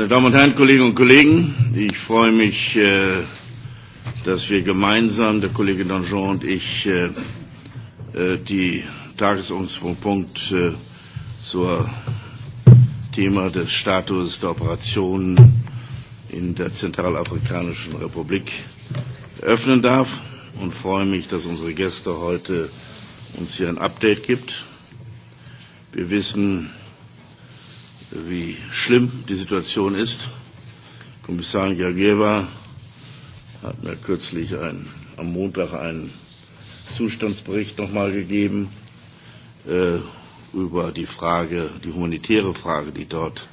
Meine Damen und Herren, Kolleginnen und Kollegen, ich freue mich, äh, dass wir gemeinsam, der Kollege Danjean und ich, äh, äh, die Tagesordnungspunkt zur Thema des Status der Operationen in der Zentralafrikanischen Republik eröffnen darf und freue mich, dass unsere Gäste heute uns hier ein Update gibt. Wir wissen, wie schlimm die Situation ist. Kommissarin Georgieva hat mir kürzlich ein, am Montag einen Zustandsbericht nochmal gegeben äh, über die Frage, die humanitäre Frage, die dort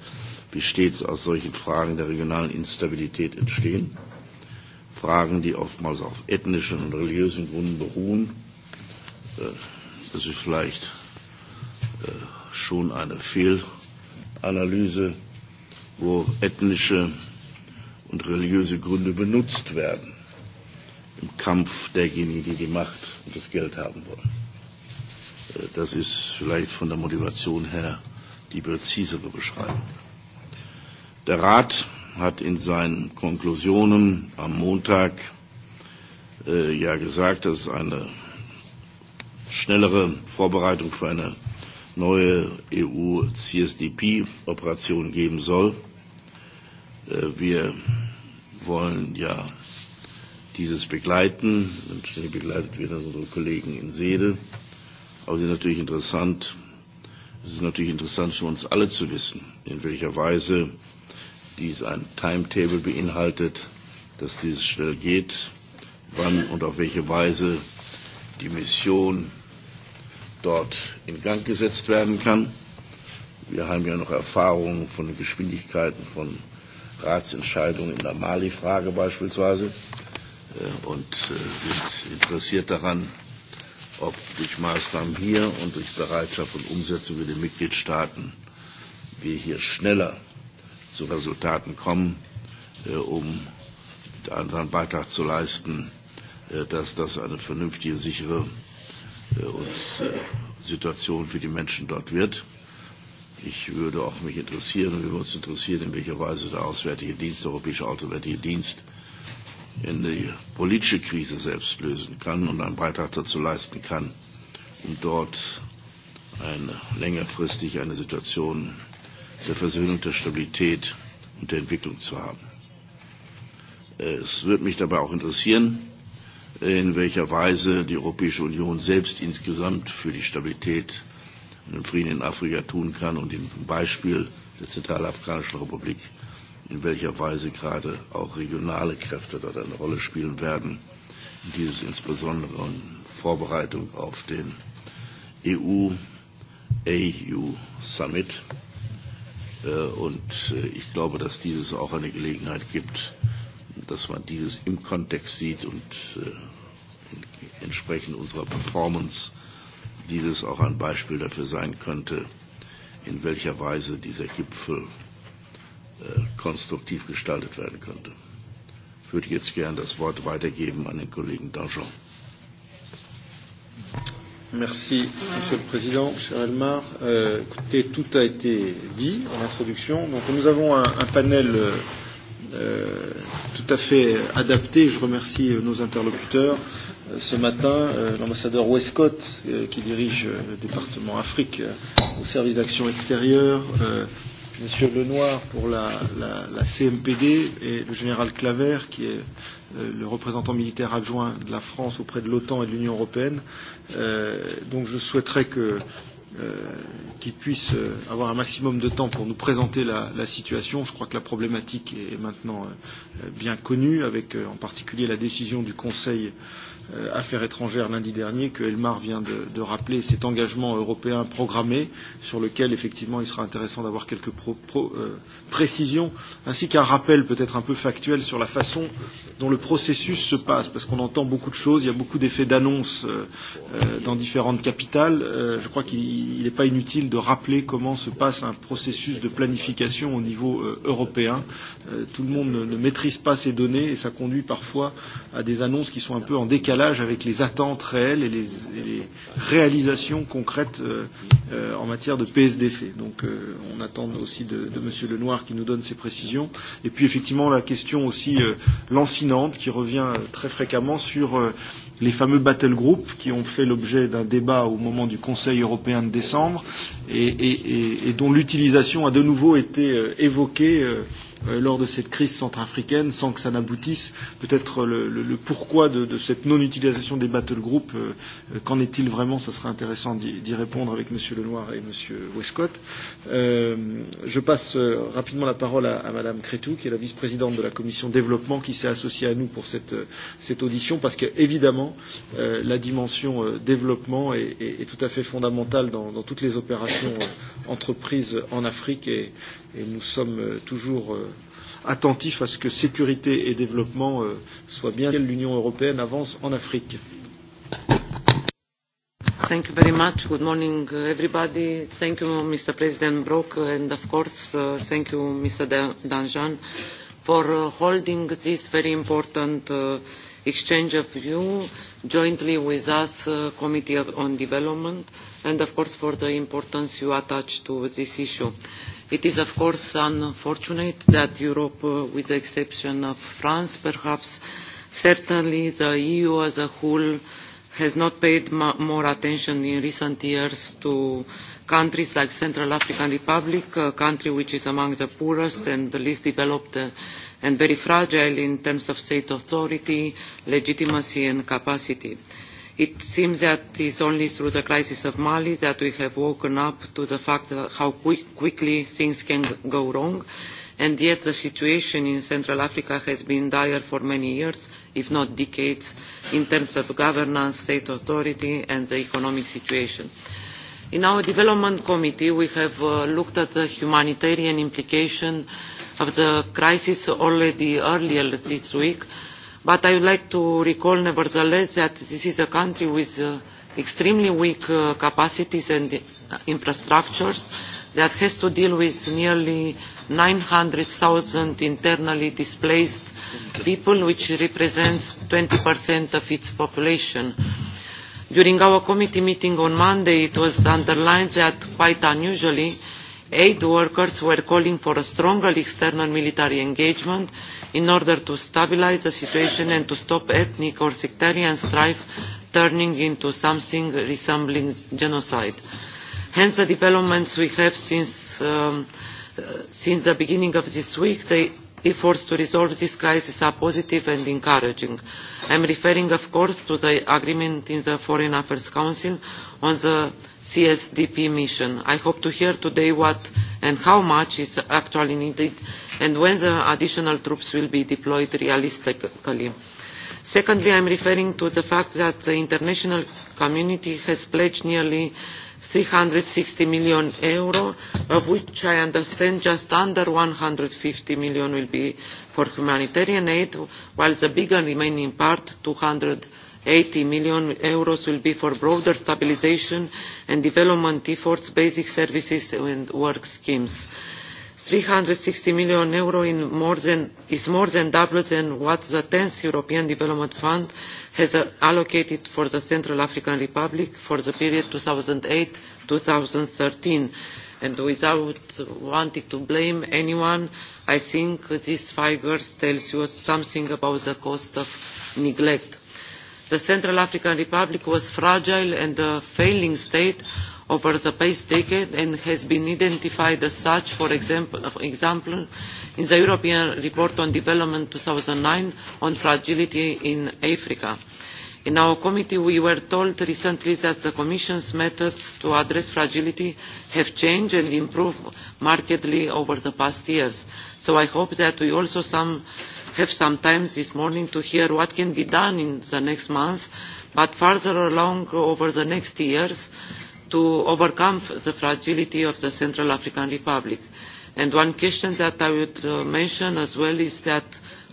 wie stets aus solchen Fragen der regionalen Instabilität entstehen. Fragen, die oftmals auf ethnischen und religiösen Gründen beruhen. Äh, das ist vielleicht äh, schon eine Fehlentwicklung Analyse, wo ethnische und religiöse Gründe benutzt werden im Kampf derjenigen, die die Macht und das Geld haben wollen. Äh, das ist vielleicht von der Motivation her die präzisere Beschreibung. Der Rat hat in seinen Konklusionen am Montag äh, ja gesagt, dass es eine schnellere Vorbereitung für eine neue EU-CSDP-Operation geben soll. Äh, wir wollen ja dieses begleiten. Ständig begleitet werden unsere Kollegen in Seede. Aber es ist natürlich interessant, es ist natürlich interessant für uns alle zu wissen, in welcher Weise dies ein Timetable beinhaltet, dass dieses schnell geht, wann und auf welche Weise die Mission dort in Gang gesetzt werden kann. Wir haben ja noch Erfahrungen von den Geschwindigkeiten von Ratsentscheidungen in der Mali-Frage beispielsweise äh, und äh, sind interessiert daran, ob durch Maßnahmen hier und durch Bereitschaft und Umsetzung in den Mitgliedstaaten wir hier schneller zu Resultaten kommen, äh, um einen Beitrag zu leisten, dass das eine vernünftige, sichere aus äh, äh, Situation für die Menschen dort wird. Ich würde auch mich interessieren und wir würden uns interessieren, in welcher Weise der Auswärtige Dienst, der Europäische Auswärtige Dienst, in die politische Krise selbst lösen kann und einen Beitrag dazu leisten kann, um dort eine, längerfristig eine Situation der Versöhnung, der Stabilität und der Entwicklung zu haben. Äh, es würde mich dabei auch interessieren, in welcher Weise die Europäische Union selbst insgesamt für die Stabilität und den Frieden in Afrika tun kann und im Beispiel der Zentralafrikanischen Republik, in welcher Weise gerade auch regionale Kräfte dort eine Rolle spielen werden. Dieses insbesondere in Vorbereitung auf den EU-AU-Summit. E äh, und äh, ich glaube, dass dieses auch eine Gelegenheit gibt, dass man dieses im Kontext sieht und äh, entsprechend unserer Performance dieses auch ein Beispiel dafür sein könnte, in welcher Weise dieser Gipfel äh, konstruktiv gestaltet werden könnte. Ich würde jetzt gern das Wort weitergeben an den Kollegen Dangean. Merci, Monsieur le Président, cher Elmar. Euh, écoutez, tout a été dit en introduction. Donc, nous avons un, un panel euh, euh, tout à fait adaptée. Je remercie euh, nos interlocuteurs. Euh, ce matin, euh, l'ambassadeur Westcott, euh, qui dirige euh, le département Afrique euh, au service d'action extérieure, euh, Monsieur Lenoir pour la, la, la CMPD et le général Claver, qui est euh, le représentant militaire adjoint de la France auprès de l'OTAN et de l'Union européenne. Euh, donc je souhaiterais que Euh, qui puisse euh, avoir un maximum de temps pour nous présenter la, la situation. Je crois que la problématique est maintenant euh, bien connue, avec en particulier la décision du Conseil euh, euh, Affaires étrangères lundi dernier que Elmar vient de, de rappeler cet engagement européen programmé sur lequel effectivement il sera intéressant d'avoir quelques pro, pro, euh, précisions ainsi qu'un rappel peut-être un peu factuel sur la façon dont le processus se passe parce qu'on entend beaucoup de choses, il y a beaucoup d'effets d'annonce euh, euh, dans différentes capitales. Euh, je crois qu'il n'est pas inutile de rappeler comment se passe un processus de planification au niveau euh, européen. Euh, tout le monde ne, ne maîtrise pas ces données et ça conduit parfois à des annonces qui sont un peu en décalage décalage avec les attentes réelles et les, et les réalisations concrètes euh, euh, en matière de PSDC. Donc euh, on attend aussi de, de M. Lenoir qui nous donne ces précisions. Et puis effectivement la question aussi euh, lancinante qui revient euh, très fréquemment sur euh, les fameux battle groups qui ont fait l'objet d'un débat au moment du Conseil européen de décembre et, et, et, et dont l'utilisation a de nouveau été euh, évoquée euh, euh lors de cette crise centrafricaine sans que ça n'aboutisse. Peut-être le, le, le pourquoi de, de cette non-utilisation des battle groups, euh, euh, qu'en est-il vraiment Ça serait intéressant d'y répondre avec M. Lenoir et M. Westcott. Euh, je passe euh, rapidement la parole à, à Mme Crétou, qui est la vice-présidente de la commission développement, qui s'est associée à nous pour cette, euh, cette audition, parce que, évidemment, évidemment, euh, la dimension euh, développement est, est, est tout à fait fondamentale dans, dans toutes les opérations euh, entreprises en Afrique et, et nous sommes euh, toujours euh, attentifs à ce que sécurité et développement euh, soient bien l'Union européenne avance en Afrique. Thank you very much. Good morning, uh, everybody. Thank you, Mr. President Brok, and of course, uh, thank you, Mr. Danjan, for uh, holding this very important uh, exchange of view jointly with us, uh, Committee of, on Development, and of course for the importance you attach to this issue. It is of course unfortunate that Europe, uh, with the exception of France perhaps, certainly the EU as a whole has not paid more attention in recent years to countries like Central African Republic, a country which is among the poorest and the least developed uh, and very fragile in terms of state authority, legitimacy and capacity. It seems that it's only through the crisis of Mali that we have woken up to the fact that how quick, quickly things can go wrong, and yet the situation in Central Africa has been dire for many years, if not decades, in terms of governance, state authority and the economic situation. In our development committee, we have uh, looked at the humanitarian implication uh, of the crisis already earlier this week. But I would like to recall nevertheless that this is a country with uh, extremely weak uh, capacities and uh, infrastructures that has to deal with nearly 900,000 internally displaced people, which represents 20% of its population. During our committee meeting on Monday, it was underlined that, quite unusually, uh, aid workers were calling for a stronger external military engagement in order to stabilise the situation and to stop ethnic or sectarian strife turning into something resembling genocide. Hence the developments we have since, um, uh, since the beginning of this week, they efforts to resolve this crisis are positive and encouraging. i am referring of course to the agreement in the foreign affairs council on the csdp mission. i hope to hear today what and how much is actually needed and when the additional troops will be deployed realistically. secondly i am referring to the fact that the international community has pledged nearly eur 360 million euro, of which I understand just under 150 million will be for humanitarian aid, while the bigger remaining part, 280 million euros, will be for broader stabilization and development efforts, basic services and work schemes. Uh, 360 million euro in more than, is more than double than what the 10th European Development Fund has uh, allocated for the Central African Republic for the period 2008-2013. And without wanting to blame anyone, I think these figures tells you something about the cost of neglect. The Central African Republic was fragile and a failing state over the pay decade and has been identified as such, for example, for example in the European Report on Development 2009 on fragility in Africa. In our committee, we were told recently that the Commission's methods to address fragility have changed and improved markedly over the past years. So I hope that we also some, have some time this morning to hear what can be done in the next months, but further along over the next years, to overcome the fragility of the Central African Republic. And one question that I would uh, mention as well is that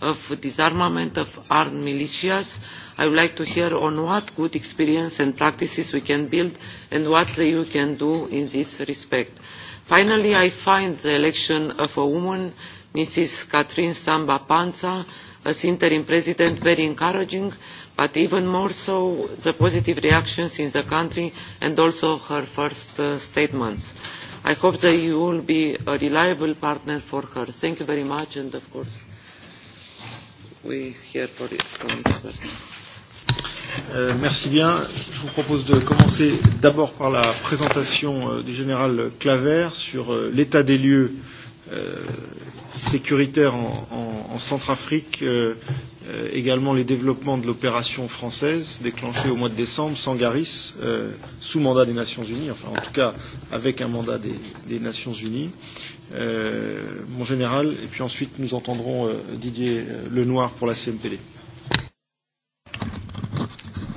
of disarmament of armed militias. I would like to hear on what good experience and practices we can build and what the EU can do in this respect. Finally, I find the election of a woman, Mrs. Catherine Samba Panza, as interim president very encouraging but even more so the positive reactions in the country and also her first uh, statements. I hope the EU will be a reliable partner for her. Thank you very much, and of course, we hear for it from experts. Euh, merci bien. Je vous propose de commencer d'abord par la présentation euh, du général Claver sur euh, l'état des lieux euh, sécuritaire en, en, en Centrafrique, euh, euh, également les développements de l'opération française déclenchée au mois de décembre, Sangaris, euh, sous mandat des Nations Unies, enfin en tout cas avec un mandat des, des Nations Unies. Euh, mon général, et puis ensuite nous entendrons euh, Didier euh, Lenoir pour la CMPD.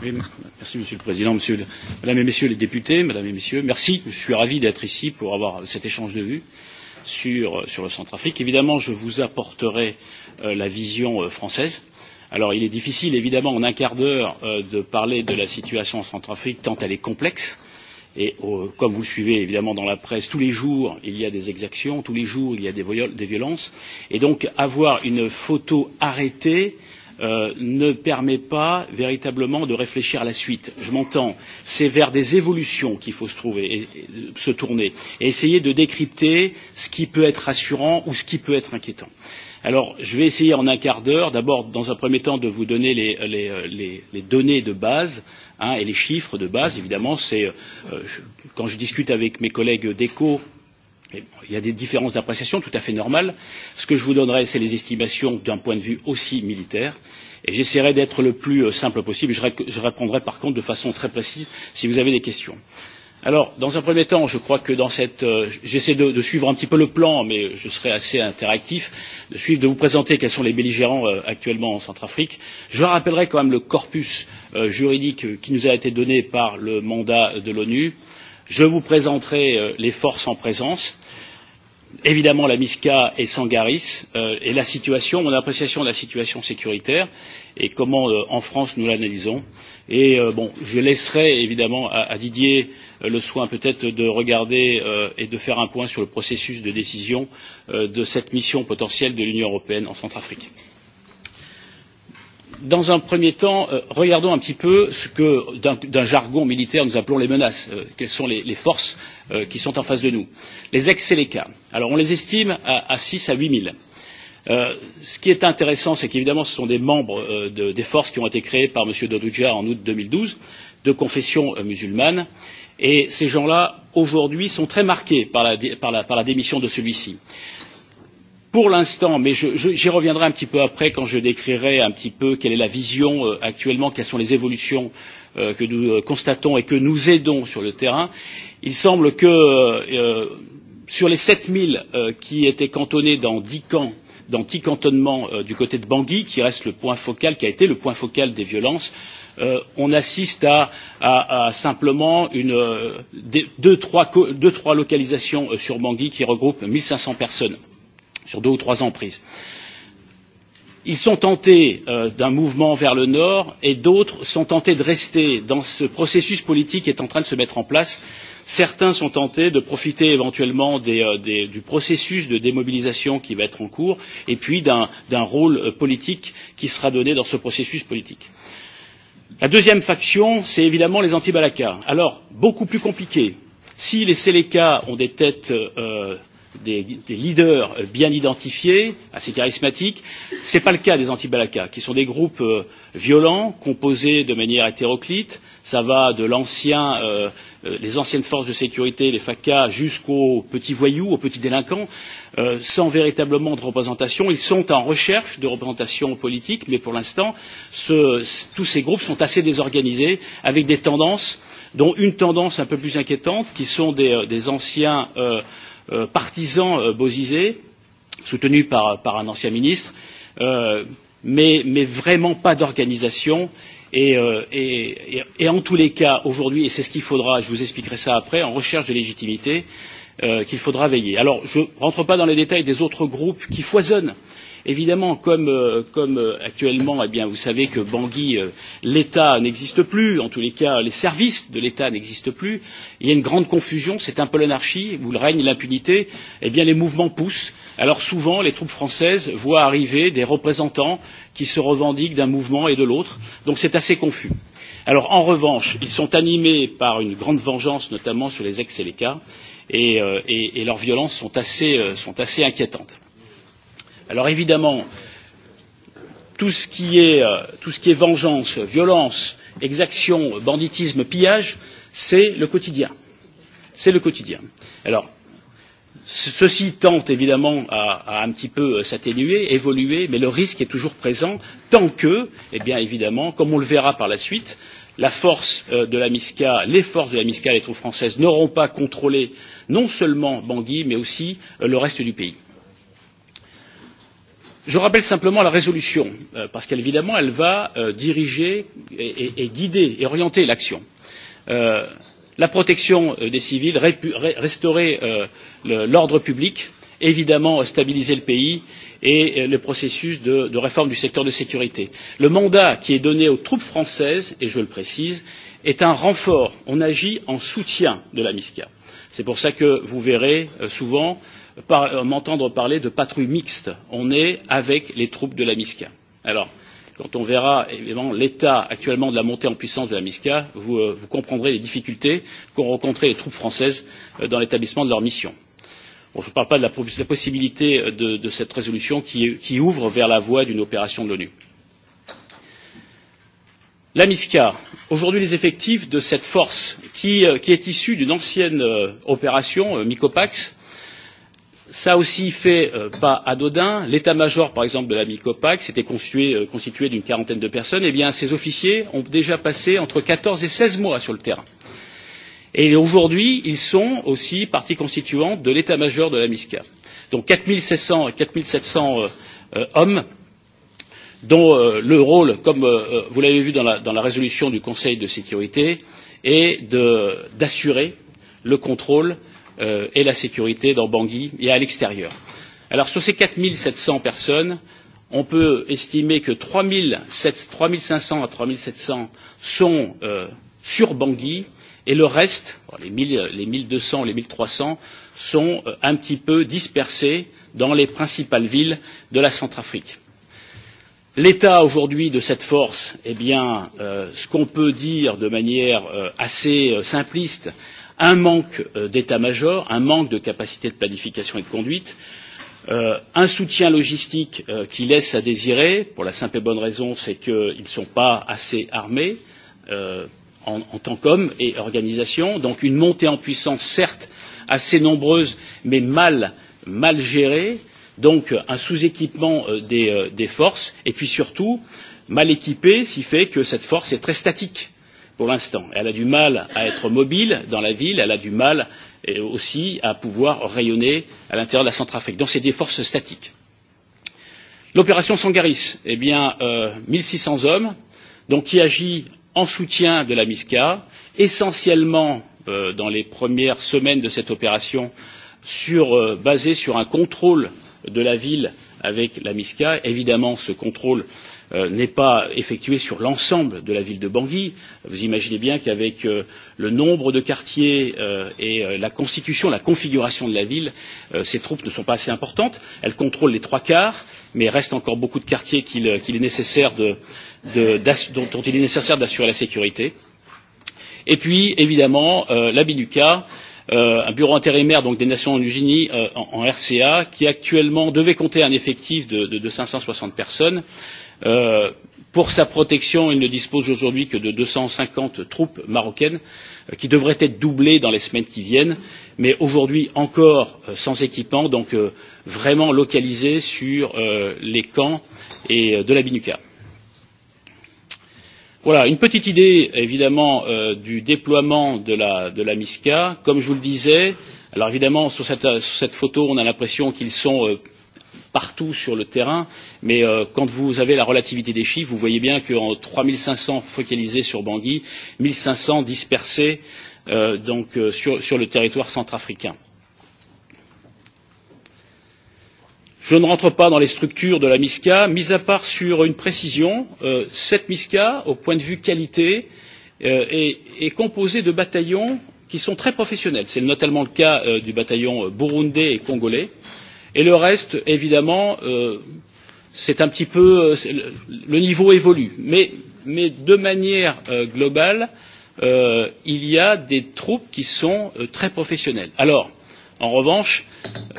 Oui, merci Monsieur le Président, monsieur, le, Madame et Messieurs les députés, Madame et Messieurs, merci. Je suis ravi d'être ici pour avoir cet échange de vues. Euh, sur, sur le Centrafrique. Évidemment, je vous apporterai euh, la vision euh, française. Alors, il est difficile, évidemment, en un quart d'heure, euh, de parler de la situation en Centrafrique, tant elle est complexe. Et euh, comme vous le suivez évidemment dans la presse, tous les jours il y a des exactions, tous les jours il y a des, viol des violences. Et donc avoir une photo arrêtée euh, euh, ne permet pas véritablement de réfléchir à la suite. Je m'entends, c'est vers des évolutions qu'il faut se, trouver, et, et, se tourner et essayer de décrypter ce qui peut être rassurant ou ce qui peut être inquiétant. Alors, je vais essayer en un quart d'heure, d'abord, dans un premier temps, de vous donner les, les, les, les données de base hein, et les chiffres de base. Évidemment, c'est euh, je, quand je discute avec mes collègues d'ECO, Et bon, il y a des différences d'appréciation tout à fait normales. Ce que je vous donnerai, c'est les estimations d'un point de vue aussi militaire. Et j'essaierai d'être le plus euh, simple possible. Je, ré je répondrai par contre de façon très précise si vous avez des questions. Alors, dans un premier temps, je crois que dans cette, euh, j'essaie de, de suivre un petit peu le plan, mais je serai assez interactif, de suivre, de vous présenter quels sont les belligérants euh, actuellement en Centrafrique. Je rappellerai quand même le corpus euh, juridique euh, qui nous a été donné par le mandat de l'ONU. Euh, je vous présenterai euh, les forces en présence évidemment la misca et sangaris euh, et la situation mon appréciation de la situation sécuritaire et comment euh, en france nous l'analysons et bon je laisserai évidemment à, à didier le soin peut être de regarder et de faire un point sur le processus de décision de cette mission potentielle de l'union européenne en centrafrique dans un premier temps euh, regardons un petit peu ce que d'un jargon militaire nous appelons les menaces euh, quelles sont les, les forces euh, qui sont en face de nous les ex alors on les estime à six à huit mille Euh, ce qui est intéressant, c'est qu'évidemment, ce sont des membres euh, de, des forces qui ont été créées par M. Dodouja en août 2012, de confession euh, musulmane, et ces gens-là, aujourd'hui, sont très marqués par la, par la, par la démission de celui-ci. Euh, pour l'instant mais j'y reviendrai un petit peu après quand je décrirai un petit peu quelle est la vision euh, actuellement quelles sont les évolutions euh, que nous euh, constatons et que nous aidons sur le terrain il semble que euh, euh, sur les sept zéro euh, qui étaient cantonnés dans dix camps dans dix cantonnements du côté de bangui qui reste le point focal qui a été le point focal des violences on assiste à, à, à simplement une, deux, trois, deux trois localisations sur bangui qui regroupent un cinq cents personnes sur deux ou trois emprises. Ils sont tentés euh, d'un mouvement vers le nord et d'autres sont tentés de rester dans ce processus politique qui est en train de se mettre en place. Certains sont tentés de profiter éventuellement des, euh, des, du processus de démobilisation qui va être en cours et puis d'un rôle euh, politique qui sera donné dans ce processus politique. La deuxième faction, c'est évidemment les anti-Balaka. Alors, beaucoup plus compliqué. Si les Séléka ont des têtes euh, des, des leaders bien identifiés, assez charismatiques. Ce n'est pas le cas des anti-Balaka, qui sont des groupes euh, violents, composés de manière hétéroclite. Ça va de l'ancien, euh, euh les anciennes forces de sécurité, les FACA, jusqu'aux petits voyous, aux petits délinquants, euh, sans véritablement de représentation. Ils sont en recherche de représentation politique, mais pour l'instant, ce, tous ces groupes sont assez désorganisés, avec des tendances, dont une tendance un peu plus inquiétante, qui sont des, euh, des anciens euh, euh, partisan euh, Bozizé, soutenu par, par un ancien ministre, euh, mais, mais vraiment pas d'organisation. Et, euh, et, et, et en tous les cas, aujourd'hui, et c'est ce qu'il faudra, je vous expliquerai ça après, en recherche de légitimité, euh, qu'il faudra veiller. Alors, je ne rentre pas dans les détails des autres groupes qui foisonnent. Euh, Évidemment, comme, euh, comme euh, actuellement, eh bien, vous savez que Bangui, euh, l'État n'existe plus, en tous les cas, les services de l'État n'existent plus, il y a une grande confusion, c'est un peu l'anarchie, où le règne l'impunité, eh bien, les mouvements poussent. Alors souvent, les troupes françaises voient arriver des représentants qui se revendiquent d'un mouvement et de l'autre, donc c'est assez confus. Alors, en revanche, ils sont animés par une grande vengeance, notamment sur les ex-Séléka, et, euh, et, et leurs violences sont assez, euh, sont assez inquiétantes alors évidemment tout ce qui est, euh, tout ce qui est vengeance violence exaction banditisme pillage c'est le quotidien c'est le quotidien. alors ceci tente évidemment à, à un petit peu euh, s'atténuer évoluer mais le risque est toujours présent tant que eh bien évidemment comme on le verra par la suite la force euh, de la MISCA, les forces de la MISCA et les troupes françaises n'auront pas contrôlé non seulement Bangui, mais aussi le reste du pays je rappelle simplement la résolution euh, parce qu'évidemment elle va euh, diriger et, et, et guider et orienter l'action euh, la protection des civils restaurer l'ordre public évidemment stabiliser le pays et le processus de, de réforme du secteur de sécurité. le mandat qui est donné aux troupes françaises et je le précise est un renfort on agit en soutien de la misca. c'est pour cela que vous verrez souvent euh, par, euh, m'entendre parler de patrouille mixte. On est avec les troupes de la MISCA. Alors, quand on verra évidemment l'état actuellement de la montée en puissance de la MISCA, vous, euh, vous comprendrez les difficultés qu'ont rencontrées les troupes françaises euh, dans l'établissement de leur mission. Bon, je ne parle pas de la, de la possibilité euh, de, de cette résolution qui, qui ouvre vers la voie d'une opération de l'ONU. La MISCA, aujourd'hui les effectifs de cette force qui, euh, qui est issue d'une ancienne opération, MICOPAX, Ça aussi fait euh, pas anodin. L'état-major, par exemple, de la MICOPAC, c'était constitué, euh, constitué d'une quarantaine de personnes. Eh bien, ces officiers ont déjà passé entre 14 et 16 mois sur le terrain. Et aujourd'hui, ils sont aussi partie constituante de l'état-major de la MISCA. Donc 4700, 4700 euh, euh, hommes dont euh, le rôle, comme euh, euh, vous l'avez vu dans la, dans la résolution du Conseil de sécurité, est d'assurer le contrôle euh, euh, et la sécurité dans Bangui et à l'extérieur. Alors sur ces 4 700 personnes, on peut estimer que 3 500 à 3 700 sont euh, sur Bangui et le reste, les 1 les 200, les 1 300, sont euh, un petit peu dispersés dans les principales villes de la Centrafrique. L'état aujourd'hui de cette force, eh bien, euh, ce qu'on peut dire de manière euh, assez euh, simpliste, un manque euh, d'état major un manque de capacité de planification et de conduite euh, un soutien logistique euh, qui laisse à désirer pour la simple et bonne raison c'est qu'ils ne sont pas assez armés euh, en, en tant qu'hommes et organisations donc une montée en puissance certes assez nombreuse mais mal, mal gérée donc un sous équipement euh, des, euh, des forces et puis surtout mal équipée ce qui fait que cette force est très statique pour l'instant. Elle a du mal à être mobile dans la ville, elle a du mal et aussi à pouvoir rayonner à l'intérieur de la Centrafrique. Donc c'est des forces statiques. L'opération Sangaris, eh bien, euh, 1600 hommes, donc qui agit en soutien de la MISCA, essentiellement euh, dans les premières semaines de cette opération, sur, euh, basée sur un contrôle de la ville avec la MISCA. Évidemment, ce contrôle euh, Euh, n'est pas effectué sur l'ensemble de la ville de Bangui. Vous imaginez bien qu'avec euh, le nombre de quartiers euh, et euh, la constitution, la configuration de la ville, euh, ces troupes ne sont pas assez importantes. Elles contrôlent les trois quarts, mais il reste encore beaucoup de quartiers qu'il euh, qu est nécessaire de, de, dont, dont il est nécessaire d'assurer la sécurité. Et puis, évidemment, euh, la BINUCA, euh, un bureau intérimaire donc, des Nations Unies euh, en, en RCA, qui actuellement devait compter un effectif de, de, de 560 personnes, euh, Euh, pour sa protection, il ne dispose aujourd'hui que de 250 troupes marocaines, euh, qui devraient être doublées dans les semaines qui viennent, mais aujourd'hui encore euh, sans équipement, donc euh, vraiment localisées sur euh, les camps et, euh, de la Binuca. Voilà, une petite idée évidemment euh, du déploiement de la, de la MISCA. Comme je vous le disais, alors évidemment sur cette, sur cette photo on a l'impression qu'ils sont euh, partout sur le terrain, mais euh, quand vous avez la relativité des chiffres, vous voyez bien qu'en 3500 focalisés sur Bangui, 1500 dispersés euh, donc, euh, sur, sur le territoire centrafricain. Je ne rentre pas dans les structures de la MISCA, mis à part sur une précision, euh, cette MISCA, au point de vue qualité, euh, est, est composée de bataillons qui sont très professionnels. C'est notamment le cas euh, du bataillon euh, burundais et congolais. Euh, et le reste évidemment euh, c'est un petit peu le, le niveau évolue mais, mais de manière euh, globale euh, il y a des troupes qui sont euh, très professionnelles. alors en revanche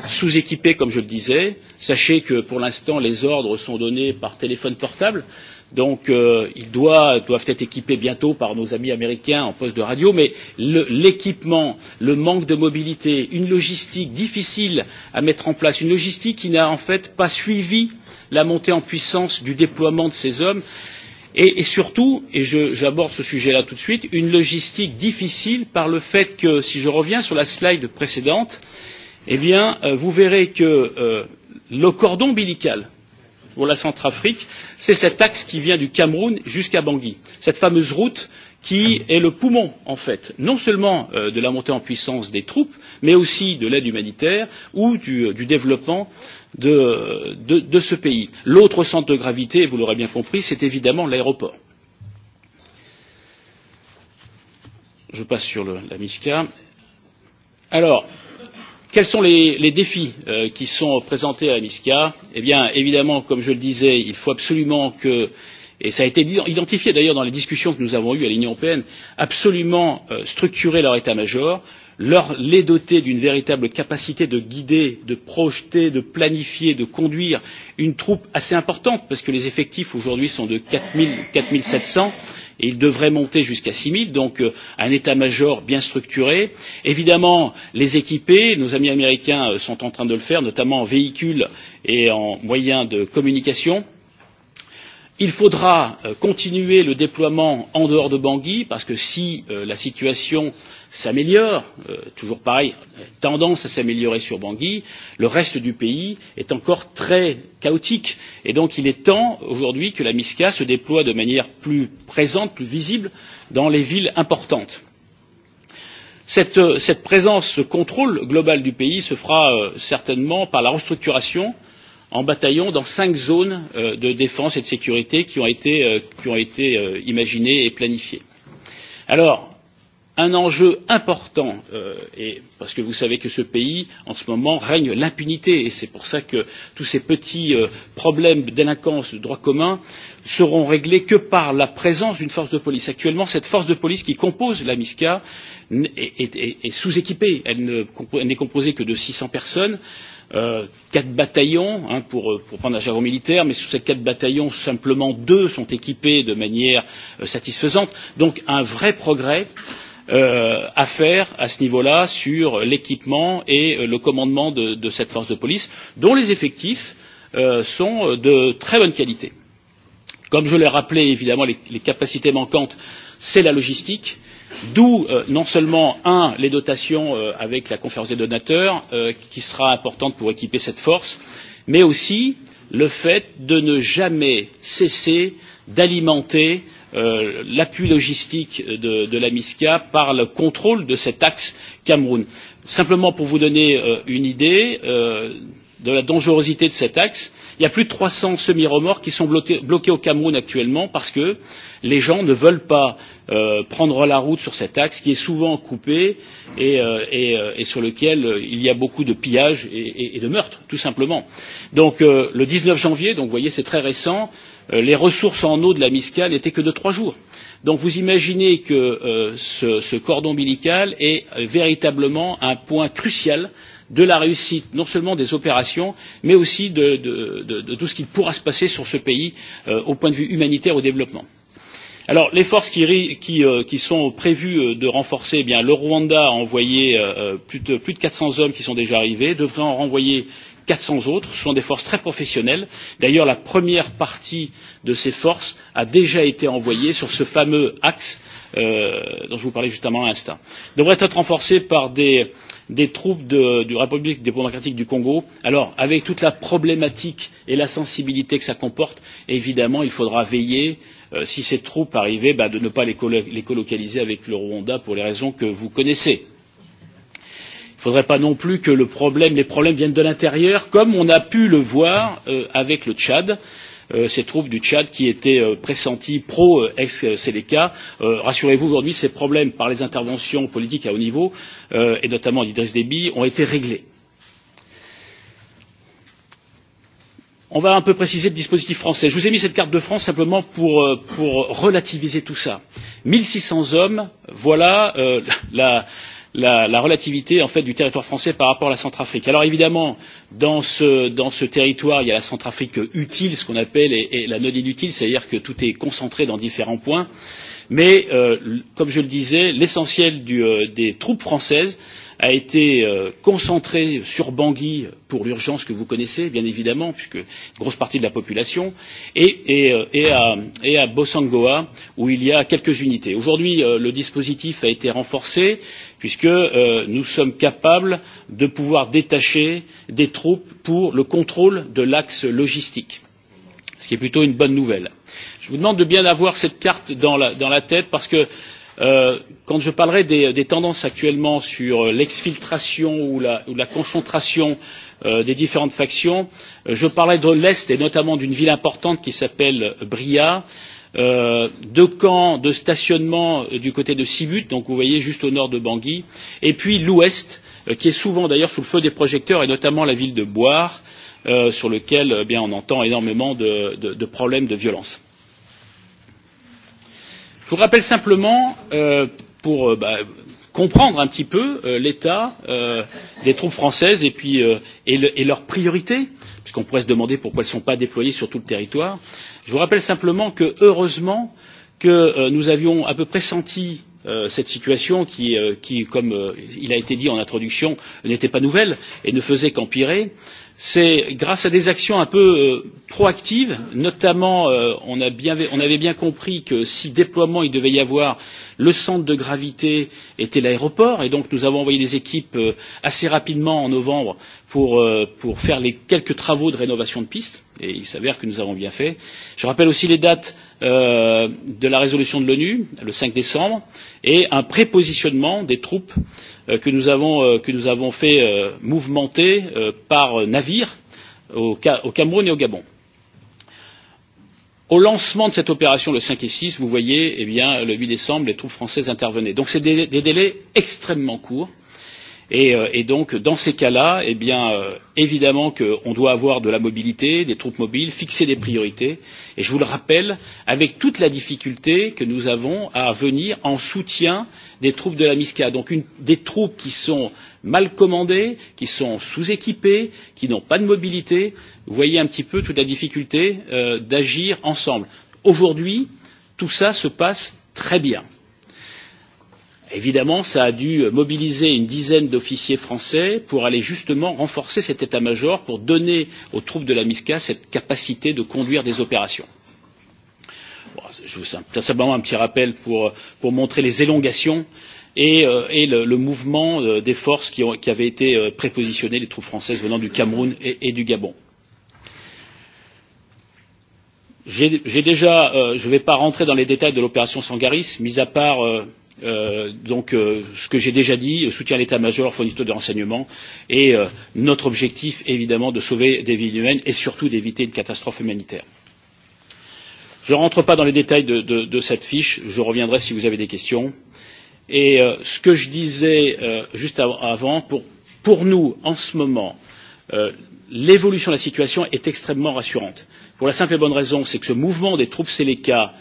sous équipées comme je le disais sachez que pour l'instant les ordres sont donnés par téléphone portable Donc euh, ils doivent, doivent être équipés bientôt par nos amis américains en poste de radio, mais l'équipement, le, le manque de mobilité, une logistique difficile à mettre en place, une logistique qui n'a en fait pas suivi la montée en puissance du déploiement de ces hommes, et, et surtout, et j'aborde ce sujet-là tout de suite, une logistique difficile par le fait que, si je reviens sur la slide précédente, eh bien, euh, vous verrez que euh, le cordon ombilical pour la Centrafrique, c'est cet axe qui vient du Cameroun jusqu'à Bangui, cette fameuse route qui est le poumon, en fait, non seulement euh, de la montée en puissance des troupes, mais aussi de l'aide humanitaire ou du, euh, du développement de, de, de ce pays. L'autre centre de gravité, vous l'aurez bien compris, c'est évidemment l'aéroport. Je passe sur le, la MISCA. Alors, Quels sont les, les défis euh, qui sont présentés à MISCA Eh bien, évidemment, comme je le disais, il faut absolument que et ça a été identifié d'ailleurs dans les discussions que nous avons eues à l'Union européenne absolument euh, structurer leur état major, leur, les doter d'une véritable capacité de guider, de projeter, de planifier, de conduire une troupe assez importante, parce que les effectifs aujourd'hui sont de 4 700 et il devrait monter jusqu'à six zéro donc euh, un état major bien structuré. évidemment les équiper nos amis américains euh, sont en train de le faire notamment en véhicules et en moyens de communication. il faudra euh, continuer le déploiement en dehors de bangui parce que si la situation s'améliore euh, toujours pareil euh, tendance à s'améliorer sur Bangui, le reste du pays est encore très chaotique et donc il est temps aujourd'hui que la MISCA se déploie de manière plus présente, plus visible dans les villes importantes. Cette, euh, cette présence, ce contrôle global du pays se fera euh, certainement par la restructuration en bataillon dans cinq zones euh, de défense et de sécurité qui ont été, euh, qui ont été euh, imaginées et planifiées. Alors, un enjeu important euh, et parce que vous savez que ce pays en ce moment règne l'impunité et c'est pour ça que tous ces petits euh, problèmes de délinquance de droit commun seront réglés que par la présence d'une force de police. Actuellement, cette force de police qui compose la MISCA est, est, est, est sous équipée, elle n'est ne, composée que de 600 personnes euh, quatre bataillons hein, pour, euh, pour prendre un jargon militaire, mais sur ces quatre bataillons, simplement deux sont équipés de manière euh, satisfaisante. Donc un vrai progrès. Euh, euh, à faire à ce niveau là sur l'équipement et euh, le commandement de, de cette force de police dont les effectifs euh, sont de très bonne qualité. Comme je l'ai rappelé, évidemment, les, les capacités manquantes, c'est la logistique, d'où euh, non seulement un les dotations euh, avec la conférence des donateurs, euh, qui sera importante pour équiper cette force, mais aussi le fait de ne jamais cesser d'alimenter euh, l'appui logistique de, de la MISCA par le contrôle de cet axe Cameroun. Simplement pour vous donner euh, une idée euh, de la dangerosité de cet axe, il y a plus de 300 semi-remorques qui sont bloqués, bloqués au Cameroun actuellement parce que les gens ne veulent pas euh, prendre la route sur cet axe qui est souvent coupé et, euh, et, euh, et sur lequel euh, il y a beaucoup de pillages et, et, et de meurtres, tout simplement. Donc euh, le 19 janvier, donc vous voyez c'est très récent, euh, Euh, les ressources en eau de la misca n'étaient que de trois jours. Donc vous imaginez que euh, ce, ce cordon ombilical est euh, véritablement un point crucial de la réussite non seulement des opérations mais aussi de, de, de, de tout ce qui pourra se passer sur ce pays euh, au point de vue humanitaire au développement. Alors, les forces qui, qui, euh, qui sont prévues euh, de renforcer, eh bien, le Rwanda a envoyé euh, plus, de, plus de 400 hommes qui sont déjà arrivés, devrait en renvoyer euh, quatre cents autres sont des forces très professionnelles d'ailleurs la première partie de ces forces a déjà été envoyée sur ce fameux axe euh, dont je vous parlais justement à l'instant devrait être renforcée par des, des troupes de, de la République démocratique du Congo. Alors, avec toute la problématique et la sensibilité que ça comporte, évidemment, il faudra veiller, euh, si ces troupes arrivaient, bah, de ne pas les, collo les collocaliser avec le Rwanda pour les raisons que vous connaissez. Euh, ne faudrait pas non plus que le problème, les problèmes viennent de l'intérieur, comme on a pu le voir euh, avec le Tchad. Euh, ces troupes du Tchad qui étaient euh, pressenties pro-ex-Séléka. Euh, euh, Rassurez-vous, aujourd'hui, ces problèmes par les interventions politiques à haut niveau, euh, et notamment d'Idriss Déby, ont été réglés. On va un peu préciser le dispositif français. Je vous ai mis cette carte de France simplement pour, euh, pour relativiser tout ça. 1600 hommes, voilà euh, la, la, la relativité en fait du territoire français par rapport à la Centrafrique. Alors évidemment, dans ce, dans ce territoire, il y a la Centrafrique utile, ce qu'on appelle et, et la non inutile, c'est-à-dire que tout est concentré dans différents points. Mais euh, comme je le disais, l'essentiel euh, des troupes françaises a été euh, concentré sur Bangui pour l'urgence que vous connaissez, bien évidemment, puisque une grosse partie de la population, et, et, euh, et, à, et à Bossangoa, où il y a quelques unités. Aujourd'hui, euh, le dispositif a été renforcé puisque euh, nous sommes capables de pouvoir détacher des troupes pour le contrôle de l'axe logistique, ce qui est plutôt une bonne nouvelle. Je vous demande de bien avoir cette carte dans la, dans la tête parce que euh, quand je parlerai des, des tendances actuellement sur l'exfiltration ou la, ou la concentration euh, des différentes factions, euh, je parlerai de l'Est et notamment d'une ville importante qui s'appelle Bria, euh, Euh, de camps de stationnement euh, du côté de Sibut, donc vous voyez juste au nord de Bangui, et puis l'ouest, euh, qui est souvent d'ailleurs sous le feu des projecteurs, et notamment la ville de Boire, euh, sur lequel eh bien, on entend énormément de, de, de problèmes de violence. Je vous rappelle simplement, euh, pour bah, comprendre un petit peu euh, l'état euh, des troupes françaises et, puis, euh, et, le, et leurs priorités, puisqu'on pourrait se demander pourquoi elles ne sont pas déployées sur tout le territoire je vous rappelle simplement que heureusement que euh, nous avions à peu près senti euh, cette situation qui, euh, qui comme euh, il a été dit en introduction n'était pas nouvelle et ne faisait qu'empirer c'est grâce à des actions un peu euh, proactives notamment euh, on, a bien, on avait bien compris que si déploiement il devait y avoir le centre de gravité était l'aéroport et donc nous avons envoyé des équipes euh, assez rapidement en novembre pour, euh, pour faire les quelques travaux de rénovation de pistes et il s'avère que nous avons bien fait. Je rappelle aussi les dates euh, de la résolution de l'ONU, le 5 décembre, et un prépositionnement des troupes euh, Euh, que nous avons, euh, que nous avons fait euh, mouvementées par navire au, au Cameroun et au Gabon. Au lancement de cette opération, le 5 et 6, vous voyez, eh bien, le 8 décembre, les troupes françaises intervenaient. Donc, c'est des, des délais extrêmement courts. Et, et donc, dans ces cas-là, eh bien, euh, évidemment qu'on doit avoir de la mobilité, des troupes mobiles, fixer des priorités. Et je vous le rappelle, avec toute la difficulté que nous avons à venir en soutien euh, des troupes de la MISCA, donc une, des troupes qui sont mal commandées, qui sont sous-équipées, qui n'ont pas de mobilité. Vous voyez un petit peu toute la difficulté euh, d'agir ensemble. Aujourd'hui, tout ça se passe très bien. Évidemment, ça a dû mobiliser une dizaine d'officiers français pour aller justement renforcer cet état-major, pour donner aux troupes de la MISCA cette capacité de conduire des opérations. Bon, je vous simple, simplement un petit rappel pour, pour montrer les élongations et, euh, et le, le mouvement euh, des forces qui, ont, qui avaient été euh, prépositionnées, les troupes françaises venant du Cameroun et, et du Gabon. J'ai déjà, euh, je ne vais pas rentrer dans les détails de l'opération Sangaris, mis à part euh, euh, donc euh, ce que j'ai déjà dit, soutien à l'état-major, fourniture de renseignements, et euh, notre objectif évidemment de sauver des vies humaines et surtout d'éviter une catastrophe humanitaire. Je ne rentre pas dans les détails de, de, de cette fiche, je reviendrai si vous avez des questions. Et euh, ce que je disais euh, juste av avant, pour, pour nous, en ce moment, euh, l'évolution de la situation est extrêmement rassurante. Pour la simple et bonne raison, c'est que ce mouvement des troupes Seleka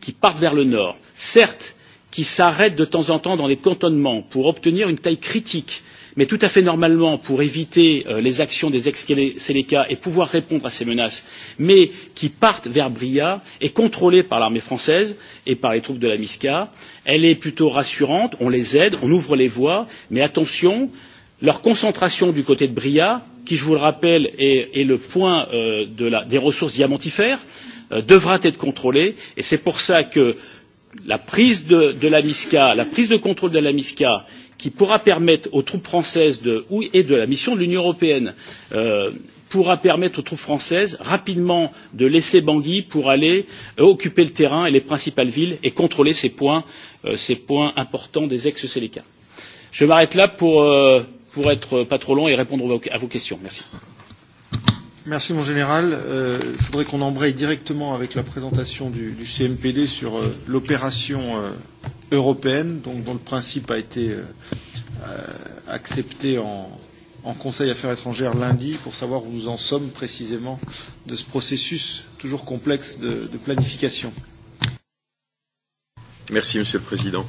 qui partent vers le nord, certes, qui s'arrêtent de temps en temps dans les cantonnements pour obtenir une taille critique mais tout à fait normalement pour éviter euh, les actions des ex seleka et pouvoir répondre à ces menaces mais qui partent vers bria est contrôlée par l'armée française et par les troupes de la misca elle est plutôt rassurante on les aide on ouvre les voies mais attention leur concentration du côté de bria qui je vous le rappelle est, est le point euh, de la, des ressources diamantifères euh, devra être contrôlée et c'est pour ça que la prise de, de la misca la prise de contrôle de la misca qui pourra permettre aux troupes françaises de, et de la mission de l'Union européenne euh, pourra permettre aux troupes françaises rapidement de laisser Bangui pour aller euh, occuper le terrain et les principales villes et contrôler ces points, euh, ces points importants des ex-Séléka. Je m'arrête là pour, euh, pour être pas trop long et répondre à vos, à vos questions. Merci. Merci mon général. Euh, il faudrait qu'on embraye directement avec la présentation du, du CMPD sur euh, l'opération euh, européenne, donc, dont le principe a été euh, accepté en, en Conseil Affaires étrangères lundi, pour savoir où nous en sommes précisément de ce processus toujours complexe de, de planification. Merci, Monsieur le Président.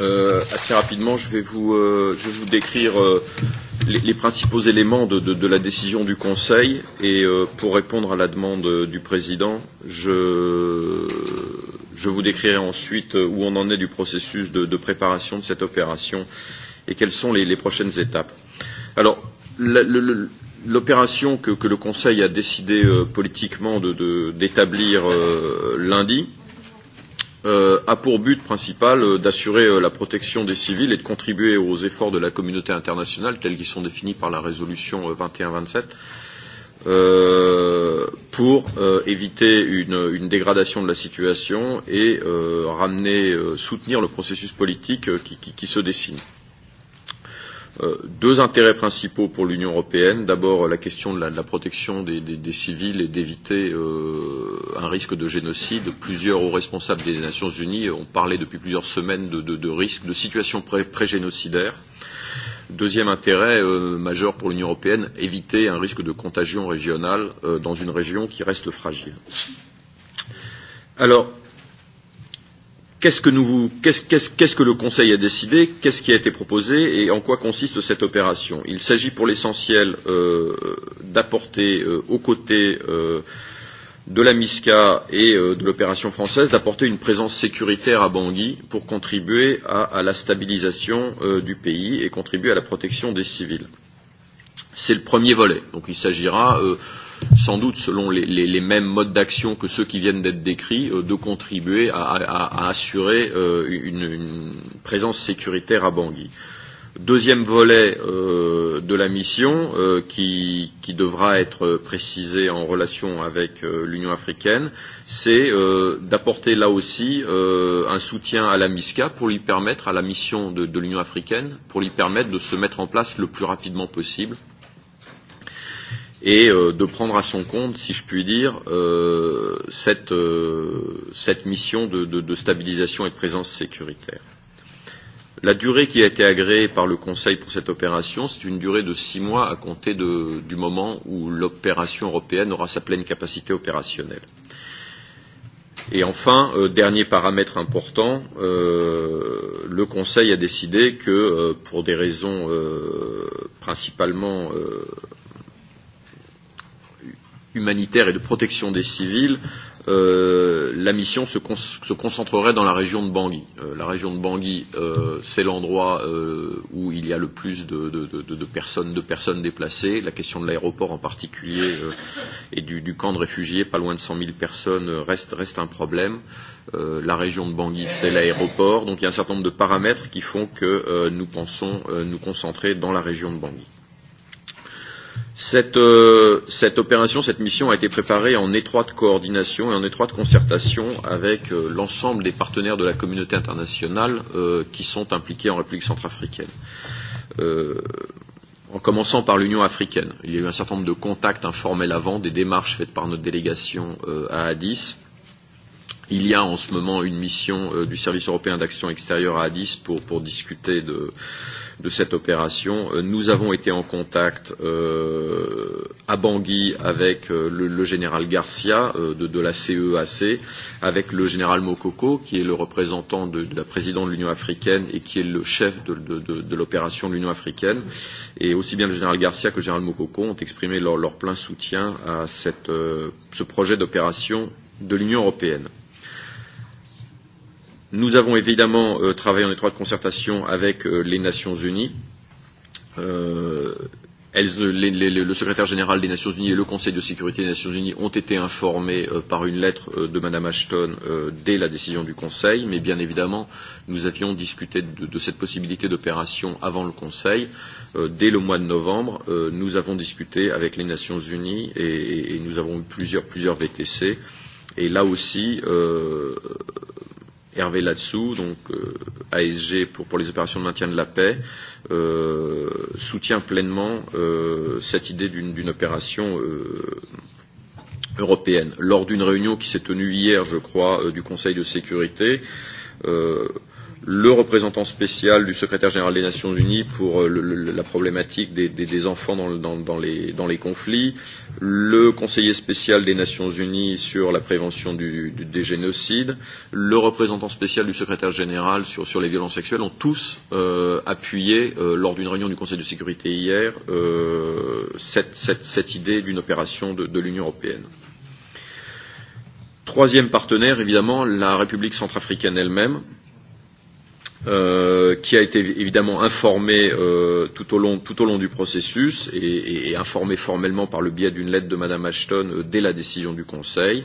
Euh, assez rapidement, je vais vous, euh, je vais vous décrire euh, les, les principaux éléments de, de, de la décision du Conseil et euh, pour répondre à la demande du Président, je Je vous décrirai ensuite euh, où on en est du processus de, de préparation de cette opération et quelles sont les, les prochaines étapes. Alors, l'opération que, que le Conseil a décidé euh, politiquement d'établir de, de, euh, lundi euh, a pour but principal euh, d'assurer euh, la protection des civils et de contribuer aux efforts de la communauté internationale tels qu'ils sont définis par la résolution euh, 21-27 euh, pour euh, éviter une, une dégradation de la situation et euh, ramener, euh, soutenir le processus politique euh, qui, qui, qui se dessine. Euh, deux intérêts principaux pour l'Union européenne. D'abord, la question de la, de la protection des, des, des civils et d'éviter euh, un risque de génocide. Plusieurs hauts responsables des Nations Unies ont parlé depuis plusieurs semaines de, de, de risques, de situations pré-génocidaires. Pré, pré Deuxième intérêt euh, majeur pour l'Union européenne, éviter un risque de contagion régionale euh, dans une région qui reste fragile. Alors, qu'est-ce que, nous, qu'est-ce, qu'est-ce, qu'est-ce que le Conseil a décidé Qu'est-ce qui a été proposé Et en quoi consiste cette opération Il s'agit pour l'essentiel euh, d'apporter euh, aux côtés euh, de la MISCA et euh, de l'opération française d'apporter une présence sécuritaire à Bangui pour contribuer à, à la stabilisation euh, du pays et contribuer à la protection des civils. C'est le premier volet. Donc il s'agira euh, sans doute selon les, les, les mêmes modes d'action que ceux qui viennent d'être décrits, euh, de contribuer à, à, à assurer euh, une, une présence sécuritaire à Bangui. Euh, Deuxième volet euh, de la mission euh, qui, qui devra être précisé en relation avec euh, l'Union africaine, c'est euh, d'apporter là aussi euh, un soutien à la MISCA pour lui permettre, à la mission de, de l'Union africaine, pour lui permettre de se mettre en place le plus rapidement possible et euh, de prendre à son compte, si je puis dire, euh, cette, euh, cette mission de, de, de stabilisation et de présence sécuritaire. La durée qui a été agréée par le Conseil pour cette opération, c'est une durée de six mois à compter de, du moment où l'opération européenne aura sa pleine capacité opérationnelle. Et enfin, euh, dernier paramètre important, euh, le Conseil a décidé que, euh, pour des raisons euh, principalement euh, humanitaires et de protection des civils, euh, euh, la mission se, con se concentrerait dans la région de Bangui. Euh, la région de Bangui, euh, c'est l'endroit euh, où il y a le plus de, de, de, de, personnes, de personnes déplacées. La question de l'aéroport en particulier euh, et du, du camp de réfugiés, pas loin de 100 000 personnes, euh, reste, reste un problème. Euh, la région de Bangui, c'est l'aéroport. Donc il y a un certain nombre de paramètres qui font que euh, nous pensons euh, nous concentrer dans la région de Bangui. Cette, euh, cette opération, cette mission a été préparée en étroite coordination et en étroite concertation avec euh, l'ensemble des partenaires de la communauté internationale euh, qui sont impliqués en République centrafricaine. Euh, en commençant par l'Union africaine. Il y a eu un certain nombre de contacts informels avant, des démarches faites par notre délégation euh, à Addis, Il y a en ce moment une mission euh, du service européen d'action extérieure à Addis pour, pour discuter de, de cette opération. Euh, nous avons été en contact euh, à Bangui avec euh, le, le général Garcia euh, de, de la CEAC, e avec le général Mokoko, qui est le représentant de, de la présidente de l'Union africaine et qui est le chef de, de, de, de l'opération de l'Union africaine. Et aussi bien le général Garcia que le général Mokoko ont exprimé leur, leur plein soutien à cette, euh, ce projet d'opération de l'Union européenne. Nous avons évidemment euh, travaillé en étroite concertation avec euh, les Nations Unies. Euh, elles, les, les, le secrétaire général des Nations Unies et le Conseil de sécurité des Nations Unies ont été informés euh, par une lettre euh, de Mme Ashton euh, dès la décision du Conseil, mais bien évidemment, nous avions discuté de, de cette possibilité d'opération avant le Conseil. Euh, dès le mois de novembre, euh, nous avons discuté avec les Nations Unies et, et, et nous avons eu plusieurs, plusieurs VTC. Et là aussi, euh, Hervé là-dessous, donc euh, ASG pour, pour les opérations de maintien de la paix, euh, soutient pleinement euh, cette idée d'une opération euh, européenne. Lors d'une réunion qui s'est tenue hier, je crois, euh, du Conseil de sécurité, euh, le représentant spécial du secrétaire général des Nations Unies pour euh, le, le, la problématique des, des, des enfants dans, le, dans, dans, les, dans les conflits, le conseiller spécial des Nations Unies sur la prévention du, du, des génocides, le représentant spécial du secrétaire général sur, sur les violences sexuelles ont tous euh, appuyé euh, lors d'une réunion du Conseil de sécurité hier euh, cette, cette, cette idée d'une opération de, de l'Union européenne. Troisième partenaire, évidemment, la République centrafricaine elle-même. Euh, euh, qui a été évidemment informé euh, tout, au long, tout au long du processus et, et, et informé formellement par le biais d'une lettre de Madame Ashton euh, dès la décision du Conseil.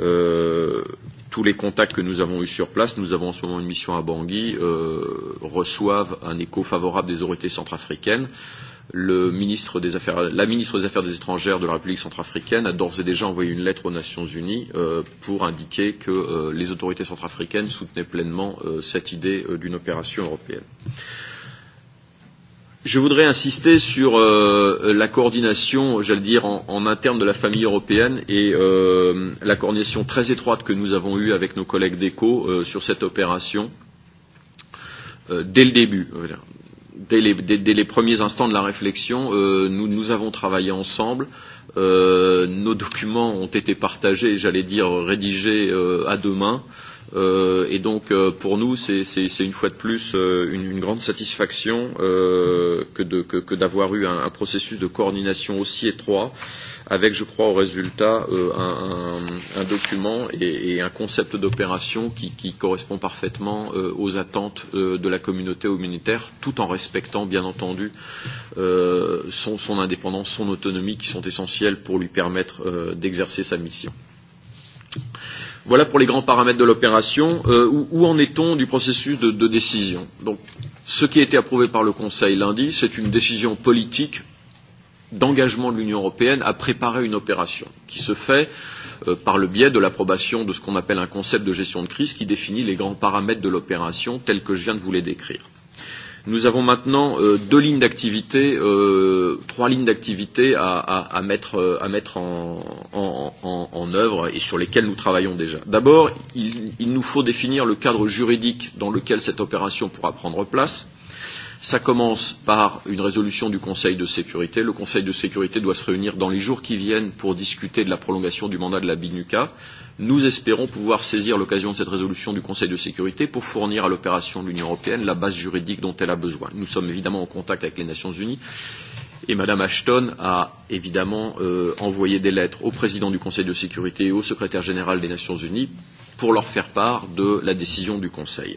Euh, tous les contacts que nous avons eus sur place, nous avons en ce moment une mission à Bangui, euh, reçoivent un écho favorable des autorités centrafricaines. Euh, le ministre des Affaires, la ministre des Affaires des étrangères de la République centrafricaine a d'ores et déjà envoyé une lettre aux Nations Unies euh, pour indiquer que euh, les autorités centrafricaines soutenaient pleinement euh, cette idée euh, d'une opération européenne. Je voudrais insister sur euh, la coordination, j'allais dire, en, en interne de la famille européenne et euh, la coordination très étroite que nous avons eue avec nos collègues d'ECO euh, sur cette opération euh, dès le début dès les, dès, dès les premiers instants de la réflexion, euh, nous, nous avons travaillé ensemble. Euh, nos documents ont été partagés, j'allais dire rédigés euh, à deux mains. Euh, Euh, et donc, euh, pour nous, c'est une fois de plus euh, une, une grande satisfaction euh, que d'avoir que, que eu un, un processus de coordination aussi étroit, avec, je crois, au résultat, euh, un, un, un document et, et un concept d'opération qui, qui correspond parfaitement euh, aux attentes euh, de la communauté humanitaire, tout en respectant, bien entendu, euh, son, son indépendance, son autonomie, qui sont essentielles pour lui permettre euh, d'exercer sa mission. Euh, Voilà pour les grands paramètres de l'opération. Euh, où, où en est-on du processus de, de décision Donc, ce qui a été approuvé par le Conseil lundi, c'est une décision politique d'engagement de l'Union européenne à préparer une opération qui se fait euh, par le biais de l'approbation de ce qu'on appelle un concept de gestion de crise qui définit les grands paramètres de l'opération tels que je viens de vous les décrire. Nous avons maintenant euh, deux lignes d'activité, euh, trois lignes d'activité à, à, à mettre, euh, à mettre en, en, en, en œuvre et sur lesquelles nous travaillons déjà. D'abord, il, il nous faut définir le cadre juridique dans lequel cette opération pourra prendre place. Euh, Ça commence par une résolution du Conseil de sécurité. Le Conseil de sécurité doit se réunir dans les jours qui viennent pour discuter de la prolongation du mandat de la BINUCA. Nous espérons pouvoir saisir l'occasion de cette résolution du Conseil de sécurité pour fournir à l'opération de l'Union européenne la base juridique dont elle a besoin. Nous sommes évidemment en contact avec les Nations unies et Mme Ashton a évidemment euh, envoyé des lettres au président du Conseil de sécurité et au secrétaire général des Nations unies pour leur faire part de la décision du Conseil.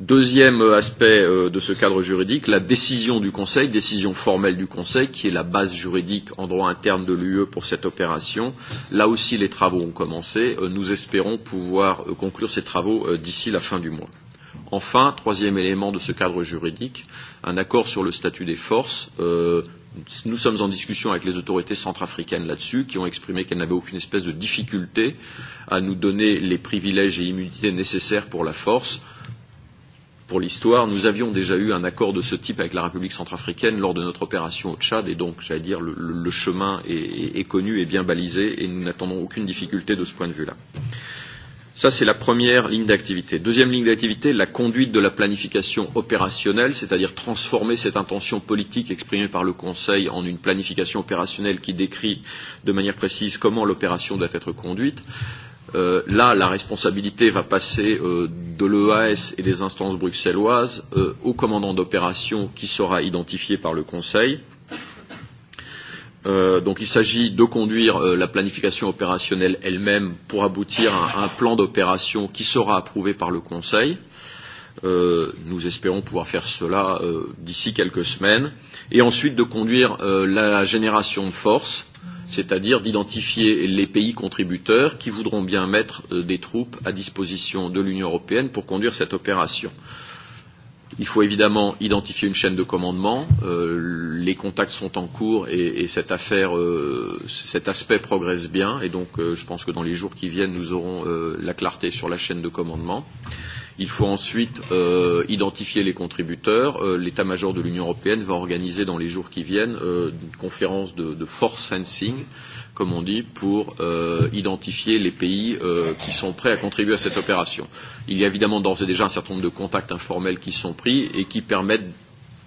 Deuxième euh, aspect euh, de ce cadre juridique, la décision du Conseil, décision formelle du Conseil, qui est la base juridique en droit interne de l'UE pour cette opération. Là aussi, les travaux ont commencé. Euh, nous espérons pouvoir conclure ces travaux d'ici la fin du mois. Enfin, troisième élément de ce cadre juridique, un accord sur le statut des forces. Euh, nous sommes en discussion avec les autorités centrafricaines là-dessus, qui ont exprimé qu'elles n'avaient aucune espèce de difficulté à nous donner les privilèges et immunités nécessaires pour la force pour l'histoire, nous avions déjà eu un accord de ce type avec la République centrafricaine lors de notre opération au Tchad, et donc, j'allais dire, le, le chemin est, est connu et bien balisé, et nous n'attendons aucune difficulté de ce point de vue-là. Ça, c'est la première ligne d'activité. Deuxième ligne d'activité, la conduite de la planification opérationnelle, c'est-à-dire transformer cette intention politique exprimée par le Conseil en une planification opérationnelle qui décrit de manière précise comment l'opération doit être conduite. Euh, Euh, là, la responsabilité va passer euh, de l'EAS et des instances bruxelloises euh, au commandant d'opération qui sera identifié par le Conseil. Euh, donc il s'agit de conduire euh, la planification opérationnelle elle-même pour aboutir à, à un plan d'opération qui sera approuvé par le Conseil. Euh, nous espérons pouvoir faire cela euh, d'ici quelques semaines. Et ensuite de conduire euh, la génération de force euh, c'est-à-dire d'identifier les pays contributeurs qui voudront bien mettre euh, des troupes à disposition de l'Union européenne pour conduire cette opération. Il faut évidemment identifier une chaîne de commandement. Euh, les contacts sont en cours et, et cette affaire, euh, cet aspect progresse bien. Et donc, euh, je pense que dans les jours qui viennent, nous aurons euh, la clarté sur la chaîne de commandement. Euh, Il faut ensuite euh, identifier les contributeurs. Euh, L'état-major de l'Union européenne va organiser dans les jours qui viennent euh, une conférence de, de force sensing, comme on dit, pour euh, identifier les pays euh, qui sont prêts à contribuer à cette opération. Il y a évidemment d'ores et déjà un certain nombre de contacts informels qui sont pris et qui permettent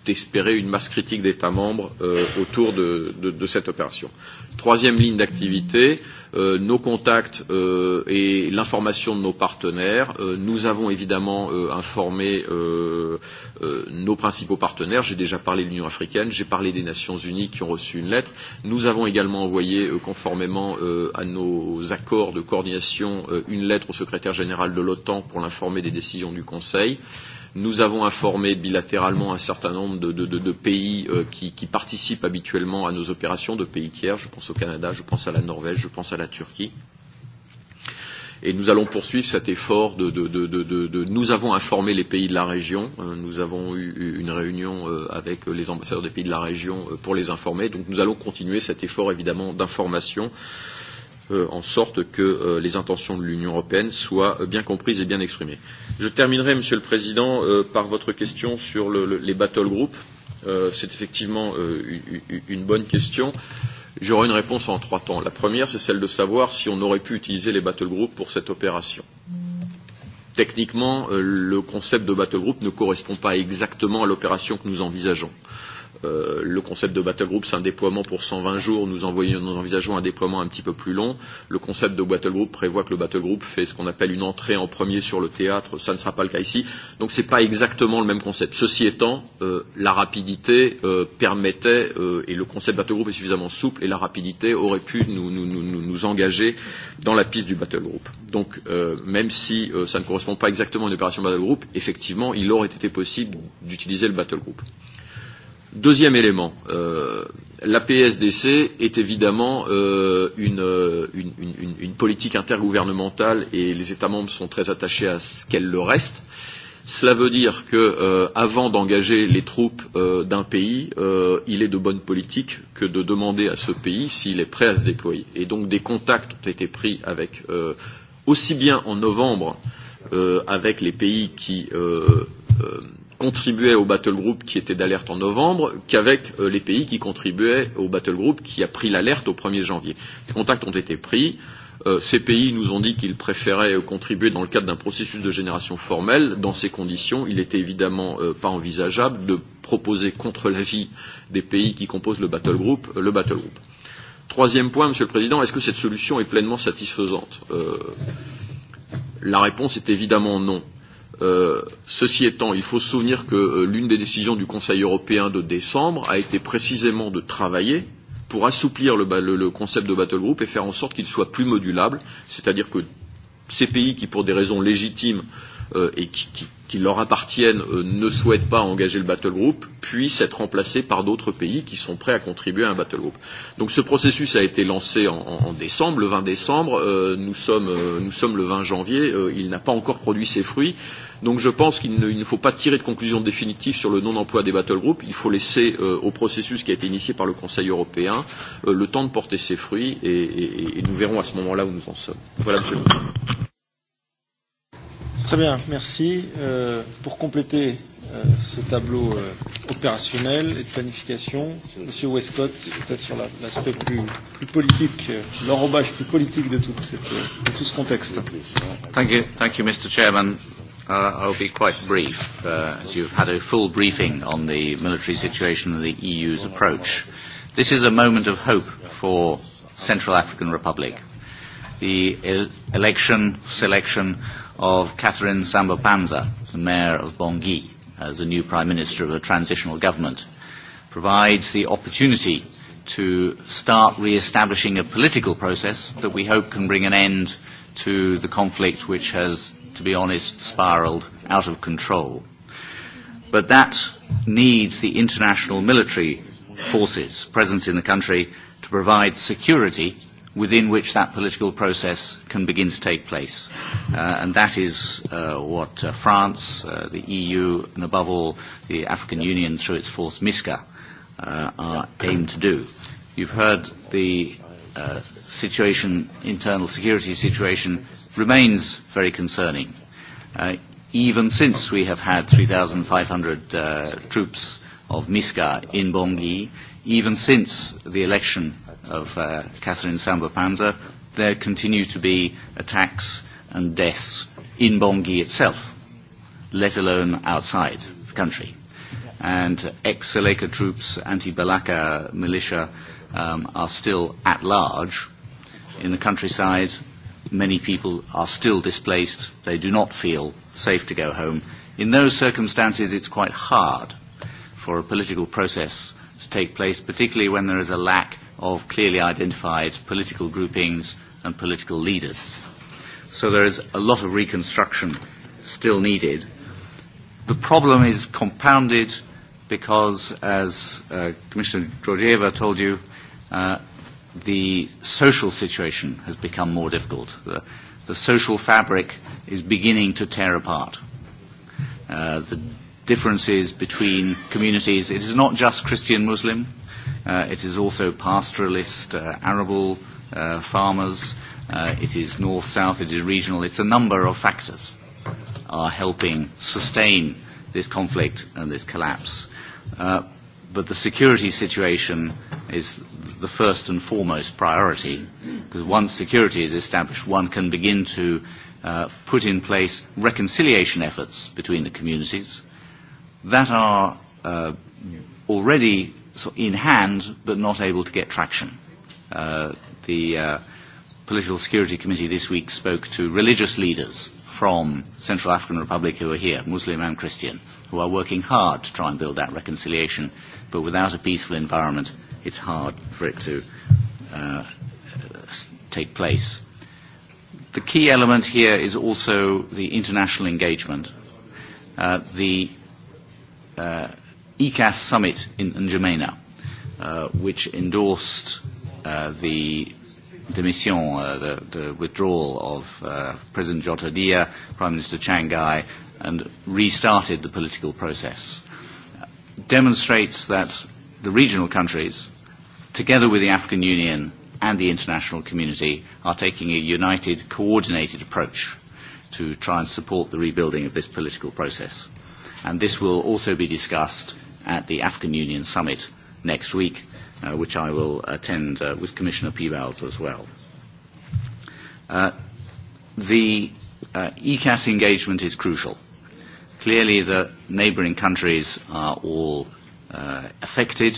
d'espérer une masse critique d'États membres euh, autour de, de, de cette opération. Troisième ligne d'activité, euh, nos contacts euh, et l'information de nos partenaires. Euh, nous avons évidemment euh, informé euh, euh, nos principaux partenaires. J'ai déjà parlé de l'Union africaine, j'ai parlé des Nations unies qui ont reçu une lettre. Nous avons également envoyé, euh, conformément euh, à nos accords de coordination, euh, une lettre au secrétaire général de l'OTAN pour l'informer des décisions du Conseil. Euh, Nous avons informé bilatéralement un certain nombre de, de, de, de pays euh, qui, qui participent habituellement à nos opérations, de pays tiers. Je pense au Canada, je pense à la Norvège, je pense à la Turquie. Et nous allons poursuivre cet effort de, de, de, de, de, de nous avons informé les pays de la région, euh, nous avons eu une réunion euh, avec les ambassadeurs des pays de la région euh, pour les informer, donc nous allons continuer cet effort évidemment d'information euh, euh, en sorte que euh, les intentions de l'Union européenne soient euh, bien comprises et bien exprimées. Je terminerai, Monsieur le Président, euh, par votre question sur le, le, les battle groups. Euh, c'est effectivement euh, une bonne question. J'aurai une réponse en trois temps. La première, c'est celle de savoir si on aurait pu utiliser les battle groups pour cette opération. Techniquement, euh, le concept de battle group ne correspond pas exactement à l'opération que nous envisageons. Euh, Euh, le concept de battle group, c'est un déploiement pour 120 jours. Nous, envoyons, nous envisageons un déploiement un petit peu plus long. Le concept de battle group prévoit que le battle group fait ce qu'on appelle une entrée en premier sur le théâtre. Ça ne sera pas le cas ici. Donc, ce n'est pas exactement le même concept. Ceci étant, euh, la rapidité euh, permettait, euh, et le concept battle group est suffisamment souple, et la rapidité aurait pu nous, nous, nous, nous engager dans la piste du battle group. Donc, euh, même si euh, ça ne correspond pas exactement à une opération battle group, effectivement, il aurait été possible d'utiliser le battle group. Euh, Deuxième élément, euh, la PSDC est évidemment euh, euh, une, une, une, une politique intergouvernementale et les États membres sont très attachés à ce qu'elle le reste. Cela veut dire que, euh, avant d'engager les troupes euh, d'un pays, euh, il est de bonne politique que de demander à ce pays s'il est prêt à se déployer. Et donc des contacts ont été pris avec euh, aussi bien en novembre euh, avec les pays qui euh, euh, contribuait au battle group qui était d'alerte en novembre qu'avec euh, les pays qui contribuaient au battle group qui a pris l'alerte au 1er janvier. Les contacts ont été pris. Euh, ces pays nous ont dit qu'ils préféraient euh, contribuer dans le cadre d'un processus de génération formelle. Dans ces conditions, il n'était évidemment euh, pas envisageable de proposer contre l'avis des pays qui composent le battle group euh, le battle group. Troisième point, Monsieur le Président, est-ce que cette solution est pleinement satisfaisante euh, La réponse est évidemment non. Euh, ceci étant, il faut se souvenir que euh, l'une des décisions du Conseil européen de décembre a été précisément de travailler pour assouplir le, le, le concept de battle group et faire en sorte qu'il soit plus modulable, c'est-à-dire que ces pays qui, pour des raisons légitimes euh, et qui, qui qui leur appartiennent euh, ne souhaitent pas engager le battle group puissent être remplacés par d'autres pays qui sont prêts à contribuer à un battle group. Donc ce processus a été lancé en, en décembre, le 20 décembre, euh, nous, sommes, euh, nous sommes le 20 janvier, euh, il n'a pas encore produit ses fruits. Donc je pense qu'il ne, il ne faut pas tirer de conclusion définitive sur le non-emploi des battle groups, il faut laisser euh, au processus qui a été initié par le Conseil européen euh, le temps de porter ses fruits et, et, et nous verrons à ce moment-là où nous en sommes. Voilà, monsieur le Président. Très bien, merci. Euh, pour compléter euh, ce tableau euh, opérationnel et de planification, Monsieur Westcott, peut-être sur l'aspect la, plus, plus politique, euh, l'enrobage plus politique de, toute cette, euh, de tout ce contexte. Thank you, thank you Mr. Chairman. Uh, I'll be quite brief, uh, as you've had a full briefing on the military situation and the EU's approach. This is a moment of hope for Central African Republic. The el election, selection of Catherine Sambapanza, the mayor of Bangui, as the new prime minister of the transitional government, provides the opportunity to start re-establishing a political process that we hope can bring an end to the conflict which has, to be honest, spiraled out of control. But that needs the international military forces present in the country to provide security within which that political process can begin to take place. Uh, and that is uh, what uh, France, uh, the EU, and above all the African Union through its fourth MISCA uh, are aimed to do. You've heard the uh, situation, internal security situation, remains very concerning. Uh, even since we have had 3,500 uh, troops of MISCA in Bongi, even since the election of uh, Catherine Samba Panza, there continue to be attacks and deaths in Bongi itself, let alone outside the country. And ex-Seleka troops, anti-Balaka militia um, are still at large in the countryside. Many people are still displaced. They do not feel safe to go home. In those circumstances, it's quite hard for a political process to take place, particularly when there is a lack of clearly identified political groupings and political leaders. So there is a lot of reconstruction still needed. The problem is compounded because, as uh, Commissioner Georgieva told you, uh, the social situation has become more difficult. The, the social fabric is beginning to tear apart. Uh, the differences between communities, it is not just Christian-Muslim, uh, Uh, it is also pastoralist, uh, arable uh, farmers. Uh, it is north, south, it is regional. It's a number of factors are helping sustain this conflict and this collapse. Uh, but the security situation is the first and foremost priority, because once security is established, one can begin to uh, put in place reconciliation efforts between the communities that are uh, already in hand but not able to get traction. Uh, the uh, Political Security Committee this week spoke to religious leaders from Central African Republic who are here, Muslim and Christian, who are working hard to try and build that reconciliation, but without a peaceful environment, it's hard for it to uh, take place. The key element here is also the international engagement. Uh, the uh, ECAS summit in N'Djamena, uh, which endorsed uh, the demission, uh, the, the withdrawal of uh, President Jota Dia, Prime Minister Changai, and restarted the political process, uh, demonstrates that the regional countries, together with the African Union and the international community, are taking a united, coordinated approach to try and support the rebuilding of this political process. And this will also be discussed at the African Union Summit next week, uh, which I will attend uh, with Commissioner Peebles as well. Uh, the uh, ECAS engagement is crucial. Clearly, the neighbouring countries are all uh, affected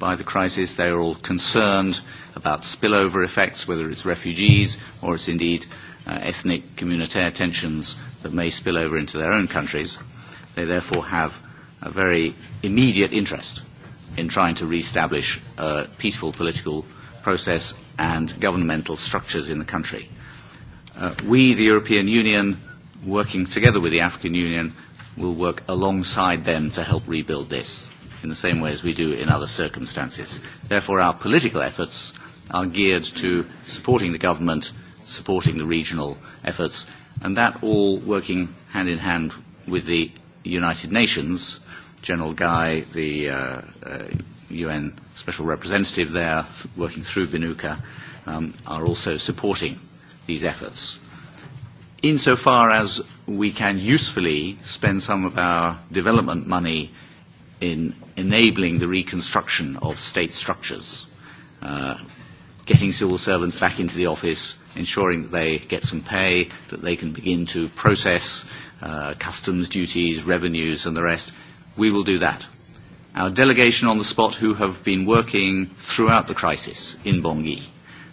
by the crisis. They are all concerned about spillover effects, whether it's refugees or it's indeed uh, ethnic communautaire tensions that may spill over into their own countries. They therefore have a very immediate interest in trying to re-establish a peaceful political process and governmental structures in the country. Uh, we, the European Union, working together with the African Union, will work alongside them to help rebuild this in the same way as we do in other circumstances. Therefore, our political efforts are geared to supporting the government, supporting the regional efforts, and that all working hand in hand with the United Nations General Guy, the uh, uh, UN Special Representative there, th- working through Vinuca, um, are also supporting these efforts. Insofar as we can usefully spend some of our development money in enabling the reconstruction of state structures, uh, getting civil servants back into the office, ensuring that they get some pay, that they can begin to process uh, customs duties, revenues, and the rest we will do that. Our delegation on the spot who have been working throughout the crisis in Bongi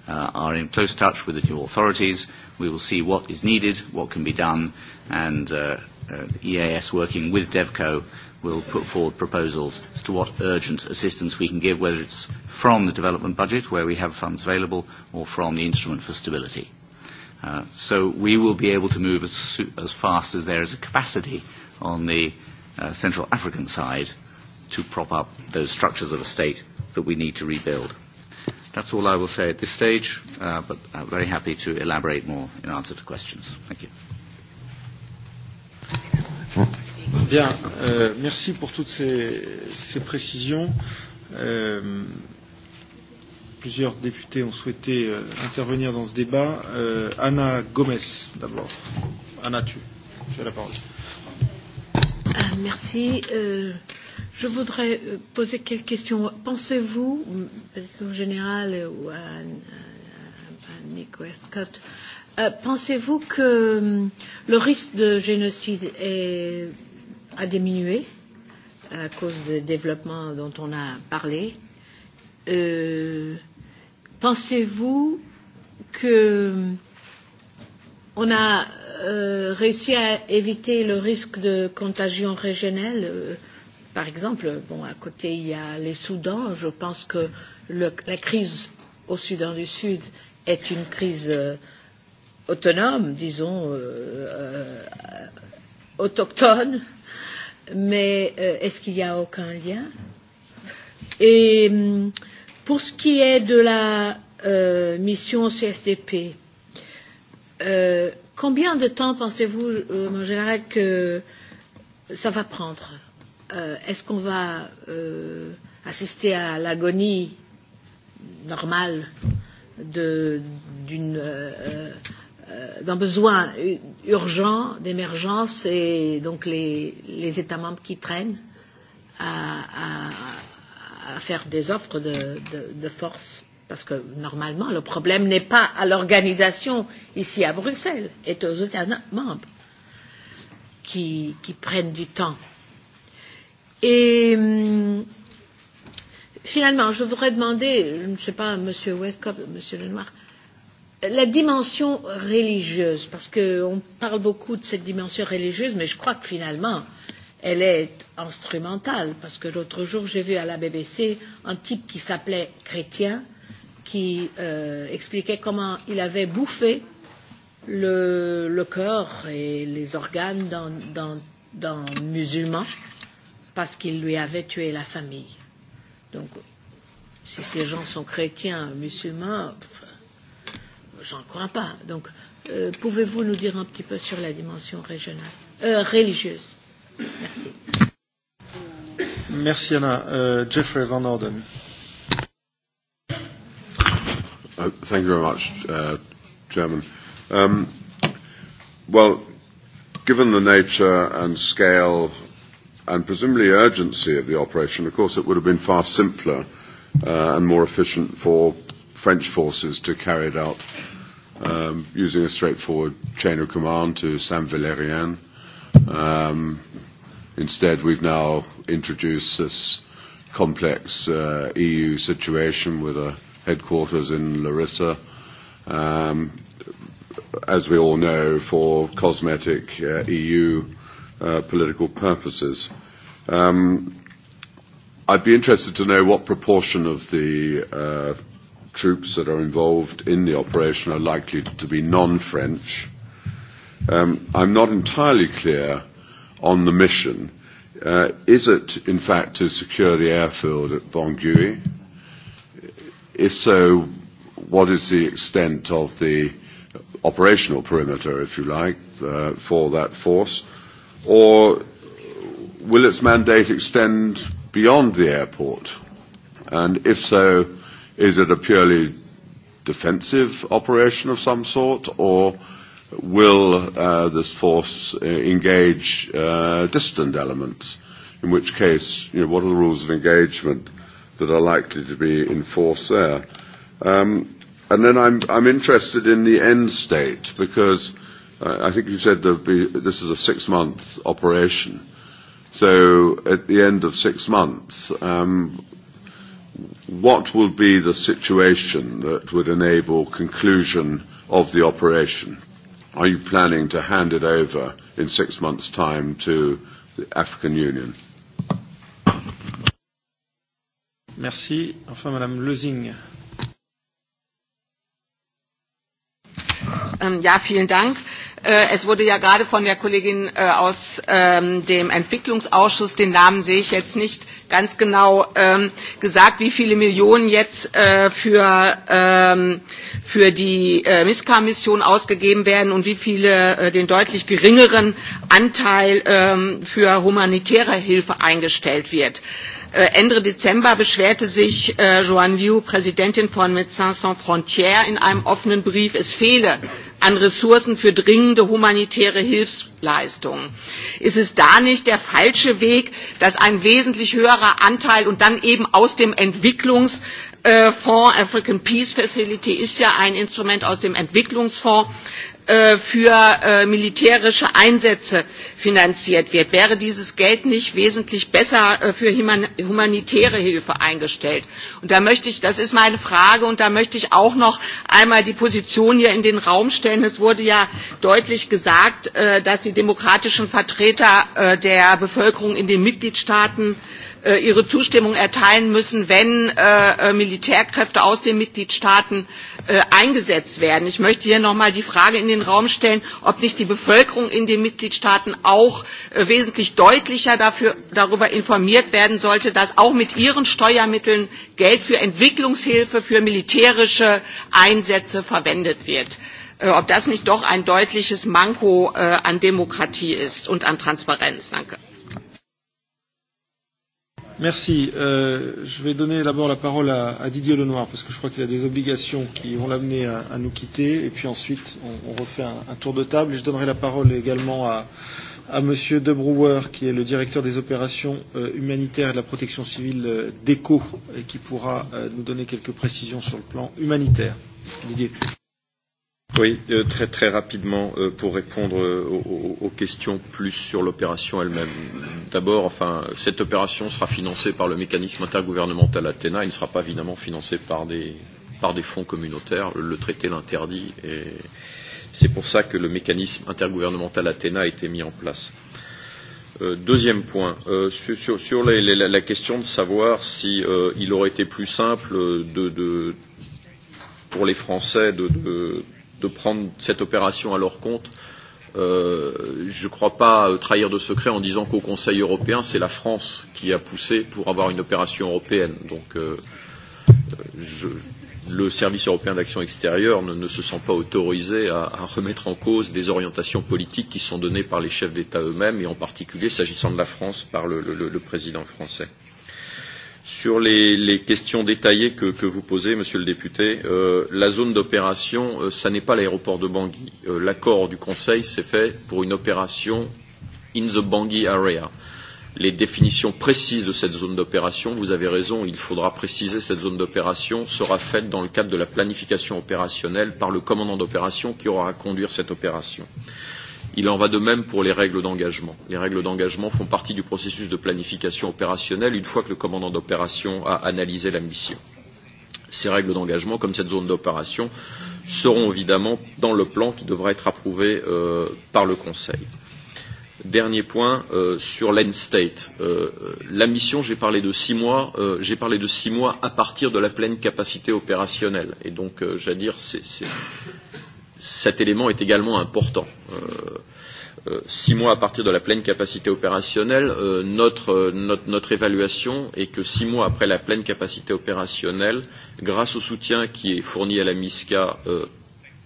uh, are in close touch with the new authorities. We will see what is needed, what can be done, and uh, uh, EAS working with DevCo will put forward proposals as to what urgent assistance we can give, whether it's from the development budget, where we have funds available, or from the instrument for stability. Uh, so we will be able to move as, as fast as there is a capacity on the uh, uh, Central African side to prop up those structures of a state that we need to rebuild. That's all I will say at this stage, uh, but I'm very happy to elaborate more in answer to questions. Thank you. Bien, euh, merci pour toutes ces, ces précisions. Euh, plusieurs députés ont souhaité euh, intervenir dans ce débat. Euh, Anna Gomez, d'abord. Anna, tu, tu as la parole. Merci. Euh, je voudrais euh, poser quelques questions. Pensez-vous, euh, au général ou à, à, à Nick Westcott, euh, pensez-vous que euh, le risque de génocide est, a diminué à cause des développements dont on a parlé euh, Pensez-vous que on a euh, réussi à éviter le risque de contagion régionale. Euh, par exemple, bon, à côté, il y a les Soudans. Je pense que le, la crise au Soudan du Sud est une crise euh, autonome, disons, euh, euh, autochtone. Mais euh, est-ce qu'il n'y a aucun lien Et mm, pour ce qui est de la euh, mission CSDP, euh, Combien de temps pensez-vous, euh, mon général, que ça va prendre euh, Est-ce qu'on va euh, assister à l'agonie normale d'un euh, euh, besoin urgent d'émergence et donc les, les États membres qui traînent à, à, à faire des offres de, de, de force parce que normalement le problème n'est pas à l'organisation ici à Bruxelles, est aux États membres qui, qui prennent du temps. Et hum, finalement, je voudrais demander, je ne sais pas, Monsieur Westcott, Monsieur Lenoir, la dimension religieuse, parce qu'on parle beaucoup de cette dimension religieuse, mais je crois que finalement, elle est instrumentale, parce que l'autre jour, j'ai vu à la BBC un type qui s'appelait chrétien, euh, qui euh, expliquait comment il avait bouffé le, le corps et les organes d'un musulman parce qu'il lui avait tué la famille. Donc, si ces gens sont chrétiens, musulmans, j'en crois pas. Donc, euh, pouvez-vous nous dire un petit peu sur la dimension régionale, euh, religieuse Merci. Merci Anna. Euh, Jeffrey Van Orden. Euh, Uh, thank you very much, uh, Chairman. Um, well, given the nature and scale and presumably urgency of the operation, of course, it would have been far simpler uh, and more efficient for French forces to carry it out um, using a straightforward chain of command to Saint-Valérien. Um, instead, we've now introduced this complex uh, EU situation with a headquarters in Larissa. Um, as we all know, for cosmetic uh, EU uh, political purposes. Um, I'd be interested to know what proportion of the uh, troops that are involved in the operation are likely to be non-French. Um, I'm not entirely clear on the mission. Uh, is it, in fact, to secure the airfield at Bangui? If so, what is the extent of the operational perimeter, if you like, uh, for that force? Or will its mandate extend beyond the airport? And if so, is it a purely defensive operation of some sort, or will uh, this force uh, engage uh, distant elements? In which case, you know, what are the rules of engagement? Uh, that are likely to be in force there. Um, and then I'm, I'm interested in the end state because uh, I think you said be, this is a six-month operation. So at the end of six months, um, what will be the situation that would enable conclusion of the operation? Are you planning to hand it over in six months' time to the African Union? Merci. Enfin, Madame Lösing. Ähm, ja, vielen Dank. Äh, es wurde ja gerade von der Kollegin äh, aus ähm, dem Entwicklungsausschuss, den Namen sehe ich jetzt nicht ganz genau, ähm, gesagt, wie viele Millionen jetzt äh, für, für die MISCA-Mission ausgegeben werden und wie viele den deutlich geringeren Anteil für humanitäre Hilfe eingestellt wird. Äh, Ende Dezember beschwerte sich äh, Joanne Liu, Präsidentin von Médecins Sans Frontières, in einem offenen Brief, es fehle an Ressourcen für dringende humanitäre Hilfsleistungen. Ist es da nicht der falsche Weg, dass ein wesentlich höherer Anteil und dann eben aus dem Entwicklungsfonds äh, African Peace Facility ist ja ein Instrument aus dem Entwicklungsfonds Äh, für äh, militärische Einsätze finanziert wird. Wäre dieses Geld nicht wesentlich besser äh, für humanitäre Hilfe eingestellt? Und da möchte ich, das ist meine Frage, und da möchte ich auch noch einmal die Position hier in den Raum stellen. Es wurde ja deutlich gesagt, dass die demokratischen Vertreter der Bevölkerung in den Mitgliedstaaten äh, äh, ihre Zustimmung erteilen müssen, wenn äh, äh, Militärkräfte aus den Mitgliedstaaten äh, eingesetzt werden. Ich möchte hier nochmal die Frage in den Raum stellen, ob nicht die Bevölkerung in den Mitgliedstaaten auch äh, wesentlich deutlicher dafür, darüber informiert werden sollte, dass auch mit ihren Steuermitteln Geld für Entwicklungshilfe, für militärische Einsätze verwendet wird äh, ob das nicht doch ein deutliches Manko äh, an Demokratie ist und an Transparenz. Danke. Merci. Euh, je vais donner d'abord la parole à, à Didier Lenoir, parce que je crois qu'il a des obligations qui vont l'amener à, à nous quitter. Et puis ensuite, on, on refait un, un tour de table. Et je donnerai la parole également à, à Monsieur De Brouwer, qui est le directeur des opérations euh, humanitaires et de la protection civile euh, d'ECO, et qui pourra euh, nous donner quelques précisions sur le plan humanitaire. Didier. Oui, euh, très très rapidement euh, pour répondre euh, aux, aux questions plus sur l'opération elle-même. D'abord, enfin, cette opération sera financée par le mécanisme intergouvernemental Athéna. Il ne sera pas évidemment financé par des par des fonds communautaires. Le traité l'interdit et c'est pour ça que le mécanisme intergouvernemental Athéna a été mis en place. Euh, deuxième point, euh, sur, sur, sur les, les, la, la question de savoir si euh, il aurait été plus simple de, de pour les Français de, de de prendre cette opération à leur compte. Euh, je ne crois pas trahir de secret en disant qu'au Conseil européen, c'est la France qui a poussé pour avoir une opération européenne. Donc, euh, je, le service européen d'action extérieure ne, ne se sent pas autorisé à, à remettre en cause des orientations politiques qui sont données par les chefs d'État eux-mêmes, et en particulier, s'agissant de la France, par le, le, le président français. Sur les, les questions détaillées que, que vous posez, Monsieur le député, euh, la zone d'opération, euh, ça n'est pas l'aéroport de Bangui. Euh, L'accord du Conseil s'est fait pour une opération in the Bangui area. Les définitions précises de cette zone d'opération, vous avez raison, il faudra préciser cette zone d'opération sera faite dans le cadre de la planification opérationnelle par le commandant d'opération qui aura à conduire cette opération. Euh, Il en va de même pour les règles d'engagement. Les règles d'engagement font partie du processus de planification opérationnelle une fois que le commandant d'opération a analysé la mission. Ces règles d'engagement, comme cette zone d'opération, seront évidemment dans le plan qui devra être approuvé euh, par le Conseil. Dernier point euh, sur l'end state. Euh, la mission, j'ai parlé de six mois. Euh, j'ai parlé de six mois à partir de la pleine capacité opérationnelle. Et donc, euh, j'allais dire, c'est cet élément est également important. Euh, euh, six mois à partir de la pleine capacité opérationnelle, euh, notre, euh, notre, notre évaluation est que six mois après la pleine capacité opérationnelle, grâce au soutien qui est fourni à la MISCA euh,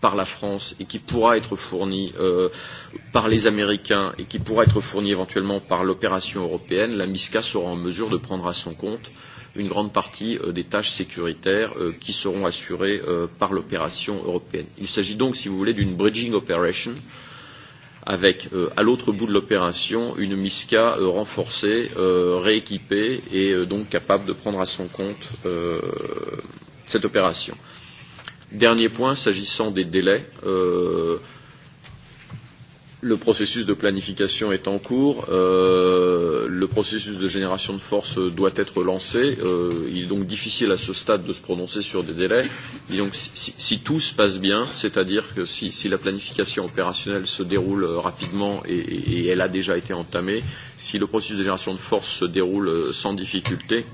par la France et qui pourra être fourni euh, par les Américains et qui pourra être fourni éventuellement par l'opération européenne, la MISCA sera en mesure de prendre à son compte euh, une grande partie euh, des tâches sécuritaires euh, qui seront assurées euh, par l'opération européenne. Il s'agit donc, si vous voulez, d'une bridging operation avec euh, à l'autre bout de l'opération une MISCA euh, renforcée, euh, rééquipée et euh, donc capable de prendre à son compte euh, cette opération. Dernier point, s'agissant des délais, euh, Le processus de planification est en cours. Euh, le processus de génération de force doit être lancé. Euh, il est donc difficile à ce stade de se prononcer sur des délais. Et donc, si, si tout se passe bien, c'est-à-dire que si, si la planification opérationnelle se déroule euh, rapidement et, et, et elle a déjà été entamée, si le processus de génération de force se déroule euh, sans difficulté,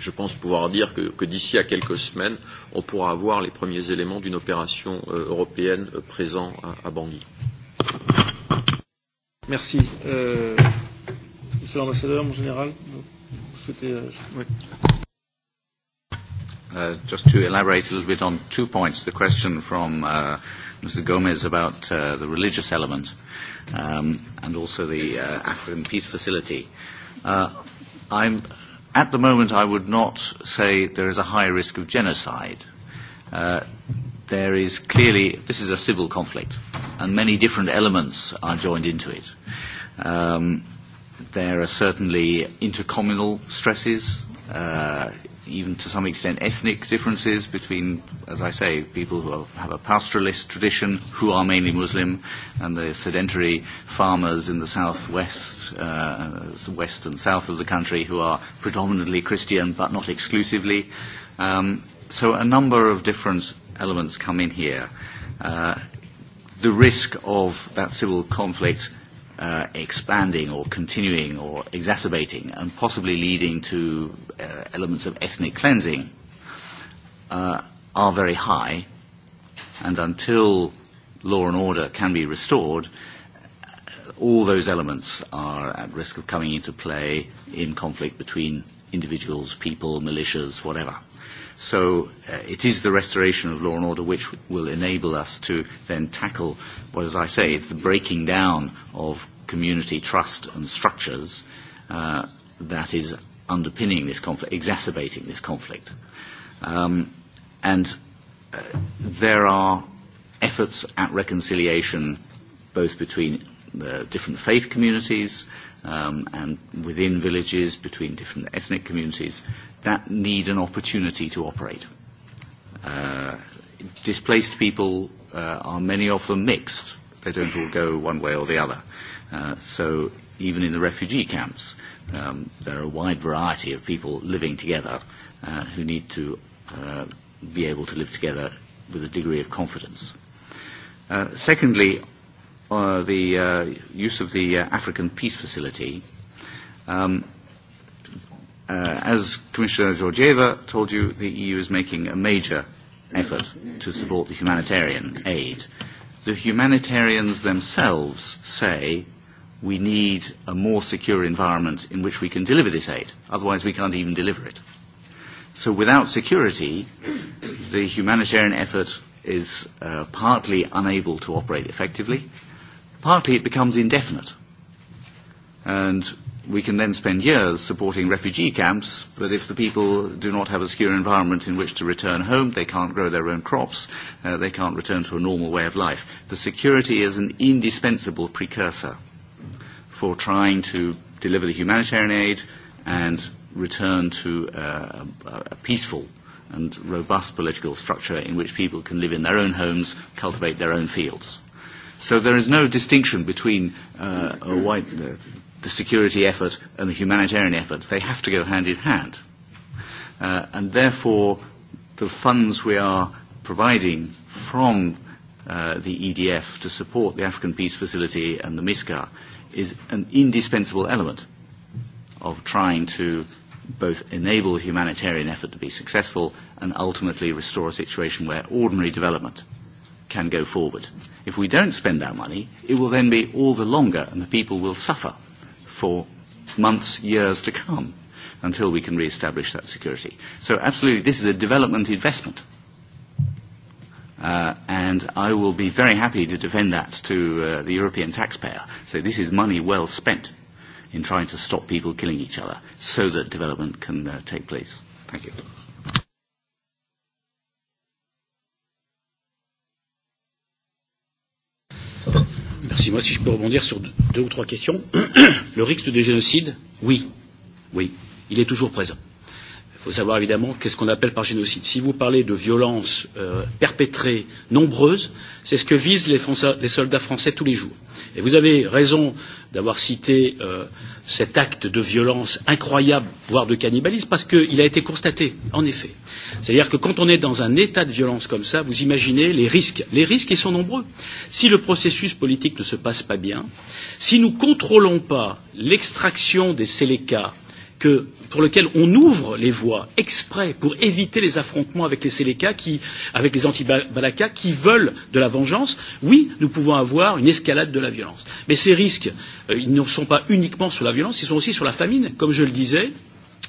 je pense pouvoir dire que, que d'ici à quelques semaines, on pourra avoir les premiers éléments d'une opération euh, européenne euh, présent à, à Bangui. Merci. Euh, monsieur l'ambassadeur, mon général, vous souhaitez. Euh, oui. Uh, just to elaborate a little bit on two points, the question from uh, Mr. Gomez about uh, the religious element um, and also the uh, African Peace Facility. Uh, I'm, at the moment, I would not say there is a high risk of genocide. Uh, there is clearly, this is a civil conflict, and many different elements are joined into it. Um, there are certainly intercommunal stresses, uh, even to some extent ethnic differences between, as I say, people who are, have a pastoralist tradition, who are mainly Muslim, and the sedentary farmers in the southwest, uh, west and south of the country, who are predominantly Christian but not exclusively. Um, so a number of different elements come in here, uh, the risk of that civil conflict uh, expanding or continuing or exacerbating and possibly leading to uh, elements of ethnic cleansing uh, are very high. And until law and order can be restored, all those elements are at risk of coming into play in conflict between individuals, people, militias, whatever. So uh, it is the restoration of law and order which will enable us to then tackle what, as I say, is the breaking down of community trust and structures uh, that is underpinning this conflict, exacerbating this conflict. Um, and uh, there are efforts at reconciliation both between the different faith communities, uh, um, and within villages, between different ethnic communities, that need an opportunity to operate. Uh, displaced people uh, are many of them mixed. They don't all go one way or the other. Uh, so even in the refugee camps, um, there are a wide variety of people living together uh, who need to uh, be able to live together with a degree of confidence. Uh, secondly, uh, the uh, use of the uh, African Peace Facility, um, uh, as Commissioner Georgieva told you, the EU is making a major effort to support the humanitarian aid. The humanitarians themselves say we need a more secure environment in which we can deliver this aid. Otherwise, we can't even deliver it. So without security, the humanitarian effort is uh, partly unable to operate effectively, partly it becomes indefinite. And we can then spend years supporting refugee camps, but if the people do not have a secure environment in which to return home, they can't grow their own crops, uh, they can't return to a normal way of life. The security is an indispensable precursor for trying to deliver the humanitarian aid and return to uh, a, a peaceful and robust political structure in which people can live in their own homes, cultivate their own fields. So there is no distinction between uh, a white, the, the security effort and the humanitarian effort. They have to go hand in hand. Uh, and therefore, the funds we are providing from uh, the EDF to support the African Peace Facility and the MISCA is an indispensable element of trying to both enable the humanitarian effort to be successful and ultimately restore a situation where ordinary development can go forward. If we don't spend our money, it will then be all the longer and the people will suffer for months, years to come until we can re-establish that security. So absolutely, this is a development investment. Uh, and I will be very happy to defend that to uh, the European taxpayer. So this is money well spent in trying to stop people killing each other so that development can uh, take place. Thank you. Merci. Moi, si je peux rebondir sur deux ou trois questions. Le risque de génocide, oui. Oui. Il est toujours présent faut savoir évidemment qu'est-ce qu'on appelle par génocide. Si vous parlez de violences euh, perpétrées nombreuses, c'est ce que visent les, Français, les soldats français tous les jours. Et vous avez raison d'avoir cité euh, cet acte de violence incroyable, voire de cannibalisme, parce qu'il a été constaté, en effet. C'est-à-dire que quand on est dans un état de violence comme ça, vous imaginez les risques. Les risques, ils sont nombreux. Si le processus politique ne se passe pas bien, si nous ne contrôlons pas l'extraction des sélécas que, pour lequel on ouvre les voies exprès pour éviter les affrontements avec les Séléka, qui, avec les anti-Balaka, qui veulent de la vengeance, oui, nous pouvons avoir une escalade de la violence. Mais ces risques, euh, ils ne sont pas uniquement sur la violence, ils sont aussi sur la famine. Comme je le disais,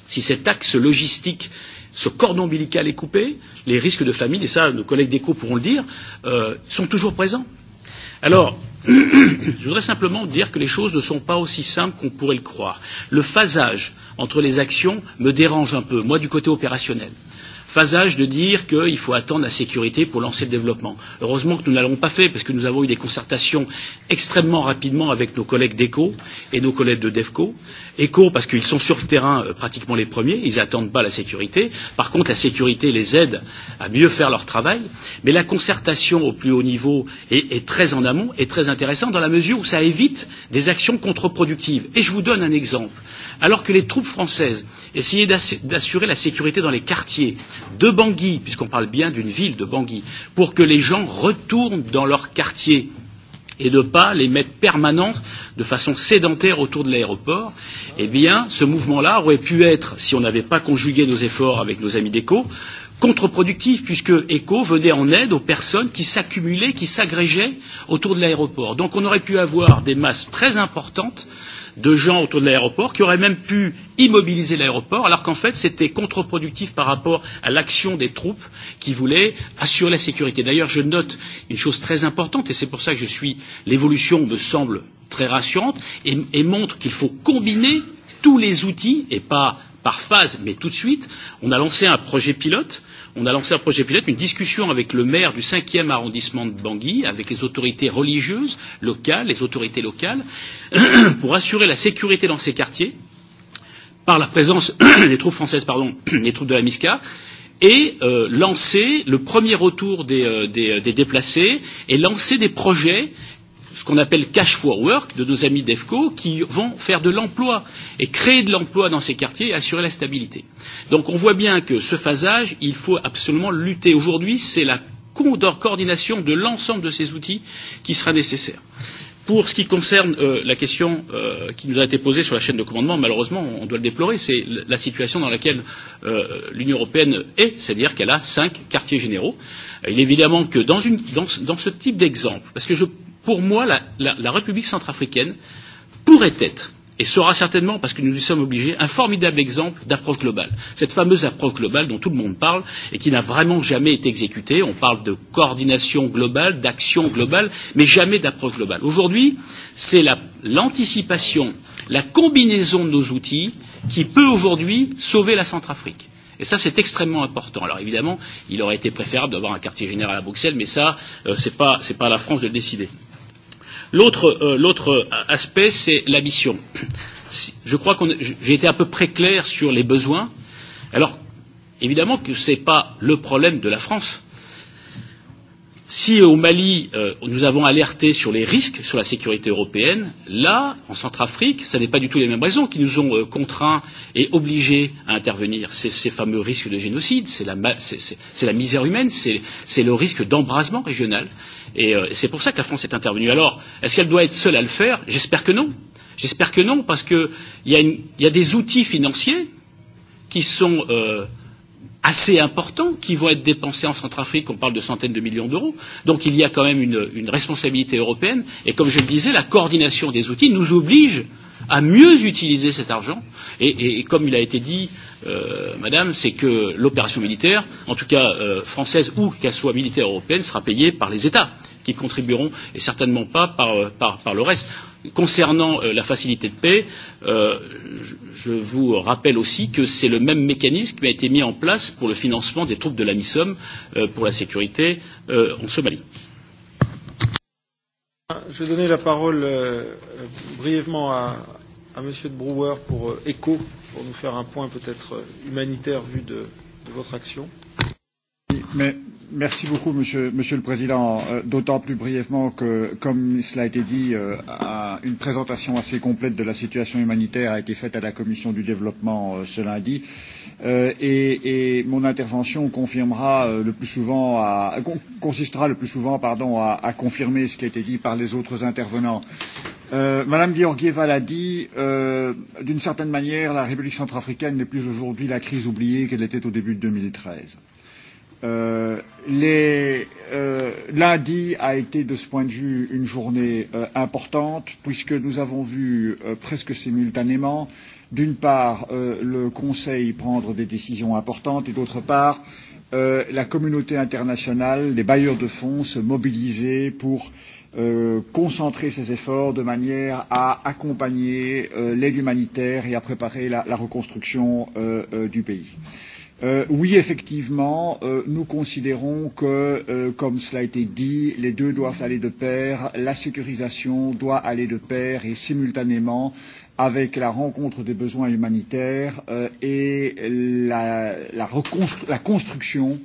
si cet axe logistique ce cordon ombilical est coupé, les risques de famine, et ça nos collègues d'écho pourront le dire, euh, sont toujours présents. Alors, je voudrais simplement dire que les choses ne sont pas aussi simples qu'on pourrait le croire. Le phasage entre les actions me dérange un peu, moi, du côté opérationnel. Euh, phasage de dire qu'il faut attendre la sécurité pour lancer le développement. Heureusement que nous ne l'avons pas fait parce que nous avons eu des concertations extrêmement rapidement avec nos collègues d'ECO et nos collègues de DEFCO. ECO parce qu'ils sont sur le terrain euh, pratiquement les premiers, ils n'attendent pas la sécurité. Par contre, la sécurité les aide à mieux faire leur travail. Mais la concertation au plus haut niveau est, est très en amont et très intéressante dans la mesure où ça évite des actions contre-productives. Et je vous donne un exemple. Alors que les troupes françaises essayaient d'assurer la sécurité dans les quartiers, de Bangui, puisqu'on parle bien d'une ville de Bangui, pour que les gens retournent dans leur quartier et de ne pas les mettre permanentes de façon sédentaire autour de l'aéroport, eh bien, ce mouvement-là aurait pu être, si on n'avait pas conjugué nos efforts avec nos amis d'ECO, contre-productif, puisque ECO venait en aide aux personnes qui s'accumulaient, qui s'agrégeaient autour de l'aéroport. Donc on aurait pu avoir des masses très importantes euh, de gens autour de l'aéroport qui auraient même pu immobiliser l'aéroport, alors qu'en fait c'était contre-productif par rapport à l'action des troupes qui voulaient assurer la sécurité. D'ailleurs, je note une chose très importante, et c'est pour ça que je suis l'évolution me semble très rassurante et, et montre qu'il faut combiner tous les outils et pas par phase, mais tout de suite. On a lancé un projet pilote euh, on a lancé un projet pilote, une discussion avec le maire du 5e arrondissement de Bangui, avec les autorités religieuses locales, les autorités locales, pour assurer la sécurité dans ces quartiers par la présence des troupes françaises, pardon, des troupes de la MISCA, et euh, lancer le premier retour des, euh, des, euh, des déplacés et lancer des projets euh, ce qu'on appelle cash for work de nos amis d'EFCO qui vont faire de l'emploi et créer de l'emploi dans ces quartiers et assurer la stabilité. Donc on voit bien que ce phasage, il faut absolument lutter. Aujourd'hui, c'est la coordination de l'ensemble de ces outils qui sera nécessaire. Pour ce qui concerne euh, la question euh, qui nous a été posée sur la chaîne de commandement, malheureusement, on doit le déplorer, c'est la situation dans laquelle euh, l'Union européenne est, c'est-à-dire qu'elle a cinq quartiers généraux. Euh, il est évidemment que dans, une, dans, dans ce type d'exemple, parce que je Pour moi, la, la, la République centrafricaine pourrait être et sera certainement, parce que nous lui sommes obligés, un formidable exemple d'approche globale. Cette fameuse approche globale dont tout le monde parle et qui n'a vraiment jamais été exécutée. On parle de coordination globale, d'action globale, mais jamais d'approche globale. Aujourd'hui, c'est l'anticipation, la, la combinaison de nos outils qui peut aujourd'hui sauver la Centrafrique. Et ça, c'est extrêmement important. Alors évidemment, il aurait été préférable d'avoir un quartier général à Bruxelles, mais ça, euh, ce n'est pas, pas à la France de le décider. Euh, L'autre, euh, l'autre euh, aspect, c'est la mission. Je crois que j'ai été à peu près clair sur les besoins. Alors, évidemment que ce n'est pas le problème de la France. Si au Mali, euh, nous avons alerté sur les risques sur la sécurité européenne, là, en Centrafrique, ce n'est pas du tout les mêmes raisons qui nous ont euh, contraints et obligés à intervenir. C'est ces fameux risques de génocide, c'est la, c'est, c'est, c'est la misère humaine, c'est, c'est le risque d'embrasement régional. Et euh, c'est pour ça que la France est intervenue. Alors, est-ce qu'elle doit être seule à le faire J'espère que non. J'espère que non, parce qu'il y, a une, y a des outils financiers qui sont. Euh, assez importants qui vont être dépensés en Centrafrique, on parle de centaines de millions d'euros. Donc il y a quand même une, une responsabilité européenne et comme je le disais, la coordination des outils nous oblige à mieux utiliser cet argent et, et, et comme il a été dit, euh, madame, c'est que l'opération militaire, en tout cas euh, française ou qu'elle soit militaire européenne, sera payée par les États qui contribueront et certainement pas par, euh, par, par le reste. Concernant euh, la facilité de paix, euh, je, je vous rappelle aussi que c'est le même mécanisme qui a été mis en place pour le financement des troupes de la MISOM euh, pour la sécurité euh, en Somalie. Je vais donner la parole euh, brièvement à, à M. de Brouwer pour euh, ECHO, pour nous faire un point peut-être euh, humanitaire vu de, de votre action. Mais Merci beaucoup, Monsieur, monsieur le Président. Euh, D'autant plus brièvement que, comme cela a été dit, euh, à, une présentation assez complète de la situation humanitaire a été faite à la Commission du développement euh, ce lundi. Euh, et, et mon intervention confirmera euh, le plus souvent à, con, consistera le plus souvent pardon, à, à confirmer ce qui a été dit par les autres intervenants. Euh, Madame Georgieva l'a dit, euh, d'une certaine manière, la République centrafricaine n'est plus aujourd'hui la crise oubliée qu'elle était au début de 2013. Euh, Euh, les, euh, lundi a été de ce point de vue une journée euh, importante puisque nous avons vu euh, presque simultanément d'une part euh, le Conseil prendre des décisions importantes et d'autre part euh, la communauté internationale, les bailleurs de fonds se mobiliser pour euh, concentrer ses efforts de manière à accompagner euh, l'aide humanitaire et à préparer la, la reconstruction euh, euh, du pays. Euh, Euh, oui, effectivement, euh, nous considérons que, euh, comme cela a été dit, les deux doivent aller de pair. La sécurisation doit aller de pair et simultanément avec la rencontre des besoins humanitaires euh, et la, la, reconstru la construction,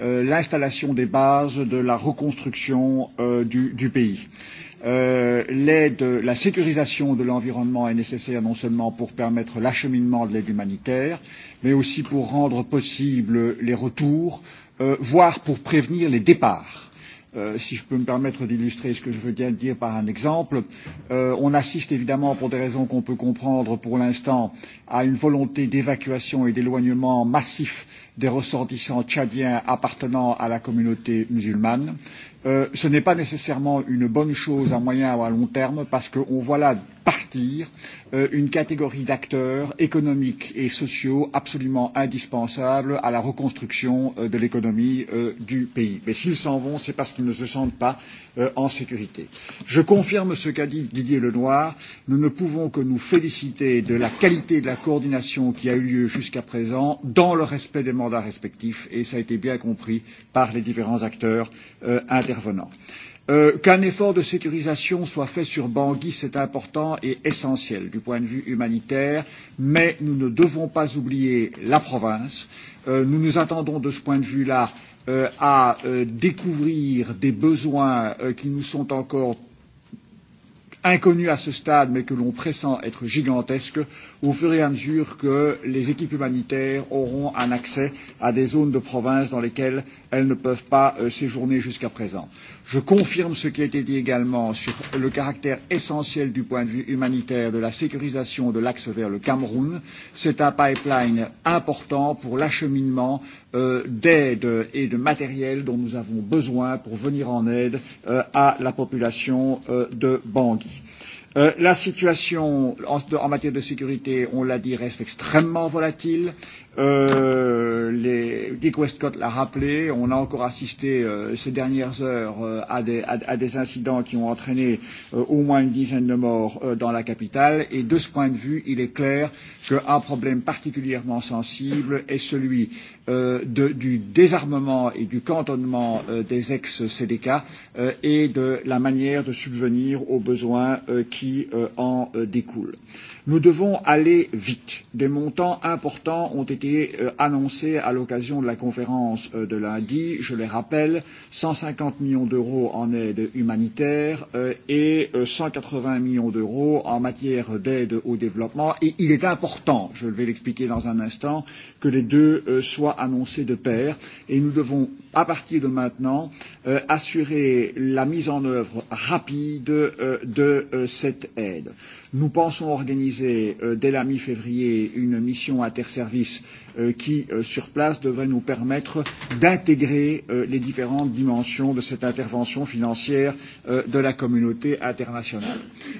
euh, l'installation des bases de la reconstruction euh, du, du pays. Euh, Euh, l'aide, la sécurisation de l'environnement est nécessaire non seulement pour permettre l'acheminement de l'aide humanitaire, mais aussi pour rendre possible les retours, euh, voire pour prévenir les départs. Euh, si je peux me permettre d'illustrer ce que je veux bien dire par un exemple, euh, on assiste évidemment, pour des raisons qu'on peut comprendre pour l'instant, à une volonté d'évacuation et d'éloignement massif des ressortissants tchadiens appartenant à la communauté musulmane euh, ce n'est pas nécessairement une bonne chose à moyen ou à long terme parce qu'on voit là partir euh, une catégorie d'acteurs économiques et sociaux absolument indispensables à la reconstruction euh, de l'économie euh, du pays. Mais s'ils s'en vont, c'est parce qu'ils ne se sentent pas euh, en sécurité. Je confirme ce qu'a dit Didier Lenoir. Nous ne pouvons que nous féliciter de la qualité de la coordination qui a eu lieu jusqu'à présent dans le respect des mandats respectifs et ça a été bien compris par les différents acteurs euh, intervenants. Euh, Euh, Qu'un effort de sécurisation soit fait sur Bangui, c'est important et essentiel du point de vue humanitaire, mais nous ne devons pas oublier la province. Euh, nous nous attendons de ce point de vue-là euh, à euh, découvrir des besoins euh, qui nous sont encore inconnus à ce stade, mais que l'on pressent être gigantesques, au fur et à mesure que les équipes humanitaires auront un accès à des zones de province dans lesquelles elles ne peuvent pas euh, séjourner jusqu'à présent. Euh, Je confirme ce qui a été dit également sur le caractère essentiel du point de vue humanitaire de la sécurisation de l'axe vers le Cameroun. C'est un pipeline important pour l'acheminement euh, d'aide et de matériel dont nous avons besoin pour venir en aide euh, à la population euh, de Bangui. Euh, la situation en, en matière de sécurité, on l'a dit, reste extrêmement volatile. Euh, les, Dick Westcott l'a rappelé, on a encore assisté euh, ces dernières heures euh, à, des, à, à des incidents qui ont entraîné euh, au moins une dizaine de morts euh, dans la capitale. Et de ce point de vue, il est clair qu'un problème particulièrement sensible est celui euh, de, du désarmement et du cantonnement euh, des ex-CDK euh, et de la manière de subvenir aux besoins euh, qui euh, en euh, découlent. Euh, Nous devons aller vite. Des montants importants ont été euh, annoncés à l'occasion de la conférence euh, de lundi. Je les rappelle, 150 millions d'euros en aide humanitaire euh, et euh, 180 millions d'euros en matière d'aide au développement. Et il est important, je vais l'expliquer dans un instant, que les deux euh, soient annoncés de pair. Et nous devons, à partir de maintenant, euh, assurer la mise en œuvre rapide euh, de euh, cette aide. Nous pensons organiser organiser euh, dès la mi-février une mission interservice euh, qui, euh, sur place, devrait nous permettre d'intégrer euh, les différentes dimensions de cette intervention financière euh, de la communauté internationale.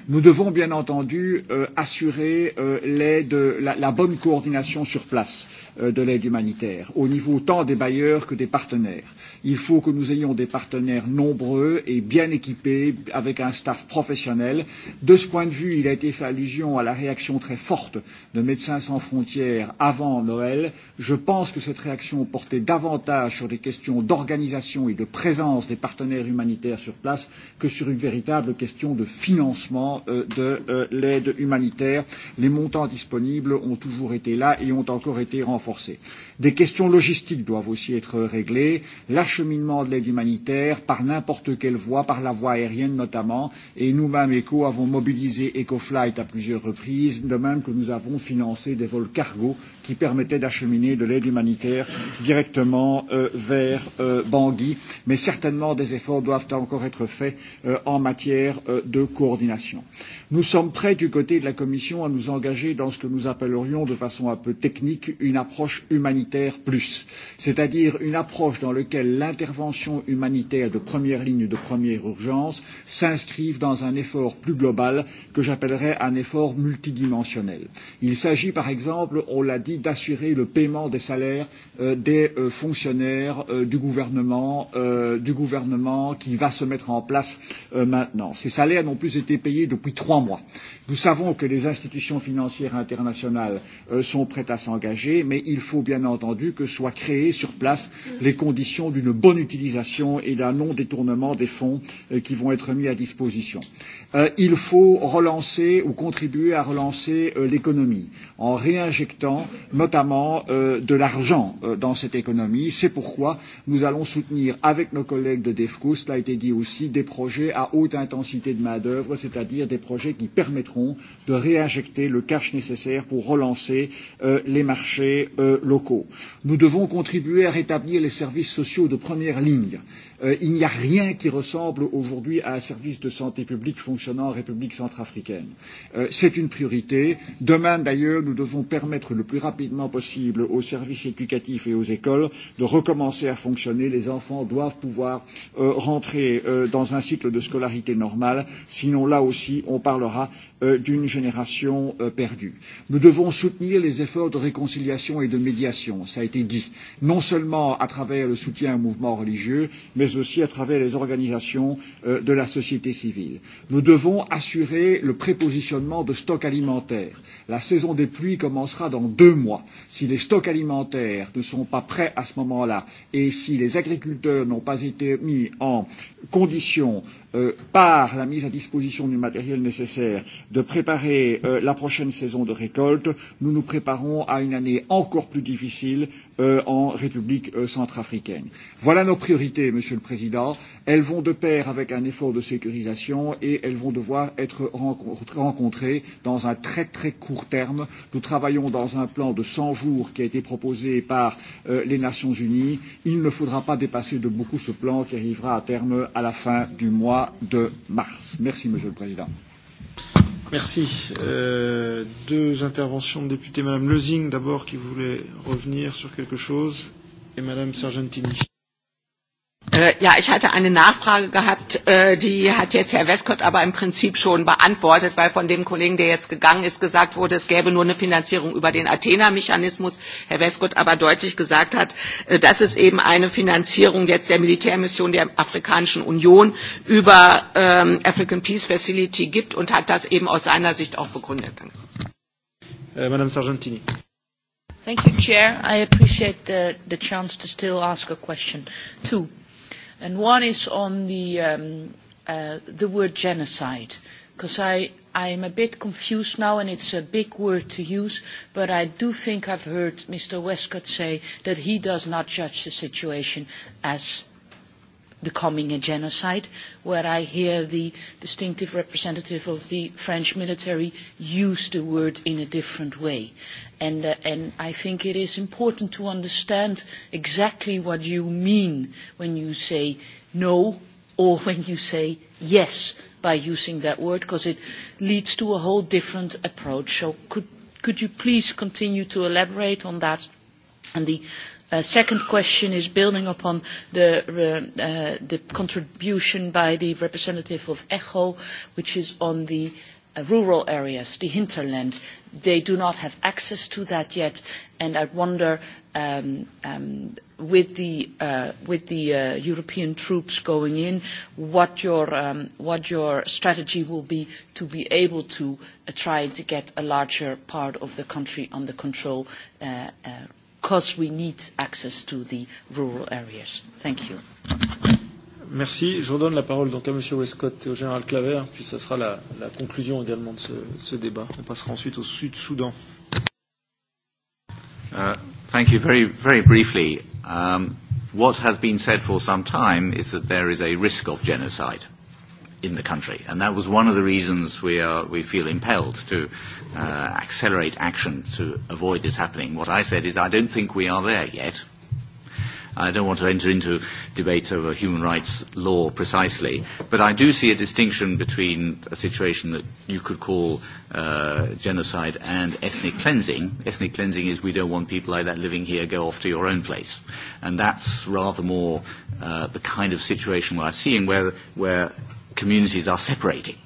Nous devons bien entendu euh, assurer euh, l'aide, la, la bonne coordination sur place euh, de l'aide humanitaire, au niveau tant des bailleurs que des partenaires. Il faut que nous ayons des partenaires nombreux et bien équipés, avec un staff professionnel. De ce point de vue, il a été fait allusion à la réaction très forte de Médecins sans frontières avant Noël. Je pense que cette réaction portait davantage sur des questions d'organisation et de présence des partenaires humanitaires sur place que sur une véritable question de financement euh, de euh, l'aide humanitaire. Les montants disponibles ont toujours été là et ont encore été renforcés. Des questions logistiques doivent aussi être réglées. L'acheminement de l'aide humanitaire par n'importe quelle voie, par la voie aérienne notamment, et nous-mêmes, ECO, avons mobilisé EcoFlight à plusieurs reprises qui est une domaine que nous avons financé des vols cargo qui permettait d'acheminer de l'aide humanitaire directement euh, vers euh, Bangui. Mais certainement, des efforts doivent encore être faits euh, en matière euh, de coordination. Nous sommes prêts du côté de la Commission à nous engager dans ce que nous appellerions de façon un peu technique une approche humanitaire plus, c'est-à-dire une approche dans laquelle l'intervention humanitaire de première ligne de première urgence s'inscrive dans un effort plus global que j'appellerais un effort multidimensionnel. Il s'agit par exemple, on l'a dit, aussi d'assurer le paiement des salaires euh, des euh, fonctionnaires euh, du gouvernement, euh, du gouvernement qui va se mettre en place euh, maintenant. Ces salaires n'ont plus été payés depuis trois mois. Nous savons que les institutions financières internationales euh, sont prêtes à s'engager, mais il faut bien entendu que soient créées sur place les conditions d'une bonne utilisation et d'un non détournement des fonds euh, qui vont être mis à disposition. Euh, il faut relancer ou contribuer à relancer euh, l'économie en réinjectant notamment euh, de l'argent euh, dans cette économie. C'est pourquoi nous allons soutenir avec nos collègues de DEFCO, cela a été dit aussi, des projets à haute intensité de main d'œuvre, c'est-à-dire des projets qui permettront Macron de réinjecter le cash nécessaire pour relancer euh, les marchés euh, locaux. Nous devons contribuer à rétablir les services sociaux de première ligne. Euh, il n'y a rien qui ressemble aujourd'hui à un service de santé publique fonctionnant en République centrafricaine. Euh, C'est une priorité. Demain, d'ailleurs, nous devons permettre le plus rapidement possible aux services éducatifs et aux écoles de recommencer à fonctionner. Les enfants doivent pouvoir euh, rentrer euh, dans un cycle de scolarité normale. Sinon, là aussi, on parlera euh, d'une génération euh, perdue. Nous devons soutenir les efforts de réconciliation et de médiation, ça a été dit, non seulement à travers le soutien au mouvement religieux, mais aussi à travers les organisations euh, de la société civile. Nous devons assurer le prépositionnement de stocks alimentaires. La saison des pluies commencera dans deux mois. Si les stocks alimentaires ne sont pas prêts à ce moment-là et si les agriculteurs n'ont pas été mis en condition euh, par la mise à disposition du matériel nécessaire, de préparer euh, la prochaine saison de récolte, nous nous préparons à une année encore plus difficile euh, en République euh, centrafricaine. Voilà nos priorités, Monsieur le Président. Elles vont de pair avec un effort de sécurisation et elles vont devoir être rencontrées dans un très très court terme. Nous travaillons dans un plan de 100 jours qui a été proposé par euh, les Nations Unies. Il ne faudra pas dépasser de beaucoup ce plan qui arrivera à terme à la fin du mois mois de mars. Merci, Monsieur le Président. Merci. Euh, deux interventions de députés. Madame Lezing, d'abord, qui voulait revenir sur quelque chose, et Madame Sargentini. Äh, ja, ich hatte eine Nachfrage gehabt, äh, die hat jetzt Herr Westcott aber im Prinzip schon beantwortet, weil von dem Kollegen, der jetzt gegangen ist, gesagt wurde, es gäbe nur eine Finanzierung über den Athena-Mechanismus. Herr Westcott aber deutlich gesagt hat, äh, dass es eben eine Finanzierung jetzt der Militärmission der Afrikanischen Union über ähm, African Peace Facility gibt und hat das eben aus seiner Sicht auch begründet. Danke. Äh, Madame Sargentini. Thank you, Chair. I appreciate the, the chance to still ask a question. Two. And one is on the, um, uh, the word genocide, because I, I'm a bit confused now, and it's a big word to use, but I do think I've heard Mr. Westcott say that he does not judge the situation as becoming a genocide, where I hear the distinctive representative of the French military use the word in a different way. And, uh, and I think it is important to understand exactly what you mean when you say no or when you say yes by using that word, because it leads to a whole different approach. So could, could you please continue to elaborate on that? And the Uh, second question is building upon the, uh, the contribution by the representative of ECHO, which is on the uh, rural areas, the hinterland. They do not have access to that yet, and I wonder um, um, with the, uh, with the uh, European troops going in, what your, um, what your strategy will be to be able to uh, try to get a larger part of the country under control uh, uh, because we need access to the rural areas. Thank you. Merci. Je redonne la parole donc à M. Westcott et au général Claver, puis ça sera la, la conclusion également de ce, de ce débat. On passera ensuite au Sud-Soudan. Uh, thank you. Very, very briefly, um, what has been said for some time is that there is a risk of genocide in the country. And that was one of the reasons we, are, we feel impelled to uh, accelerate action to avoid this happening. What I said is I don't think we are there yet. I don't want to enter into debate over human rights law precisely, but I do see a distinction between a situation that you could call uh, genocide and ethnic cleansing. Ethnic cleansing is we don't want people like that living here, go off to your own place. And that's rather more uh, the kind of situation we're seeing where, where communities are separating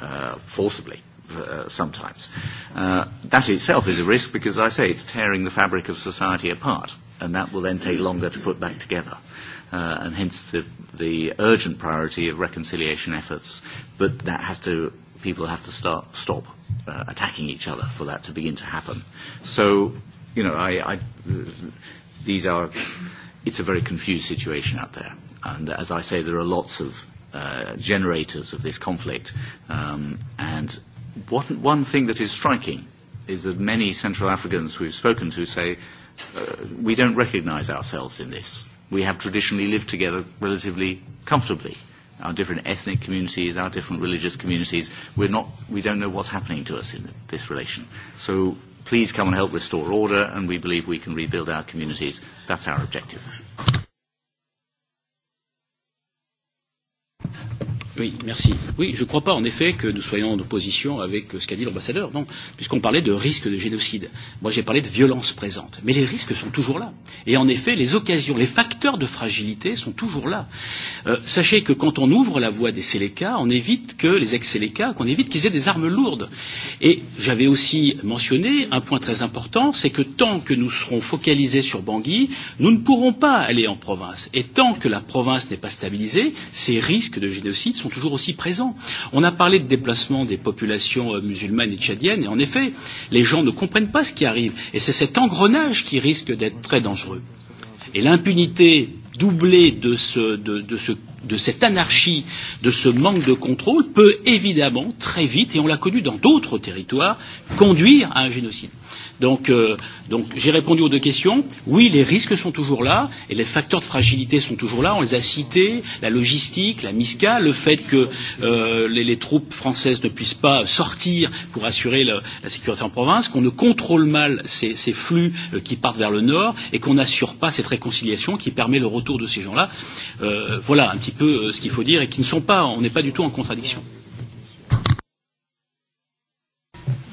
uh, forcibly. Uh, sometimes. Uh, that itself is a risk because, I say, it's tearing the fabric of society apart, and that will then take longer to put back together uh, and hence the, the urgent priority of reconciliation efforts. But that has to, people have to start, stop uh, attacking each other for that to begin to happen. So, you know, I, I, these are, it's a very confused situation out there. And as I say, there are lots of uh, generators of this conflict. Um, and what, one thing that is striking is that many Central Africans we've spoken to say, uh, we don't recognize ourselves in this. We have traditionally lived together relatively comfortably. Our different ethnic communities, our different religious communities, we're not, we don't know what's happening to us in this relation. So please come and help restore order, and we believe we can rebuild our communities. That's our objective. Oui, merci. Oui, je ne crois pas en effet que nous soyons en opposition avec euh, ce qu'a dit l'ambassadeur, non, puisqu'on parlait de risque de génocide. Moi, j'ai parlé de violence présente. Mais les risques sont toujours là. Et en effet, les occasions, les facteurs de fragilité sont toujours là. Euh, sachez que quand on ouvre la voie des Séléka, on évite que les ex-Séléka, qu'on évite qu'ils aient des armes lourdes. Et j'avais aussi mentionné un point très important, c'est que tant que nous serons focalisés sur Bangui, nous ne pourrons pas aller en province. Et tant que la province n'est pas stabilisée, ces risques de génocide sont sont toujours aussi présents. On a parlé de déplacement des populations euh, musulmanes et tchadiennes, et en effet, les gens ne comprennent pas ce qui arrive. Et c'est cet engrenage qui risque d'être très dangereux. Et l'impunité doublée de ce, de, de ce de cette anarchie, de ce manque de contrôle peut évidemment très vite, et on l'a connu dans d'autres territoires, conduire à un génocide. Donc, euh, donc j'ai répondu aux deux questions. Oui, les risques sont toujours là et les facteurs de fragilité sont toujours là. On les a cités la logistique, la MISCA, le fait que euh, les, les troupes françaises ne puissent pas sortir pour assurer le, la sécurité en province, qu'on ne contrôle mal ces, ces flux euh, qui partent vers le nord et qu'on n'assure pas cette réconciliation qui permet le retour de ces gens-là. Euh, voilà un petit peu euh, ce qu'il faut dire et qui ne sont pas, on n'est pas du tout en contradiction.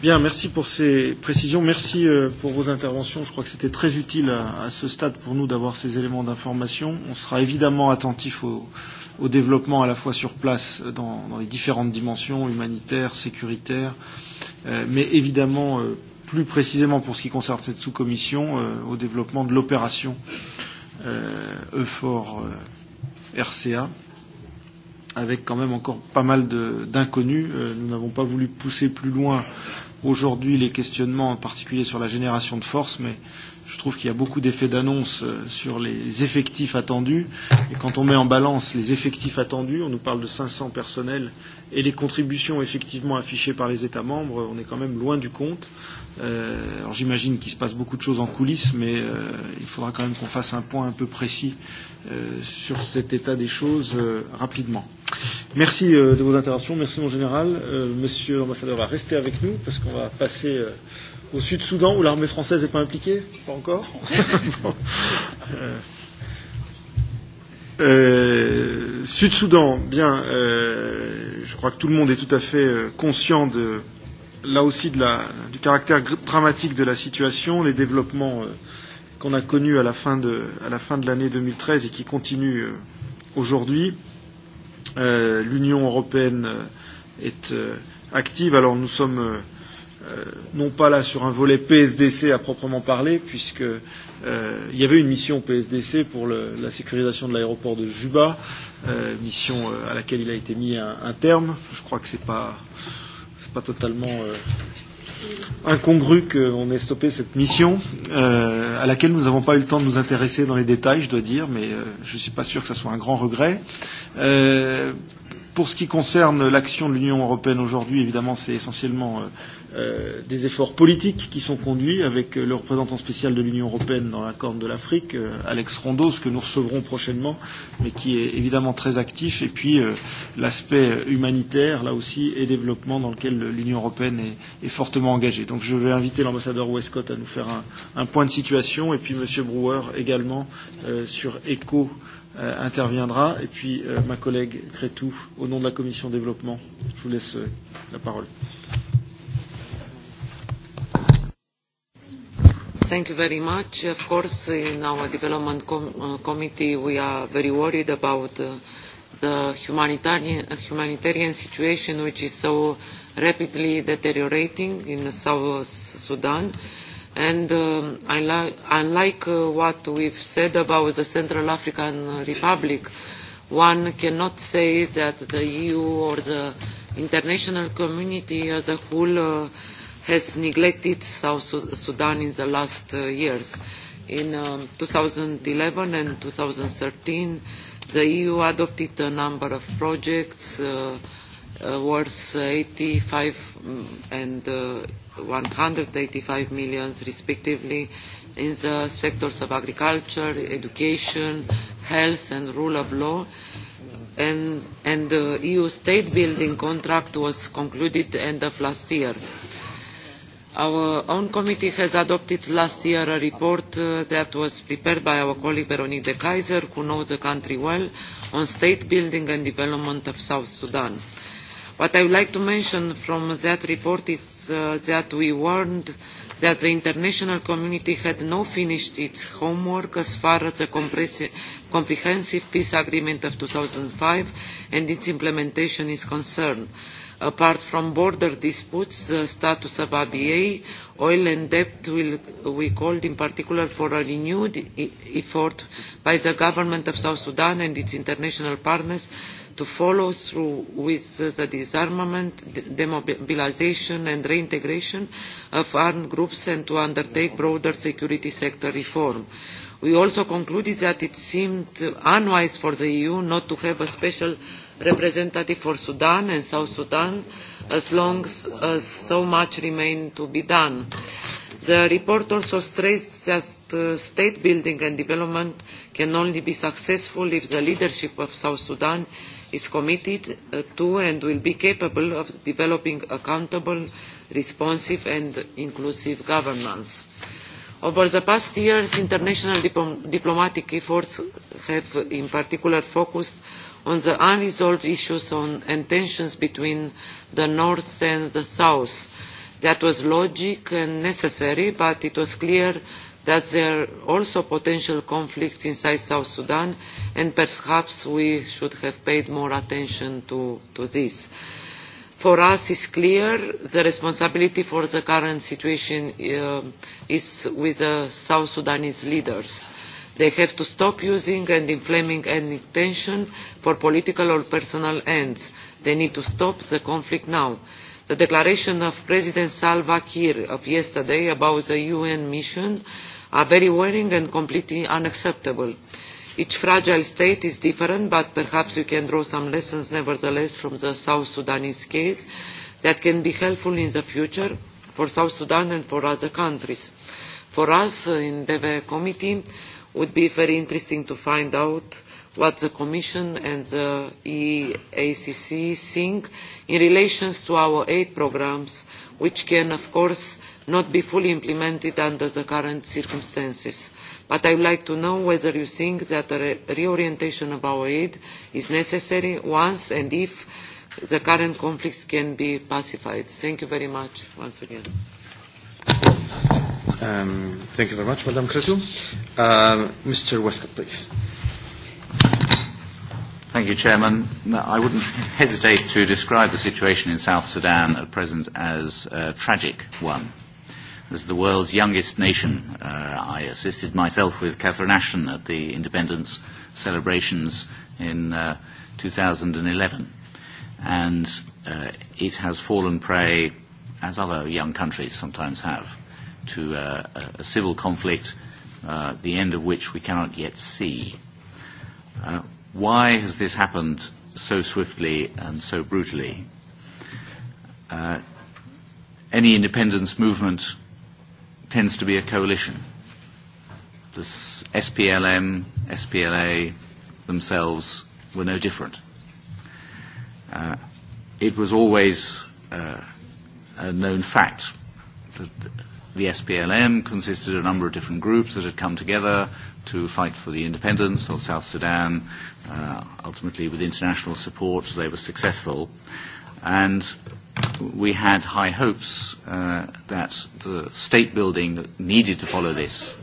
Bien, merci pour ces précisions. Merci euh, pour vos interventions. Je crois que c'était très utile à, à ce stade pour nous d'avoir ces éléments d'information. On sera évidemment attentif au, au développement à la fois sur place euh, dans, dans les différentes dimensions humanitaires, sécuritaires, euh, mais évidemment euh, plus précisément pour ce qui concerne cette sous-commission euh, au développement de l'opération euh, EFOR. Euh, RCA, avec quand même encore pas mal d'inconnus. Euh, nous n'avons pas voulu pousser plus loin aujourd'hui les questionnements, en particulier sur la génération de force, mais je trouve qu'il y a beaucoup d'effets d'annonce euh, sur les effectifs attendus. Et quand on met en balance les effectifs attendus, on nous parle de 500 personnels et les contributions effectivement affichées par les États membres, on est quand même loin du compte. Euh, alors j'imagine qu'il se passe beaucoup de choses en coulisses, mais euh, il faudra quand même qu'on fasse un point un peu précis euh, sur cet état des choses euh, rapidement. Merci euh, de vos interventions, merci mon général. Euh, monsieur l'ambassadeur va rester avec nous parce qu'on va passer. Euh, au Sud-Soudan où l'armée française n'est pas impliquée Pas encore bon. euh, euh, Sud-Soudan, bien, euh, je crois que tout le monde est tout à fait euh, conscient de, là aussi de la, du caractère dramatique de la situation, les développements euh, qu'on a connus à la fin de, à la fin de l'année 2013 et qui continuent euh, aujourd'hui. Euh, L'Union européenne euh, est euh, active, alors nous sommes. Euh, Euh, non pas là sur un volet PSDC à proprement parler, puisque euh, il y avait une mission PSDC pour le, la sécurisation de l'aéroport de Juba, euh, mission euh, à laquelle il a été mis un, un terme. Je crois que c'est pas c'est pas totalement euh, incongru qu'on ait stoppé cette mission, euh, à laquelle nous n'avons pas eu le temps de nous intéresser dans les détails, je dois dire, mais euh, je ne suis pas sûr que ce soit un grand regret. Euh, pour ce qui concerne l'action de l'Union européenne aujourd'hui, évidemment, c'est essentiellement euh, euh, des efforts politiques qui sont conduits avec euh, le représentant spécial de l'Union européenne dans la Corne de l'Afrique, euh, Alex Rondos, que nous recevrons prochainement, mais qui est évidemment très actif, et puis euh, l'aspect humanitaire, là aussi, et développement dans lequel l'Union européenne est, est fortement engagée. Donc je vais inviter l'ambassadeur Westcott à nous faire un, un point de situation, et puis M. Brouwer également euh, sur ECHO euh, interviendra, et puis euh, ma collègue Crétou, au nom de la Commission développement, je vous laisse euh, la parole. Merci. Thank you very much. Of course, in our development com uh, committee, we are very worried about uh, the humanitarian, uh, humanitarian situation, which is so rapidly deteriorating in South Sudan. And um, unlike, unlike uh, what we've said about the Central African Republic, one cannot say that the EU or the international community as a whole uh, has neglected South Sudan in the last uh, years. In um, 2011 and 2013, the EU adopted a number of projects uh, uh, worth 85 mm, and uh, 185 million respectively in the sectors of agriculture, education, health and rule of law. And, and the EU state building contract was concluded end of last year. Uh, Our own committee has adopted last year a report uh, that was prepared by our colleague Veronique de Kaiser, who knows the country well, on state building and development of South Sudan. What I would like to mention from that report is uh, that we warned that the international community had not finished its homework as far as the comprehensive peace agreement of 2005 and its implementation is concerned. Uh, Apart from border disputes, the uh, status of ABA, oil and debt will, we called in particular for a renewed e-, effort by the government of South Sudan and its international partners to follow through with the disarmament, demobilization and reintegration of armed groups and to undertake broader security sector reform. We also concluded that it seemed unwise for the EU not to have a special representative for Sudan and South Sudan as long as so much remains to be done. The report also states that uh, state building and development can only be successful if the leadership of South Sudan is committed uh, to and will be capable of developing accountable, responsive and inclusive governance. Over the past years, international dip diplomatic efforts have in particular focused on the unresolved issues on, and tensions between the North and the South. That was logic and necessary, but it was clear that there are also potential conflicts inside South Sudan, and perhaps we should have paid more attention to, to this. For us, it's clear the responsibility for the current situation uh, is with the South Sudanese leaders They have to stop using and inflaming any tension for political or personal ends. They need to stop the conflict now. The declaration of President Salva Kiir of yesterday about the UN mission are very worrying and completely unacceptable. Each fragile state is different, but perhaps we can draw some lessons nevertheless from the South Sudanese case that can be helpful in the future for South Sudan and for other countries. For us uh, in the committee, would be very interesting to find out what the Commission and the EACC think in relation to our aid programs, which can, of course, not be fully implemented under the current circumstances. But I would like to know whether you think that a re reorientation of our aid is necessary once and if the current conflicts can be pacified. Thank you very much once again. Um, thank you very much, Madam Cretu. Uh, um, Mr. Westcott, please. Thank you, Chairman. No, I wouldn't hesitate to describe the situation in South Sudan at present as a tragic one. As the world's youngest nation, uh, I assisted myself with Catherine Ashton at the independence celebrations in uh, 2011. And uh, it has fallen prey as other young countries sometimes have, to uh, a, a civil conflict, uh, the end of which we cannot yet see. Uh, why has this happened so swiftly and so brutally? Uh, any independence movement tends to be a coalition. The SPLM, SPLA themselves were no different. Uh, it was always uh, a known fact. That the SPLM consisted of a number of different groups that had come together to fight for the independence of South Sudan. Uh, ultimately, with international support, they were successful. And we had high hopes uh, that the state building that needed to follow this,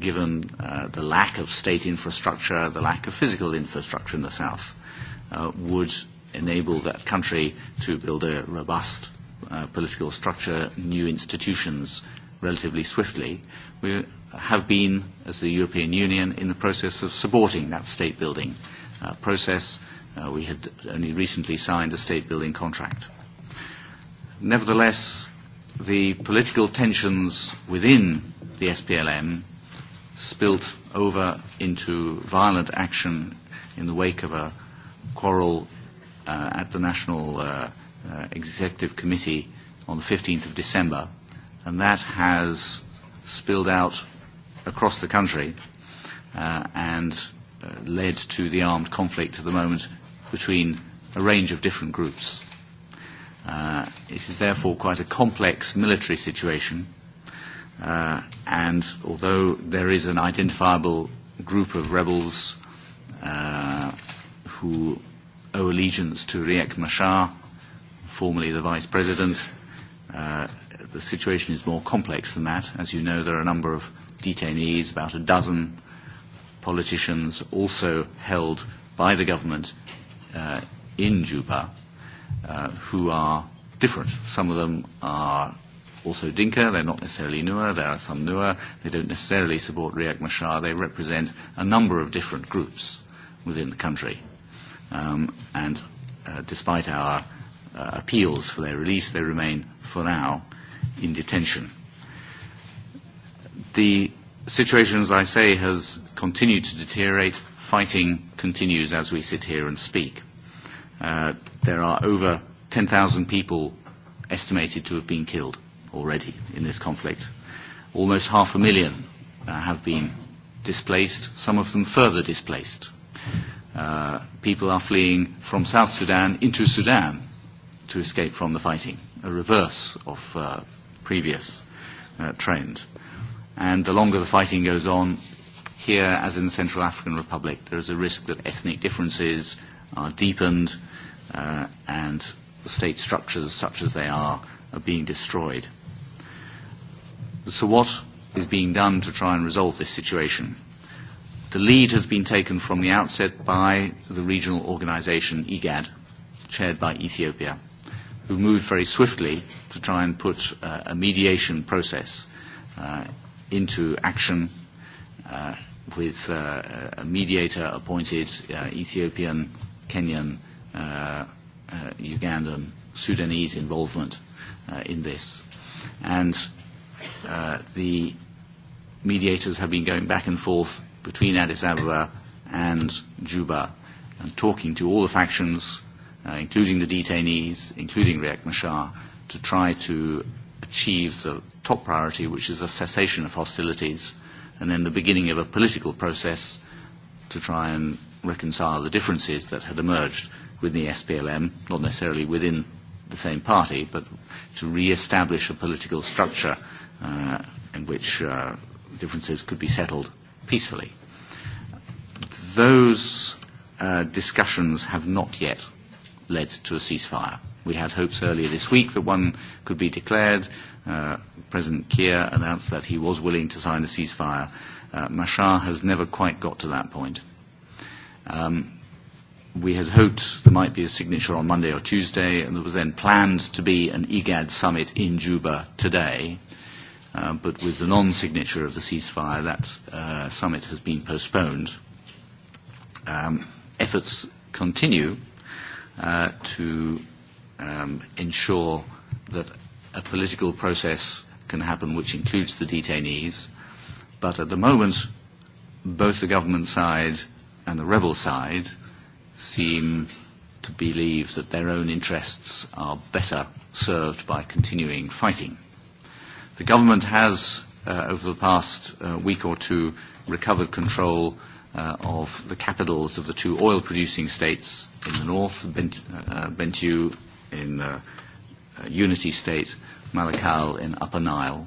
given uh, the lack of state infrastructure, the lack of physical infrastructure in the South, uh, would enable that country to build a robust uh, political structure, new institutions relatively swiftly, we have been, as the European Union, in the process of supporting that state building uh, process. Uh, we had only recently signed a state building contract. Nevertheless, the political tensions within the SPLM spilt over into violent action in the wake of a quarrel uh, at the national uh, uh, Executive Committee on the 15th of December, and that has spilled out across the country uh, and uh, led to the armed conflict at the moment between a range of different groups. Uh, it is therefore quite a complex military situation, uh, and although there is an identifiable group of rebels uh, who owe allegiance to Riek Machar, formerly the Vice President. Uh, the situation is more complex than that. As you know, there are a number of detainees, about a dozen politicians also held by the government uh, in Juba uh, who are different. Some of them are also Dinka, they're not necessarily Nua, there are some Nua, they don't necessarily support Riek Machar, they represent a number of different groups within the country. Um, and uh, despite our uh, uh, appeals for their release. They remain, for now, in detention. The situation, as I say, has continued to deteriorate. Fighting continues as we sit here and speak. Uh, there are over 10,000 people estimated to have been killed already in this conflict. Almost half a million uh, have been displaced, some of them further displaced. Uh, people are fleeing from South Sudan into Sudan to escape from the fighting, a reverse of uh, previous uh, trend. And the longer the fighting goes on, here, as in the Central African Republic, there is a risk that ethnic differences are deepened uh, and the state structures, such as they are, are being destroyed. So what is being done to try and resolve this situation? The lead has been taken from the outset by the regional organization IGAD, chaired by Ethiopia who moved very swiftly to try and put uh, a mediation process uh, into action uh, with uh, a mediator appointed uh, Ethiopian, Kenyan, uh, uh, Ugandan, Sudanese involvement uh, in this. And uh, the mediators have been going back and forth between Addis Ababa and Juba and talking to all the factions uh, including the detainees, including Riek Machar, to try to achieve the top priority, which is a cessation of hostilities, and then the beginning of a political process to try and reconcile the differences that had emerged with the SPLM, not necessarily within the same party, but to re-establish a political structure uh, in which uh, differences could be settled peacefully. Those uh, discussions have not yet led to a ceasefire. We had hopes earlier this week that one could be declared. Uh, President Kiir announced that he was willing to sign a ceasefire. Uh, Mashar has never quite got to that point. Um, we had hoped there might be a signature on Monday or Tuesday, and there was then planned to be an IGAD summit in Juba today. Uh, but with the non-signature of the ceasefire, that uh, summit has been postponed. Um, efforts continue uh, to um, ensure that a political process can happen which includes the detainees. But at the moment, both the government side and the rebel side seem to believe that their own interests are better served by continuing fighting. The government has, uh, over the past uh, week or two, recovered control uh, of the capitals of the two oil-producing states in the north, Bent, uh, Bentiu in uh, uh, Unity State, Malakal in Upper Nile.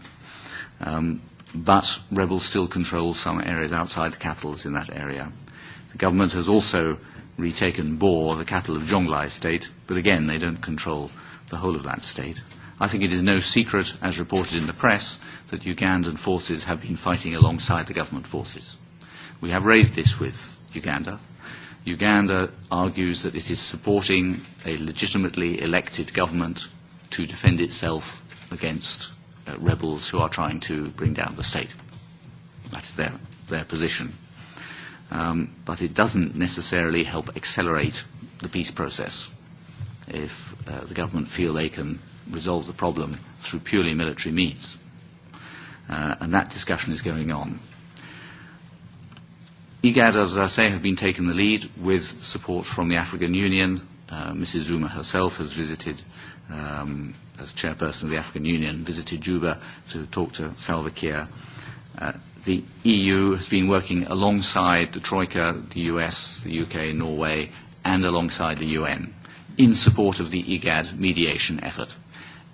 Um, but rebels still control some areas outside the capitals in that area. The government has also retaken Bor, the capital of Jonglai State, but again, they don't control the whole of that state. I think it is no secret, as reported in the press, that Ugandan forces have been fighting alongside the government forces. We have raised this with Uganda. Uganda argues that it is supporting a legitimately elected government to defend itself against uh, rebels who are trying to bring down the state. That's their, their position. Um, but it doesn't necessarily help accelerate the peace process if uh, the government feel they can resolve the problem through purely military means. Uh, and that discussion is going on. IGAD, as I say, have been taking the lead with support from the African Union. Uh, Mrs. Zuma herself has visited, um, as chairperson of the African Union, visited Juba to talk to Salva Kiir. Uh, the EU has been working alongside the Troika, the US, the UK, Norway, and alongside the UN in support of the IGAD e mediation effort.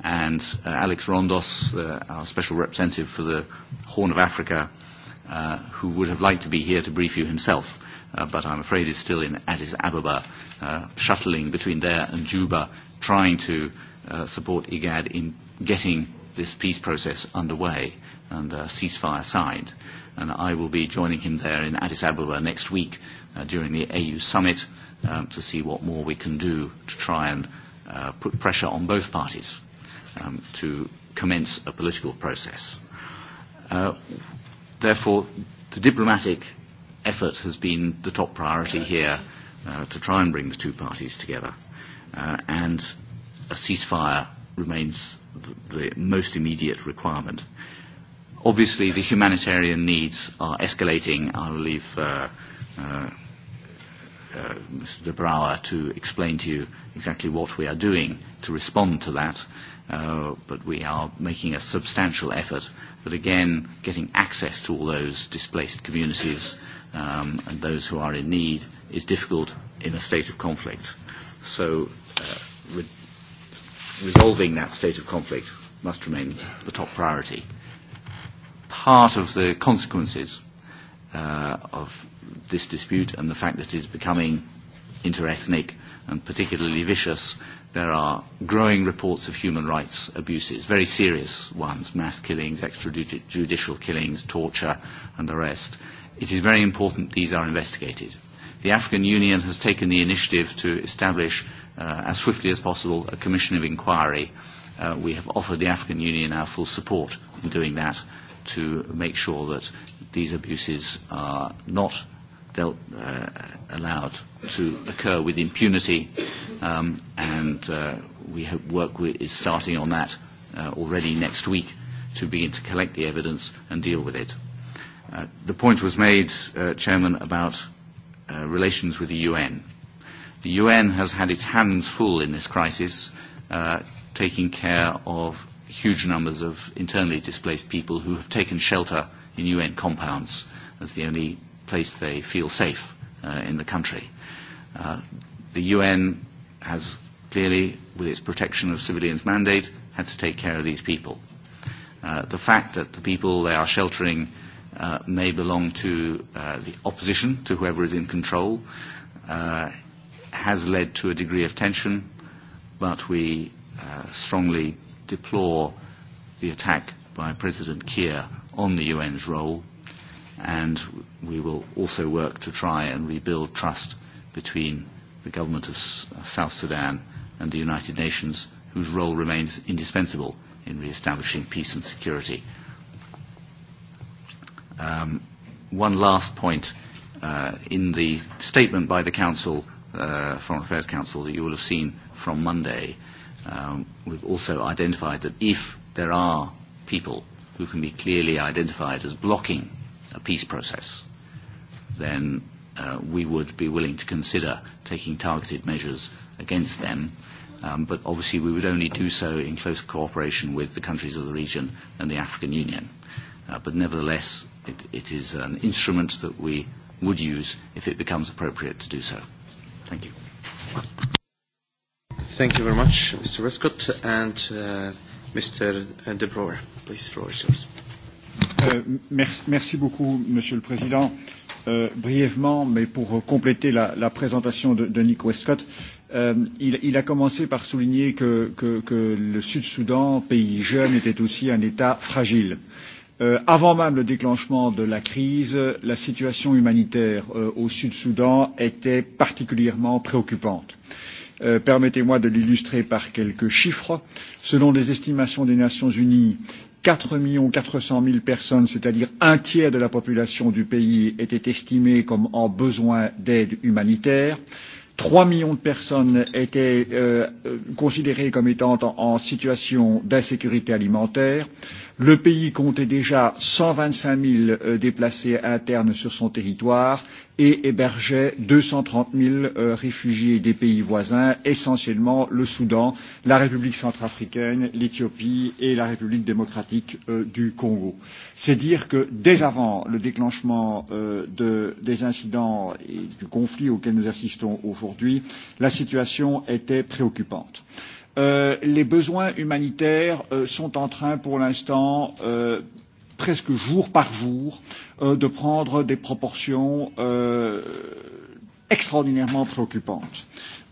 And uh, Alex Rondos, uh, our special representative for the Horn of Africa, uh, uh, who would have liked to be here to brief you himself, uh, but I'm afraid is still in Addis Ababa, uh, shuttling between there and Juba, trying to uh, support IGAD in getting this peace process underway and uh, ceasefire signed. And I will be joining him there in Addis Ababa next week uh, during the AU summit um, to see what more we can do to try and uh, put pressure on both parties um, to commence a political process. Uh, Therefore, the diplomatic effort has been the top priority here uh, to try and bring the two parties together. Uh, and a ceasefire remains the, the most immediate requirement. Obviously, the humanitarian needs are escalating. I'll leave uh, uh, uh, Mr. De Brouwer to explain to you exactly what we are doing to respond to that. Uh, uh, but we are making a substantial effort. But again, getting access to all those displaced communities um, and those who are in need is difficult in a state of conflict. So uh, re- resolving that state of conflict must remain the top priority. Part of the consequences uh, of this dispute and the fact that it is becoming interethnic and particularly vicious there are growing reports of human rights abuses, very serious ones, mass killings, extrajudicial killings, torture, and the rest. It is very important these are investigated. The African Union has taken the initiative to establish, uh, as swiftly as possible, a commission of inquiry. Uh, we have offered the African Union our full support in doing that to make sure that these abuses are not dealt, uh, allowed to occur with impunity, um, and uh, we hope work is starting on that uh, already next week to begin to collect the evidence and deal with it. Uh, the point was made, uh, Chairman, about uh, relations with the UN. The UN has had its hands full in this crisis, uh, taking care of huge numbers of internally displaced people who have taken shelter in UN compounds as the only place they feel safe uh, in the country. Uh, Uh, the UN has clearly, with its protection of civilians mandate, had to take care of these people. Uh, the fact that the people they are sheltering uh, may belong to uh, the opposition, to whoever is in control, uh, has led to a degree of tension, but we uh, strongly deplore the attack by President Kiir on the UN's role, and we will also work to try and rebuild trust between the government of uh, South Sudan and the United Nations, whose role remains indispensable in re-establishing peace and security. Um, one last point. Uh, in the statement by the Council, uh, Foreign Affairs Council, that you will have seen from Monday, um, we've also identified that if there are people who can be clearly identified as blocking a peace process, then uh, we would be willing to consider taking targeted measures against them. Um, but obviously, we would only do so in close cooperation with the countries of the region and the African Union. Uh, but nevertheless, it, it is an instrument that we would use if it becomes appropriate to do so. Thank you. Thank you very much, Mr. Westcott and uh, Mr. De Broer. Please, floor is yours. Euh, merci, merci beaucoup, Monsieur le Président. Euh, euh, brièvement, mais pour euh, compléter la, la présentation de, de Nick Westcott, euh, il, il a commencé par souligner que, que, que le Sud-Soudan, pays jeune, était aussi un État fragile. Euh, avant même le déclenchement de la crise, la situation humanitaire euh, au Sud-Soudan était particulièrement préoccupante. Euh, Permettez-moi de l'illustrer par quelques chiffres. Selon les estimations des Nations Unies, 4 400 000 personnes, c'est-à-dire un tiers de la population du pays, étaient estimées comme en besoin d'aide humanitaire. 3 millions de personnes étaient euh, euh, considérées comme étant en, en situation d'insécurité alimentaire. Euh, Le pays comptait déjà 125 000 euh, déplacés internes sur son territoire et hébergeait 230 000 euh, réfugiés des pays voisins, essentiellement le Soudan, la République centrafricaine, l'Éthiopie et la République démocratique euh, du Congo. C'est dire que dès avant le déclenchement euh, de, des incidents et du conflit auquel nous assistons aujourd'hui, la situation était préoccupante. Euh, Euh, les besoins humanitaires euh, sont en train, pour l'instant, euh, presque jour par jour, euh, de prendre des proportions euh, extraordinairement préoccupantes.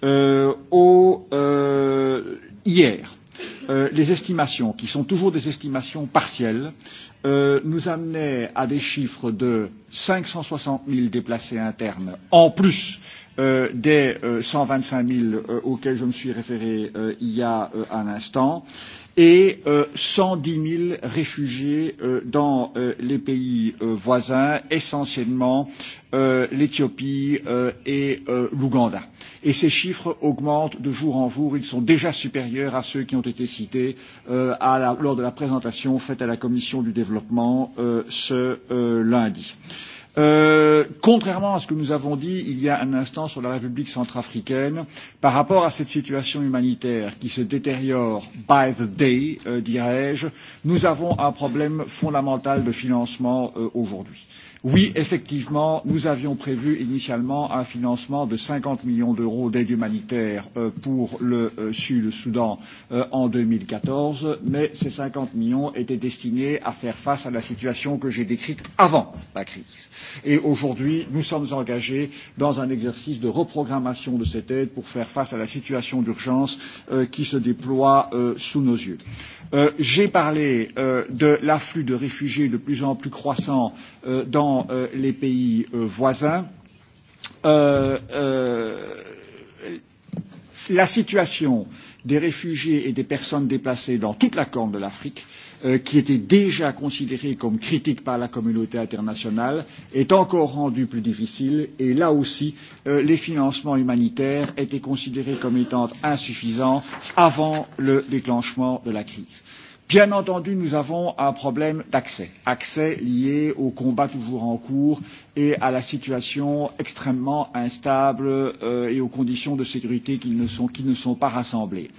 Euh, au, euh, hier, euh, les estimations, qui sont toujours des estimations partielles, euh, nous amenaient à des chiffres de 560 000 déplacés internes en plus euh, euh, des euh, 125 000 euh, auxquels je me suis référé euh, il y a euh, un instant et euh, 110 000 réfugiés euh, dans euh, les pays euh, voisins, essentiellement euh, l'Éthiopie euh, et euh, l'Ouganda. Et ces chiffres augmentent de jour en jour. Ils sont déjà supérieurs à ceux qui ont été cités euh, à la, lors de la présentation faite à la Commission du développement euh, ce euh, lundi. Euh, Euh, contrairement à ce que nous avons dit il y a un instant sur la République centrafricaine, par rapport à cette situation humanitaire qui se détériore by the day, euh, dirais-je, nous avons un problème fondamental de financement euh, aujourd'hui. Euh, Oui, effectivement, nous avions prévu initialement un financement de 50 millions d'euros d'aide humanitaire euh, pour le euh, Sud-Soudan euh, en 2014, mais ces 50 millions étaient destinés à faire face à la situation que j'ai décrite avant la crise. Et aujourd'hui, nous sommes engagés dans un exercice de reprogrammation de cette aide pour faire face à la situation d'urgence euh, qui se déploie euh, sous nos yeux. Euh, j'ai parlé euh, de l'afflux de réfugiés de plus en plus croissant euh, dans dans euh, les pays euh, voisins, euh, euh, la situation des réfugiés et des personnes déplacées dans toute la Corne de l'Afrique euh, qui était déjà considéré comme critique par la communauté internationale, est encore rendu plus difficile et là aussi euh, les financements humanitaires étaient considérés comme étant insuffisants avant le déclenchement de la crise. Euh, Bien entendu, nous avons un problème d'accès, accès lié au combat toujours en cours et à la situation extrêmement instable euh, et aux conditions de sécurité qui ne, sont, qui ne sont pas rassemblées.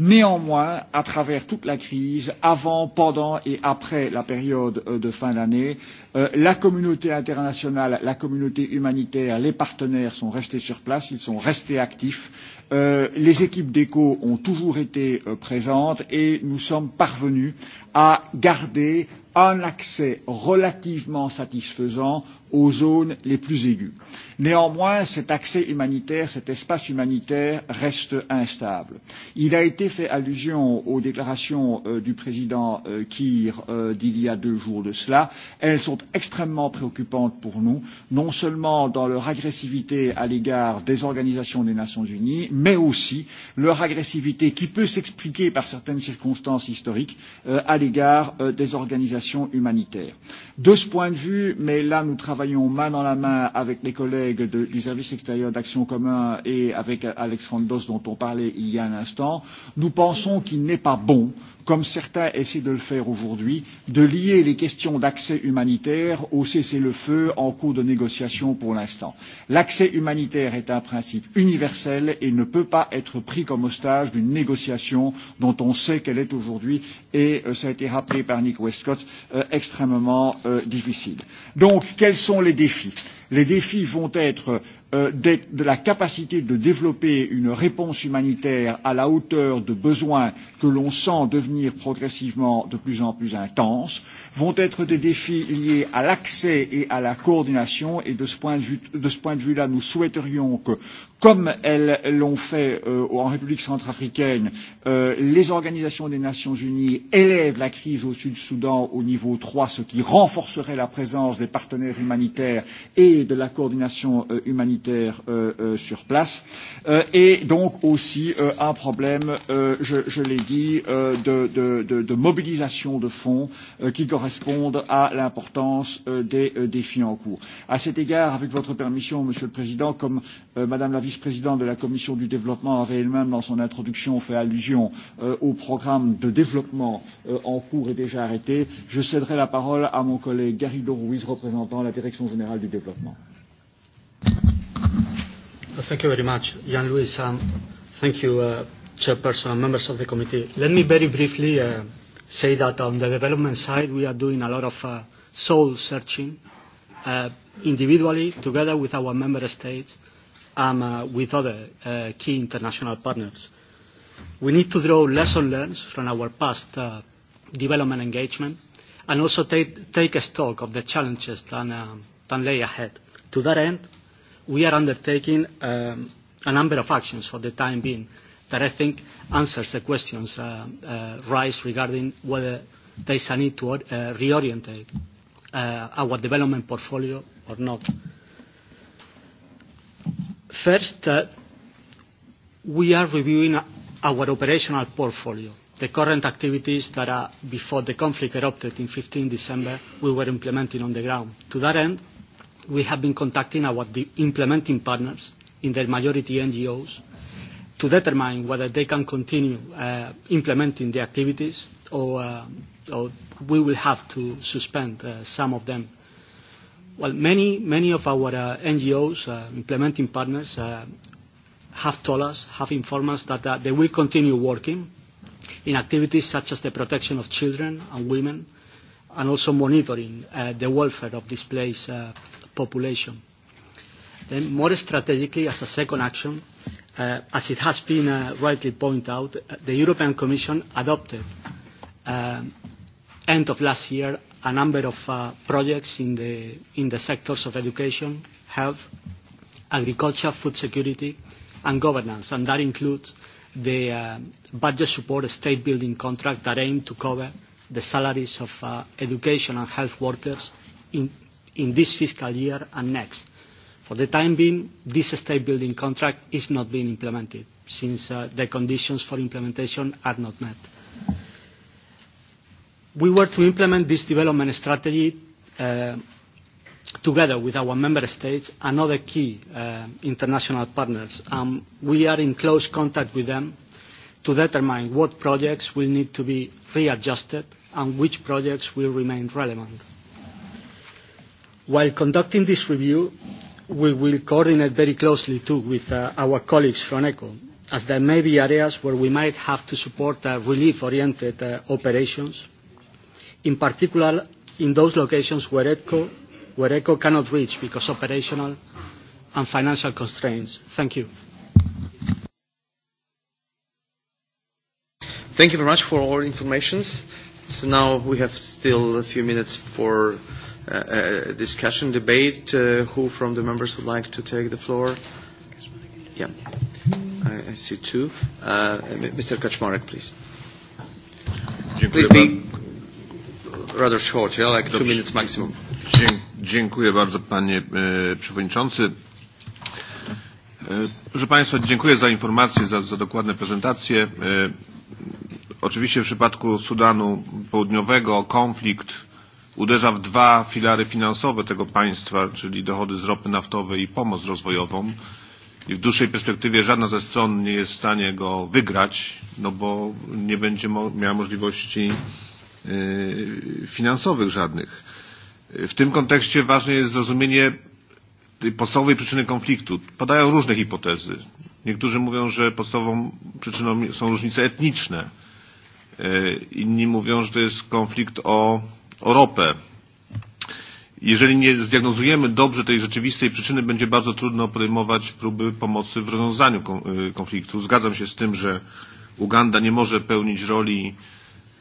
Néanmoins, à travers toute la crise, avant, pendant et après la période euh, de fin d'année, euh, la communauté internationale, la communauté humanitaire, les partenaires sont restés sur place, ils sont restés actifs Euh, les équipes d'écho ont toujours été euh, présentes et nous sommes parvenus à garder un accès relativement satisfaisant aux zones les plus aiguës. Néanmoins, cet accès humanitaire, cet espace humanitaire reste instable. Il a été fait allusion aux déclarations euh, du président euh, Kir euh, d'il y a deux jours de cela. Elles sont extrêmement préoccupantes pour nous, non seulement dans leur agressivité à l'égard des organisations des Nations Unies, mais aussi leur agressivité qui peut s'expliquer par certaines circonstances historiques euh, à l'égard euh, des organisations humanitaires. De ce point de vue, mais là nous travaillons travaillons main dans la main avec les collègues de, du service extérieur d'action commun et avec Alex Randos dont on parlait il y a un instant, nous pensons qu'il n'est pas bon euh, comme certains essaient de le faire aujourd'hui, de lier les questions d'accès humanitaire au cessez-le-feu en cours de négociation pour l'instant. L'accès humanitaire est un principe universel et ne peut pas être pris comme otage d'une négociation dont on sait qu'elle est aujourd'hui et, euh, ça a été rappelé par Nick Westcott, euh, extrêmement euh, difficile. Donc, quels sont les défis Les défis vont être euh, de la capacité de développer une réponse humanitaire à la hauteur de besoins que l'on sent devenir progressivement de plus en plus intenses, vont être des défis liés à l'accès et à la coordination, et de ce point de vue-là, vue, de ce point de vue nous souhaiterions que, comme elles l'ont fait euh, en République centrafricaine, euh, les organisations des Nations Unies élèvent la crise au Sud-Soudan au niveau 3, ce qui renforcerait la présence des partenaires humanitaires et de la coordination euh, humanitaire euh, euh, sur place. Euh, et donc aussi euh, un problème, euh, je, je l'ai dit, euh, de, de, de, de mobilisation de fonds euh, qui correspondent à l'importance euh, des euh, défis en cours. À cet égard, avec votre permission, Monsieur le Président, comme euh, Madame la vice-présidente de la Commission du développement avait elle-même, dans son introduction, fait allusion euh, au programme de développement euh, en cours et déjà arrêté, je céderai la parole à mon collègue Garrido Ruiz, représentant la Direction générale du développement. Thank you very much, Jan-Louis. Um, thank you, uh, Chairperson and members of the committee. Let me very briefly uh, say that on the development side, we are doing a lot of uh, soul searching, uh, individually, together with our member states, um, with other uh, key international partners. We need to draw lessons learned from our past uh, development engagement and also take, take stock of the challenges that, um, that lay ahead. To that end, we are undertaking um, a number of actions for the time being that I think answers the questions uh, uh, raised regarding whether there is a need to uh, reorientate uh, our development portfolio or not. Uh, First, that uh, we are reviewing our operational portfolio. The current activities that are before the conflict erupted in 15 December, we were implementing on the ground. To that end, we have been contacting our implementing partners, in their majority NGOs, to determine whether they can continue uh, implementing the activities or, uh, or we will have to suspend uh, some of them Well, many, many of our uh, NGOs, uh, implementing partners, uh, have told us, have informed us that uh, they will continue working in activities such as the protection of children and women, and also monitoring uh, the welfare of displaced uh, population. Then, more strategically, as a second action, uh, as it has been uh, rightly pointed out, uh, the European Commission adopted uh, end of last year a number of uh, projects in the, in the sectors of education, health, agriculture, food security, and governance, and that includes the uh, budget support state building contract that aim to cover the salaries of uh, education and health workers in, in this fiscal year and next. For the time being, this state building contract is not being implemented since uh, the conditions for implementation are not met we were to implement this development strategy uh, together with our member states and other key uh, international partners. Um, we are in close contact with them to determine what projects will need to be readjusted and which projects will remain relevant. While conducting this review, we will coordinate very closely too with uh, our colleagues from ECHO, as there may be areas where we might have to support uh, relief-oriented uh, operations in particular in those locations where EDCO, where EDCO cannot reach because operational and financial constraints. Thank you. Thank you very much for all information. So now we have still a few minutes for uh, uh, discussion, debate. Uh, who from the members would like to take the floor? Yeah, I, I see two. Uh, Mr. Kaczmarek, please. Dziękuję please be rather short, yeah, like Dobrze. two minutes maximum. Dziękuję bardzo panie e, przewodniczący. E, proszę państwa, dziękuję za informacje, za, za dokładne prezentacje. E, oczywiście w przypadku Sudanu Południowego konflikt uderza w dwa filary finansowe tego państwa, czyli dochody z ropy naftowej i pomoc rozwojową. I w dłuższej perspektywie żadna ze stron nie jest w stanie go wygrać, no bo nie będzie mo miała możliwości E, finansowych żadnych. E, w tym kontekście ważne jest zrozumienie tej podstawowej przyczyny konfliktu. Padają różne hipotezy. Niektórzy mówią, że podstawową przyczyną są różnice etniczne. E, inni mówią, że to jest konflikt o, o ropę. Jeżeli nie zdiagnozujemy dobrze tej rzeczywistej przyczyny, będzie bardzo trudno podejmować próby pomocy w rozwiązaniu konfliktu. Zgadzam się z tym, że Uganda nie może pełnić roli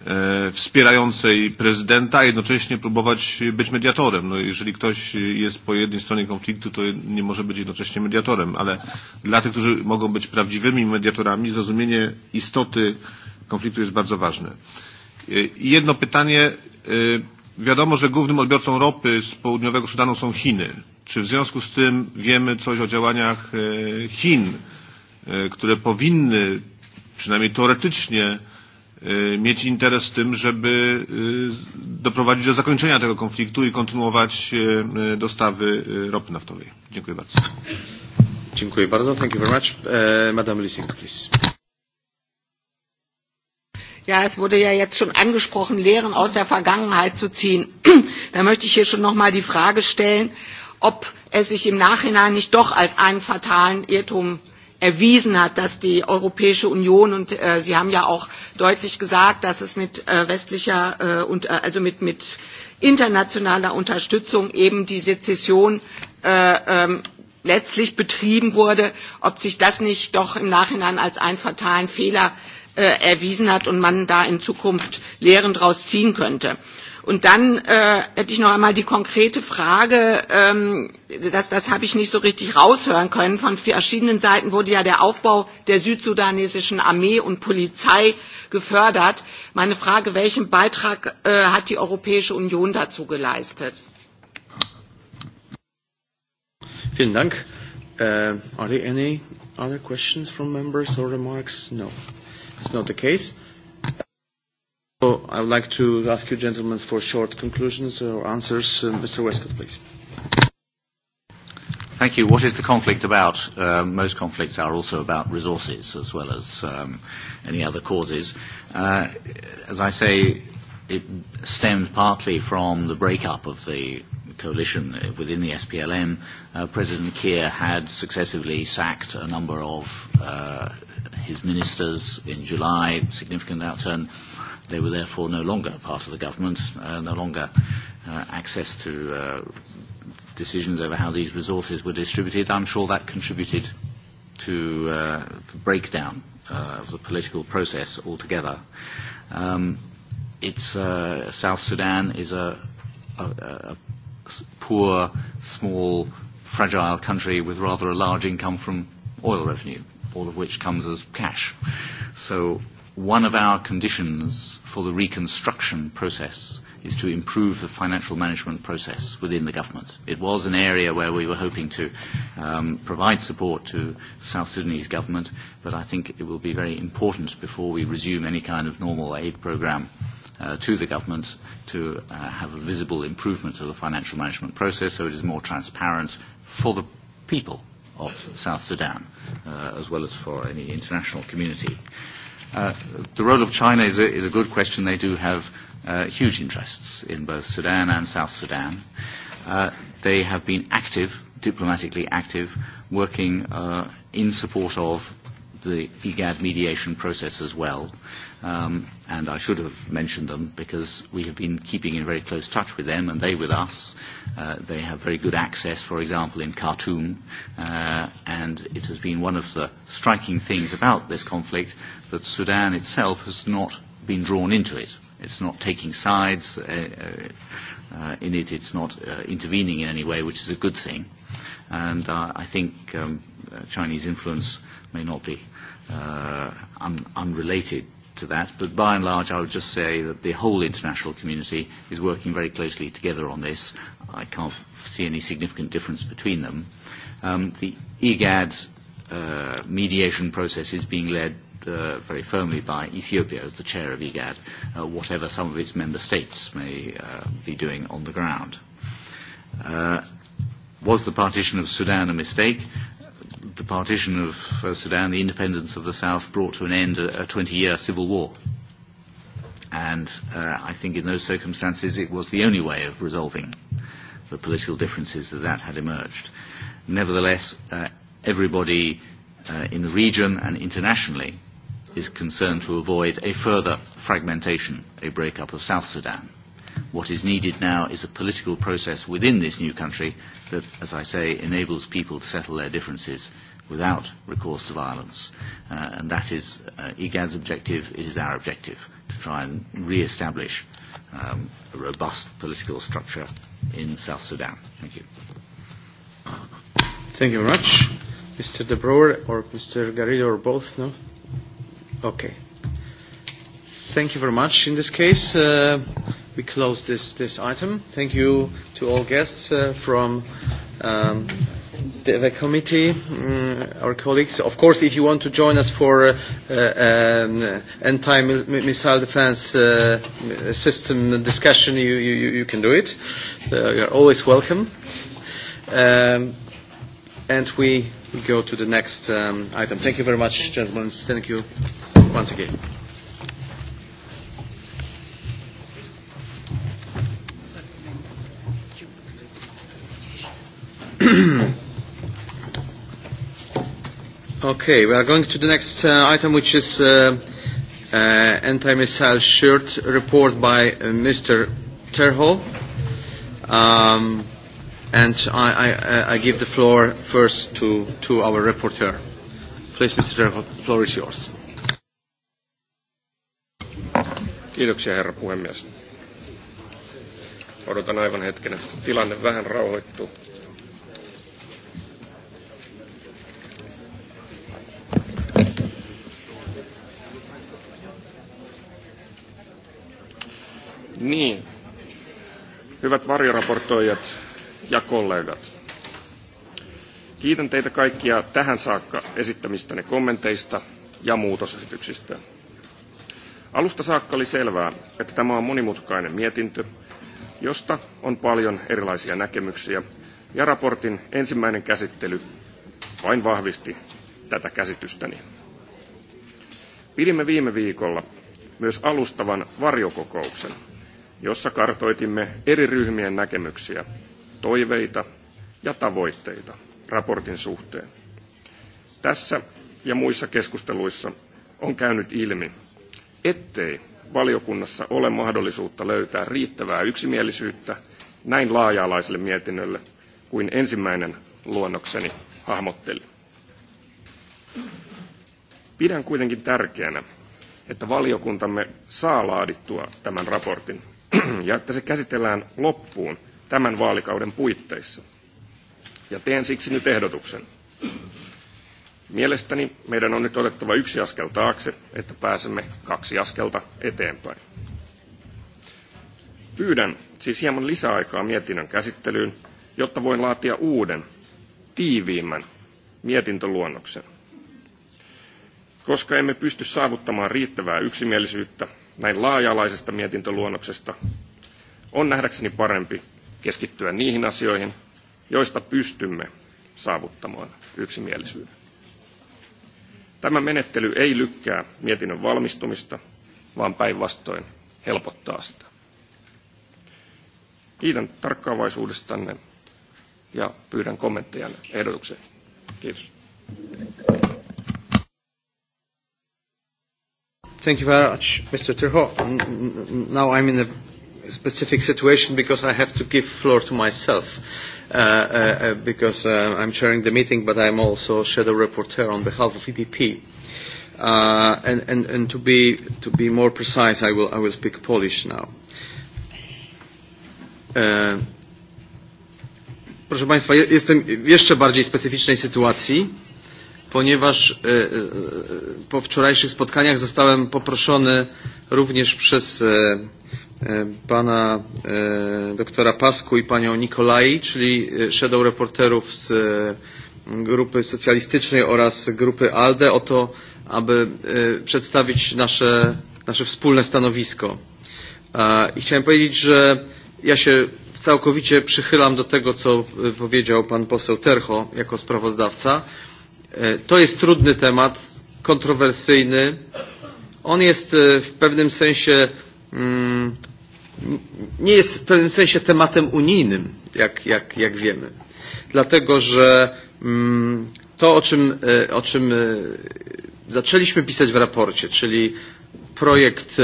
E, wspierającej prezydenta, a jednocześnie próbować być mediatorem. No, jeżeli ktoś jest po jednej stronie konfliktu, to nie może być jednocześnie mediatorem, ale dla tych, którzy mogą być prawdziwymi mediatorami, zrozumienie istoty konfliktu jest bardzo ważne. E, I jedno pytanie. E, wiadomo, że głównym odbiorcą ropy z południowego Sudanu są Chiny. Czy w związku z tym wiemy coś o działaniach Chin, które powinny przynajmniej teoretycznie mieć interes w tym, żeby doprowadzić do zakończenia tego konfliktu i kontynuować dostawy ropy naftowej. Dziękuję bardzo. Dziękuję bardzo. Thank you very much. Uh, Madame Lissing, please. Ja, es wurde ja jetzt schon angesprochen, Lehren aus der Vergangenheit zu ziehen. da möchte ich hier schon noch mal die Frage stellen, ob es sich im Nachhinein nicht doch als einen fatalen Irrtum äh, erwiesen hat, dass die Europäische Union und äh, Sie haben ja auch deutlich gesagt, dass es mit äh, westlicher äh, und äh, also mit, mit internationaler Unterstützung eben die Sezession äh, ähm, letztlich betrieben wurde, ob sich das nicht doch im Nachhinein als einen fatalen Fehler äh, erwiesen hat und man da in Zukunft Lehren daraus ziehen könnte. Und dann äh, hätte ich noch einmal die konkrete Frage, ähm, das, das habe ich nicht so richtig raushören können. Von verschiedenen Seiten wurde ja der Aufbau der südsudanesischen Armee und Polizei gefördert. Meine Frage, welchen Beitrag äh, hat die Europäische Union dazu geleistet? Vielen Dank. Uh, are there any other questions from members or remarks? No, it's not the case. So I would like to ask you gentlemen for short conclusions or answers. Uh, Mr. Westcott, please. Thank you. What is the conflict about? Uh, most conflicts are also about resources as well as um, any other causes. Uh, as I say, it stemmed partly from the breakup of the coalition within the SPLM. Uh, President Kiir had successively sacked a number of uh, his ministers in July, significant outturn. Uh, They were therefore no longer part of the government, uh, no longer uh, access to uh, decisions over how these resources were distributed. I'm sure that contributed to uh, the breakdown uh, of the political process altogether. Um, it's, uh, South Sudan is a, a, a poor, small, fragile country with rather a large income from oil revenue, all of which comes as cash. So one of our conditions for the reconstruction process is to improve the financial management process within the government. It was an area where we were hoping to um, provide support to South Sudanese government, but I think it will be very important before we resume any kind of normal aid program uh, to the government to uh, have a visible improvement of the financial management process so it is more transparent for the people of South Sudan uh, as well as for any international community. Uh, Uh, the role of China is a, is a good question. They do have uh, huge interests in both Sudan and South Sudan. Uh, they have been active, diplomatically active, working uh, in support of the IGAD mediation process as well um, and I should have mentioned them because we have been keeping in very close touch with them and they with us. Uh, they have very good access, for example, in Khartoum, uh, and it has been one of the striking things about this conflict that Sudan itself has not been drawn into it. It's not taking sides uh, uh, in it. It's not uh, intervening in any way, which is a good thing. And uh, I think um, uh, Chinese influence may not be uh, un- unrelated to that, but by and large I would just say that the whole international community is working very closely together on this. I can't see any significant difference between them. Um, the EGAD's uh, mediation process is being led uh, very firmly by Ethiopia as the chair of EGAD, uh, whatever some of its member states may uh, be doing on the ground. Uh, was the partition of Sudan a mistake? the partition of uh, Sudan, the independence of the South, brought to an end a, a 20-year civil war. And uh, I think in those circumstances it was the only way of resolving the political differences that that had emerged. Nevertheless, uh, everybody uh, in the region and internationally is concerned to avoid a further fragmentation, a breakup of South Sudan. What is needed now is a political process within this new country that, as I say, enables people to settle their differences without recourse to violence. Uh, and that is uh, IGAD's objective. It is our objective to try and re-establish um, a robust political structure in South Sudan. Thank you. Thank you very much. Mr. De Broer or Mr. Garrido or both, no? Okay. Thank you very much. In this case, uh, we close this, this item. Thank you to all guests uh, from um, the, the committee, um, our colleagues. Of course, if you want to join us for uh, um, anti-missile defense uh, system discussion, you, you, you can do it. Uh, you're always welcome. Um, and we go to the next um, item. Thank you very much, gentlemen. Thank you once again. Okay, we are going to the next uh, item, which is uh, uh, anti-missile shirt report by uh, Mr. Terho. Um, and I, I, uh, I give the floor first to, to our reporter. Please, Mr. Terho, the floor is yours. Kiitoksia, herra puhemies. Odotan aivan hetken, että tilanne vähän rauhoittuu. Niin. Hyvät varjoraportoijat ja kollegat. Kiitän teitä kaikkia tähän saakka esittämistäne kommenteista ja muutosesityksistä. Alusta saakka oli selvää, että tämä on monimutkainen mietintö, josta on paljon erilaisia näkemyksiä, ja raportin ensimmäinen käsittely vain vahvisti tätä käsitystäni. Pidimme viime viikolla myös alustavan varjokokouksen, jossa kartoitimme eri ryhmien näkemyksiä, toiveita ja tavoitteita raportin suhteen. Tässä ja muissa keskusteluissa on käynyt ilmi, ettei valiokunnassa ole mahdollisuutta löytää riittävää yksimielisyyttä näin laaja-alaiselle mietinnölle kuin ensimmäinen luonnokseni hahmotteli. Pidän kuitenkin tärkeänä, että valiokuntamme saa laadittua tämän raportin ja että se käsitellään loppuun tämän vaalikauden puitteissa. Ja teen siksi nyt ehdotuksen. Mielestäni meidän on nyt otettava yksi askel taakse, että pääsemme kaksi askelta eteenpäin. Pyydän siis hieman lisäaikaa mietinnön käsittelyyn, jotta voin laatia uuden, tiiviimmän mietintöluonnoksen. Koska emme pysty saavuttamaan riittävää yksimielisyyttä, näin laaja-alaisesta mietintöluonnoksesta on nähdäkseni parempi keskittyä niihin asioihin, joista pystymme saavuttamaan yksimielisyyden. Tämä menettely ei lykkää mietinnön valmistumista, vaan päinvastoin helpottaa sitä. Kiitän tarkkaavaisuudestanne ja pyydän kommenttejanne ehdotukseen. Kiitos. Thank you very much, Mr. Terho. Now I'm in a specific situation because I have to give floor to myself uh, uh, uh because uh, I'm chairing the meeting, but I'm also shadow rapporteur on behalf of EPP. Uh, and and, and to, be, to be more precise, I will, I will speak Polish now. Uh, proszę Państwa, jestem w jeszcze bardziej specyficznej sytuacji ponieważ e, e, po wczorajszych spotkaniach zostałem poproszony również przez e, pana doktora Pasku i panią Nikolai, czyli shadow reporterów z grupy socjalistycznej oraz grupy ALDE o to, aby przedstawić nasze, nasze wspólne stanowisko. I chciałem powiedzieć, że ja się całkowicie przychylam do tego, co powiedział pan poseł Terho jako sprawozdawca. E, to jest trudny temat, kontrowersyjny. On jest e, w pewnym sensie mm, nie jest w pewnym sensie tematem unijnym, jak, jak, jak wiemy. Dlatego, że mm, to, o czym, e, o czym zaczęliśmy pisać w raporcie, czyli projekt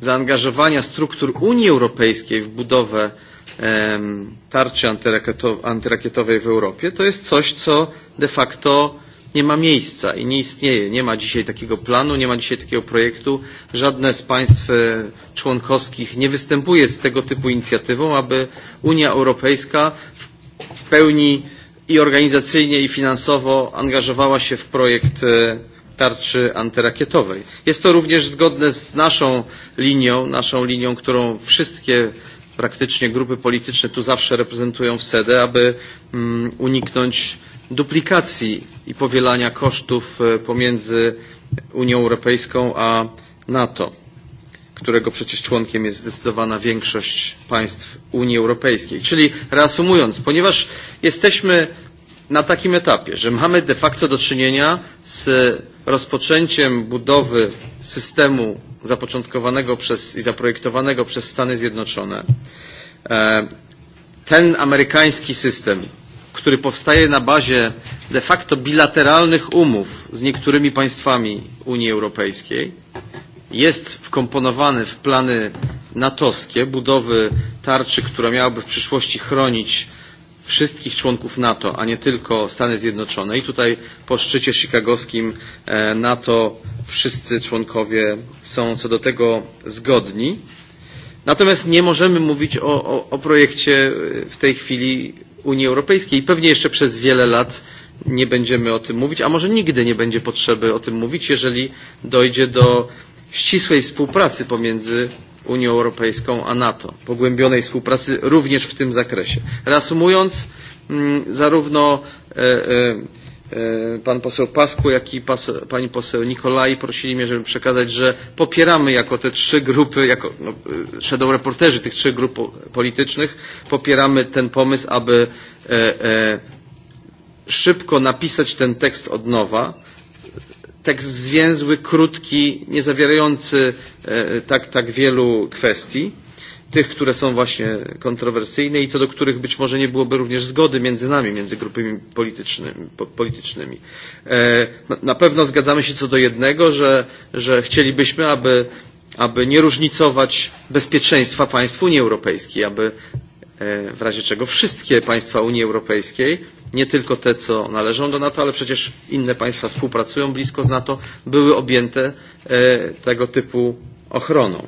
zaangażowania struktur Unii Europejskiej w budowę tarczy antyrakietowej w Europie, to jest coś, co de facto nie ma miejsca i nie istnieje. Nie ma dzisiaj takiego planu, nie ma dzisiaj takiego projektu. Żadne z państw e, członkowskich nie występuje z tego typu inicjatywą, aby Unia Europejska w pełni i organizacyjnie, i finansowo angażowała się w projekt e, tarczy antyrakietowej. Jest to również zgodne z naszą linią, naszą linią, którą wszystkie praktycznie grupy polityczne tu zawsze reprezentują w SEDE, aby mm, uniknąć duplikacji i powielania kosztów e, pomiędzy Unią Europejską a NATO, którego przecież członkiem jest zdecydowana większość państw Unii Europejskiej. Czyli reasumując, ponieważ jesteśmy na takim etapie, że mamy de facto do czynienia z rozpoczęciem budowy systemu zapoczątkowanego przez i zaprojektowanego przez Stany Zjednoczone. E, ten amerykański system, który powstaje na bazie de facto bilateralnych umów z niektórymi państwami Unii Europejskiej, jest wkomponowany w plany natowskie budowy tarczy, która miałaby w przyszłości chronić wszystkich członków NATO, a nie tylko Stany Zjednoczone. I tutaj po szczycie chicagowskim e, NATO wszyscy członkowie są co do tego zgodni. Natomiast nie możemy mówić o, o, o projekcie e, w tej chwili Unii Europejskiej i pewnie jeszcze przez wiele lat nie będziemy o tym mówić, a może nigdy nie będzie potrzeby o tym mówić, jeżeli dojdzie do ścisłej współpracy pomiędzy Unią Europejską a NATO, pogłębionej współpracy również w tym zakresie. Reasumując, mm, zarówno e, e, e, pan poseł Pasku, jak i pas, pani poseł Nikolaj prosili mnie, żeby przekazać, że popieramy jako te trzy grupy, jako no, shadow reporterzy tych trzech grup politycznych, popieramy ten pomysł, aby e, e, szybko napisać ten tekst od nowa, tekst zwięzły, krótki, nie zawierający e, tak, tak wielu kwestii, tych, które są właśnie kontrowersyjne i co do których być może nie byłoby również zgody między nami, między grupami politycznymi. politycznymi. E, na pewno zgadzamy się co do jednego, że, że chcielibyśmy, aby aby nie różnicować bezpieczeństwa państw Unii Europejskiej, aby E, w razie czego wszystkie państwa Unii Europejskiej, nie tylko te, co należą do NATO, ale przecież inne państwa współpracują blisko z NATO, były objęte e, tego typu ochroną.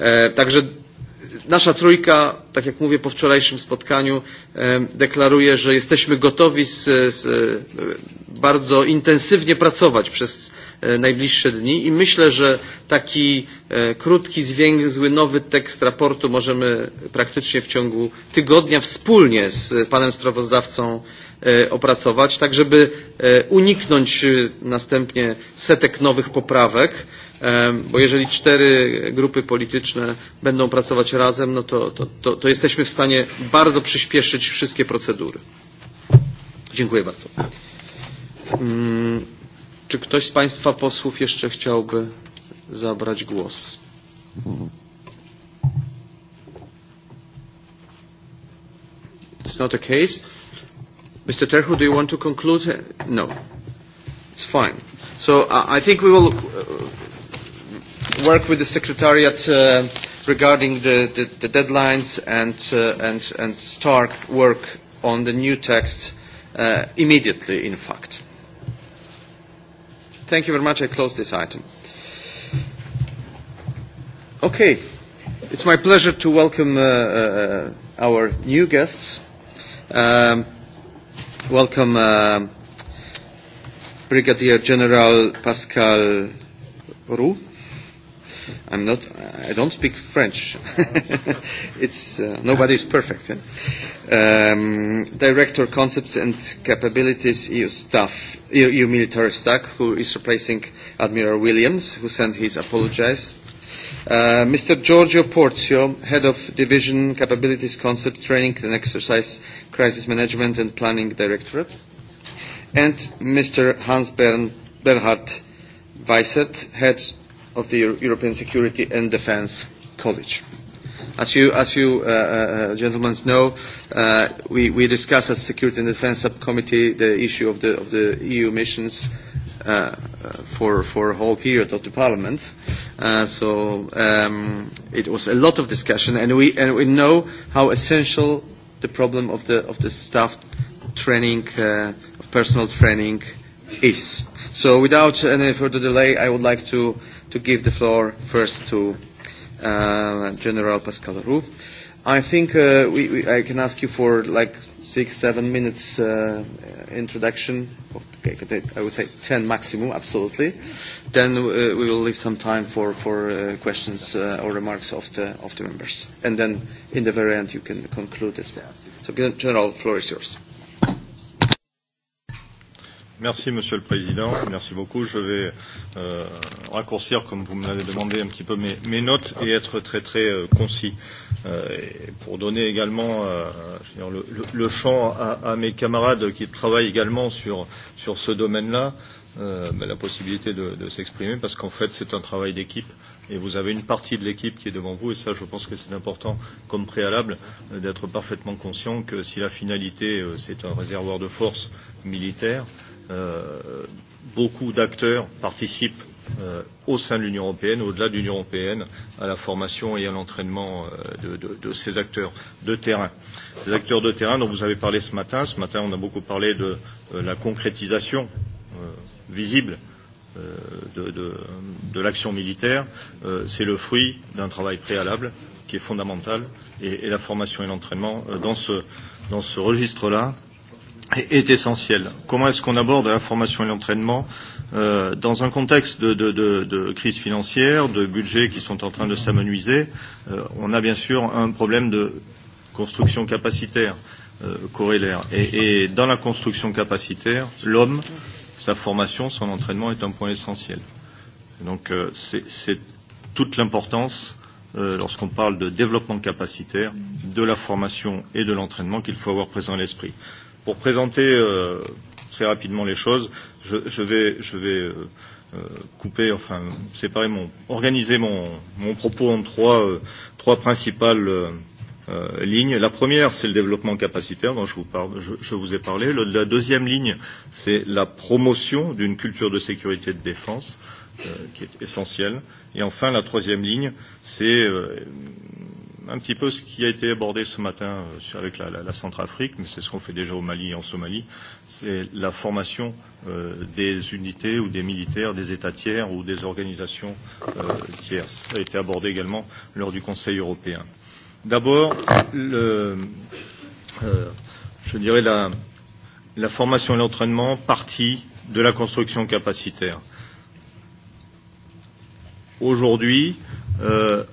E, także Nasza trójka, tak jak mówię po wczorajszym spotkaniu, deklaruje, że jesteśmy gotowi z, z, e, bardzo intensywnie pracować przez e, najbliższe dni i myślę, że taki e, krótki, zwięzły, nowy tekst raportu możemy praktycznie w ciągu tygodnia wspólnie z panem sprawozdawcą opracować, tak żeby uniknąć następnie setek nowych poprawek bo jeżeli cztery grupy polityczne będą pracować razem, no to, to, to, to jesteśmy w stanie bardzo przyspieszyć wszystkie procedury. Dziękuję bardzo. Mm, czy ktoś z Państwa posłów jeszcze chciałby zabrać głos? It's not a case. Mr. Terhu, do you want to conclude? No. It's fine. So uh, I think we will uh, work with the Secretariat uh, regarding the, the, the deadlines and, uh, and, and start work on the new text uh, immediately, in fact. Thank you very much. I close this item. Okay. It's my pleasure to welcome uh, uh, our new guests. Um, welcome uh, Brigadier General Pascal Roux I'm not. I don't speak French. it's uh, nobody's perfect. Eh? Um, director concepts and capabilities EU staff, EU, EU military staff, who is replacing Admiral Williams, who sent his apologies. Uh, Mr. Giorgio Porzio, Head of Division Capabilities Concept Training and Exercise Crisis Management and Planning Directorate, and Mr. Hans Bern, Bernhard Weissert, Head of the Euro European Security and Defence College. As you, as you uh, uh, uh, gentlemen know, uh, we, we discussed as Security and Defence Subcommittee the issue of the, of the EU missions uh, uh, for, for a whole period of the Parliament. Uh, so um, it was a lot of discussion, and we, and we know how essential the problem of the, of the staff training, uh, of personal training is. So without any further delay, I would like to uh, to give the floor first to uh, General Pascal Roux. I think uh, we, we, I can ask you for like six, seven minutes uh, introduction. Okay, I would say ten maximum, absolutely. Then uh, we will leave some time for, for uh, questions uh, or remarks of the, of the members. And then in the very end you can conclude as well. So General, floor is yours. Uh, Merci Monsieur le Président, merci beaucoup. Je vais euh, raccourcir, comme vous me l'avez demandé, un petit peu mes, mes notes et être très très euh, concis euh, et pour donner également euh, dire, le, le, le champ à, à mes camarades qui travaillent également sur, sur ce domaine-là. Euh, ben, la possibilité de, de s'exprimer parce qu'en fait c'est un travail d'équipe et vous avez une partie de l'équipe qui est devant vous et ça je pense que c'est important comme préalable euh, d'être parfaitement conscient que si la finalité euh, c'est un réservoir de force militaire euh, euh, beaucoup d'acteurs participent euh, au sein de l'Union européenne, au-delà de l'Union européenne, à la formation et à l'entraînement euh, de, de, de ces acteurs de terrain. Ces acteurs de terrain dont vous avez parlé ce matin, ce matin on a beaucoup parlé de euh, la concrétisation euh, visible euh, de, de, de l'action militaire, euh, c'est le fruit d'un travail préalable qui est fondamental et, et la formation et l'entraînement euh, dans ce, dans ce registre-là est essentiel. Comment est-ce qu'on aborde la formation et l'entraînement euh, dans un contexte de, de, de, de crise financière, de budgets qui sont en train de s'amenuiser euh, On a bien sûr un problème de construction capacitaire euh, corrélaire. Et, et dans la construction capacitaire, l'homme, sa formation, son entraînement est un point essentiel. Donc euh, c'est toute l'importance euh, lorsqu'on parle de développement capacitaire, de la formation et de l'entraînement qu'il faut avoir présent à l'esprit. Euh, pour présenter euh, très rapidement les choses, je, je vais, je vais euh, euh, couper, enfin séparer mon, organiser mon, mon propos en trois, euh, trois principales euh, euh, lignes. La première, c'est le développement capacitaire dont je vous, parle, je, je vous ai parlé. Le, la deuxième ligne, c'est la promotion d'une culture de sécurité et de défense, euh, qui est essentielle. Et enfin, la troisième ligne, c'est euh, un petit peu ce qui a été abordé ce matin euh, avec la, la, la Centrafrique, mais c'est ce qu'on fait déjà au Mali et en Somalie, c'est la formation euh, des unités ou des militaires des États tiers ou des organisations euh, tierces. Ça a été abordé également lors du Conseil européen. D'abord, le, euh, je dirais la, la formation et l'entraînement partie de la construction capacitaire. Aujourd'hui, euh,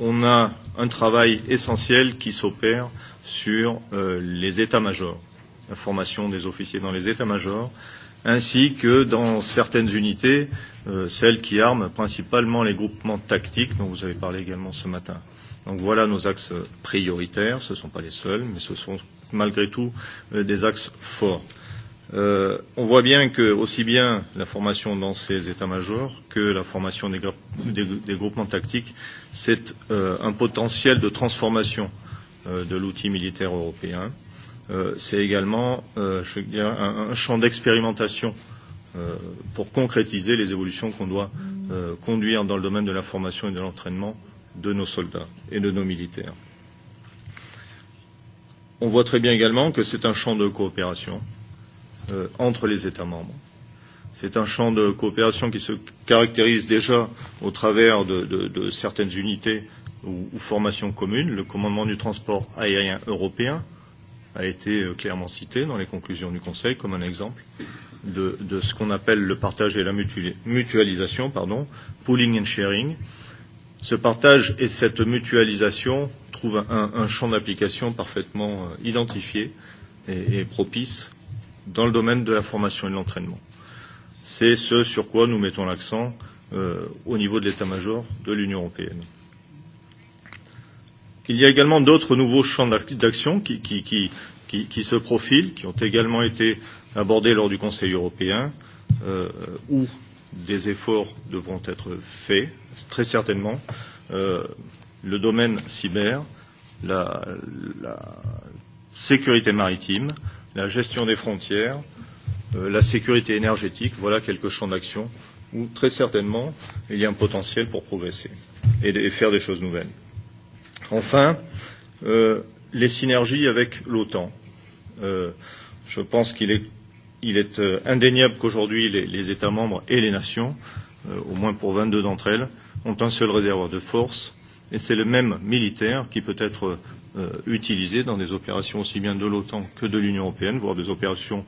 on a un travail essentiel qui s'opère sur euh, les états-majors, la formation des officiers dans les états-majors, ainsi que dans certaines unités, euh, celles qui arment principalement les groupements tactiques dont vous avez parlé également ce matin. Donc voilà nos axes prioritaires, ce ne sont pas les seuls, mais ce sont malgré tout euh, des axes forts. Euh, Euh, on voit bien que aussi bien la formation dans ces états-majors que la formation des, des, des groupements tactiques, c'est euh, un potentiel de transformation euh, de l'outil militaire européen. Euh, c'est également euh, je dirais, un, un champ d'expérimentation euh, pour concrétiser les évolutions qu'on doit euh, conduire dans le domaine de la formation et de l'entraînement de nos soldats et de nos militaires. On voit très bien également que c'est un champ de coopération euh, euh, entre les États membres. C'est un champ de coopération qui se caractérise déjà au travers de, de, de certaines unités ou, ou formations communes. Le commandement du transport aérien européen a été euh, clairement cité dans les conclusions du Conseil comme un exemple de, de ce qu'on appelle le partage et la mutualisation, pardon, pooling and sharing. Ce partage et cette mutualisation trouvent un, un champ d'application parfaitement euh, identifié et, et propice dans le domaine de la formation et de l'entraînement. C'est ce sur quoi nous mettons l'accent euh, au niveau de l'état-major de l'Union européenne. Il y a également d'autres nouveaux champs d'action qui, qui, qui, qui, qui se profilent, qui ont également été abordés lors du Conseil européen, euh, où des efforts devront être faits, très certainement. Euh, le domaine cyber, la, la sécurité maritime, euh, la gestion des frontières, euh, la sécurité énergétique, voilà quelques champs d'action où très certainement il y a un potentiel pour progresser et, et faire des choses nouvelles. Enfin, euh, les synergies avec l'OTAN. Euh, je pense qu'il est, il est euh, indéniable qu'aujourd'hui les, les États membres et les nations, euh, au moins pour 22 d'entre elles, ont un seul réservoir de force et c'est le même militaire qui peut être euh, utilisés dans des opérations aussi bien de l'OTAN que de l'Union européenne, voire des opérations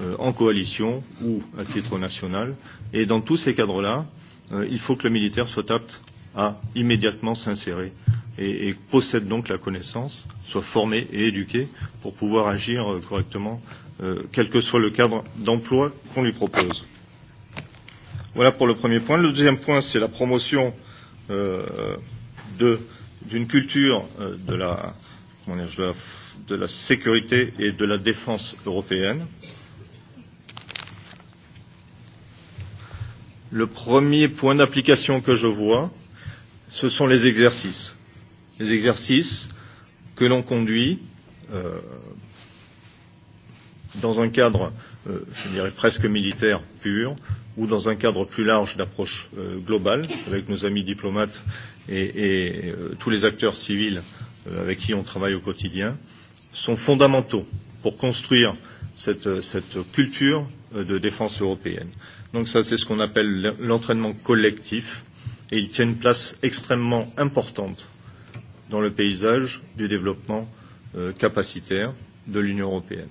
euh, en coalition ou à titre national. Et dans tous ces cadres-là, euh, il faut que le militaire soit apte à immédiatement s'insérer et, et possède donc la connaissance, soit formé et éduqué pour pouvoir agir euh, correctement, euh, quel que soit le cadre d'emploi qu'on lui propose. Voilà pour le premier point. Le deuxième point, c'est la promotion euh, de euh, d'une culture euh, de, la, comment dire, de, la, de la sécurité et de la défense européenne. Le premier point d'application que je vois, ce sont les exercices. Les exercices que l'on conduit euh, dans un cadre, euh, je dirais presque militaire pur, ou dans un cadre plus large d'approche euh, globale avec nos amis diplomates et, et euh, tous les acteurs civils euh, avec qui on travaille au quotidien, sont fondamentaux pour construire cette, euh, cette culture euh, de défense européenne. Donc ça, c'est ce qu'on appelle l'entraînement collectif, et il tient une place extrêmement importante dans le paysage du développement euh, capacitaire de l'Union européenne.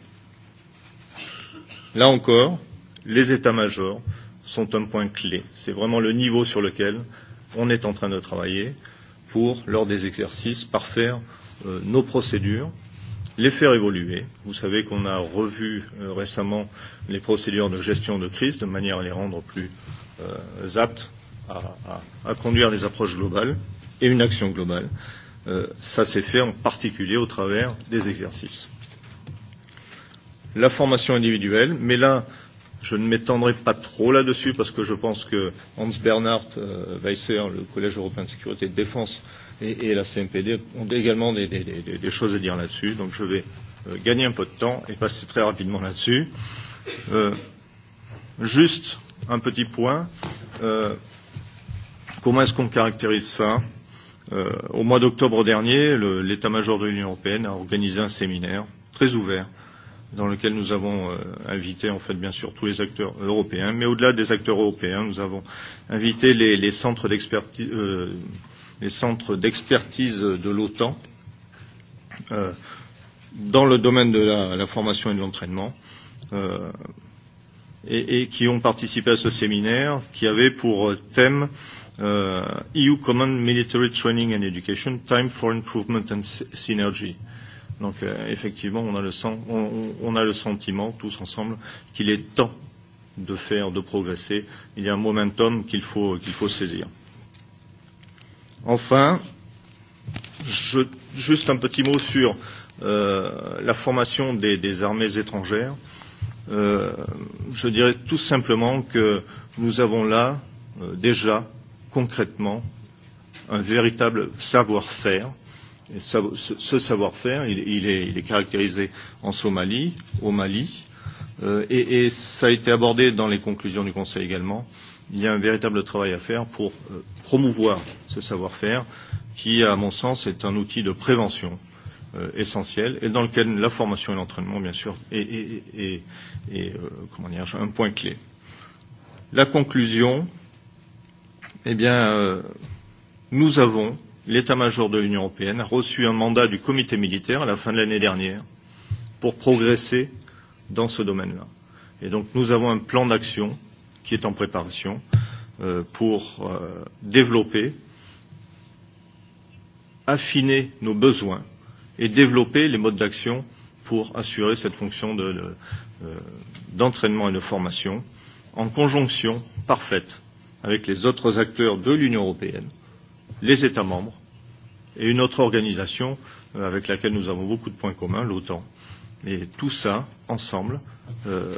Là encore, les États-majors sont un point clé. C'est vraiment le niveau sur lequel on est en train de travailler pour, lors des exercices, parfaire euh, nos procédures, les faire évoluer. Vous savez qu'on a revu euh, récemment les procédures de gestion de crise de manière à les rendre plus euh, aptes à, à, à conduire des approches globales et une action globale. Euh, ça s'est fait en particulier au travers des exercices. La formation individuelle, mais là, euh, Je ne m'étendrai pas trop là-dessus parce que je pense que Hans Bernhard euh, Weisser, le Collège européen de sécurité et de défense, et, et la CMPD ont également des, des, des, des choses à dire là-dessus. Donc je vais euh, gagner un peu de temps et passer très rapidement là-dessus. Euh, juste un petit point. Euh, comment est-ce qu'on caractérise ça euh, Au mois d'octobre dernier, l'état-major de l'Union européenne a organisé un séminaire très ouvert dans lequel nous avons euh, invité en fait bien sûr tous les acteurs européens, mais au-delà des acteurs européens, nous avons invité les, les centres d'expertise euh, les centres d'expertise de l'OTAN euh, dans le domaine de la, la formation et de l'entraînement euh, et, et qui ont participé à ce séminaire qui avait pour thème euh, EU Common Military Training and Education, Time for Improvement and Synergy. Euh, Donc euh, effectivement, on a, le sen, on, on a le sentiment, tous ensemble, qu'il est temps de faire, de progresser. Il y a un momentum qu'il faut, qu'il faut saisir. Enfin, je, juste un petit mot sur euh, la formation des, des armées étrangères. Euh, je dirais tout simplement que nous avons là euh, déjà concrètement un véritable savoir-faire ce savoir-faire, il, il, est, il est caractérisé en Somalie, au Mali, euh, et, et ça a été abordé dans les conclusions du Conseil également. Il y a un véritable travail à faire pour euh, promouvoir ce savoir-faire, qui, à mon sens, est un outil de prévention euh, essentiel et dans lequel la formation et l'entraînement, bien sûr, est, est, est, est euh, comment dire, un point clé. La conclusion, eh bien, euh, nous avons euh, l'état-major de l'Union européenne a reçu un mandat du comité militaire à la fin de l'année dernière pour progresser dans ce domaine-là. Et donc nous avons un plan d'action qui est en préparation euh, pour euh, développer, affiner nos besoins et développer les modes d'action pour assurer cette fonction d'entraînement de, de, euh, et de formation en conjonction parfaite avec les autres acteurs de l'Union européenne les États membres et une autre organisation euh, avec laquelle nous avons beaucoup de points communs, l'OTAN. Et tout ça, ensemble, euh,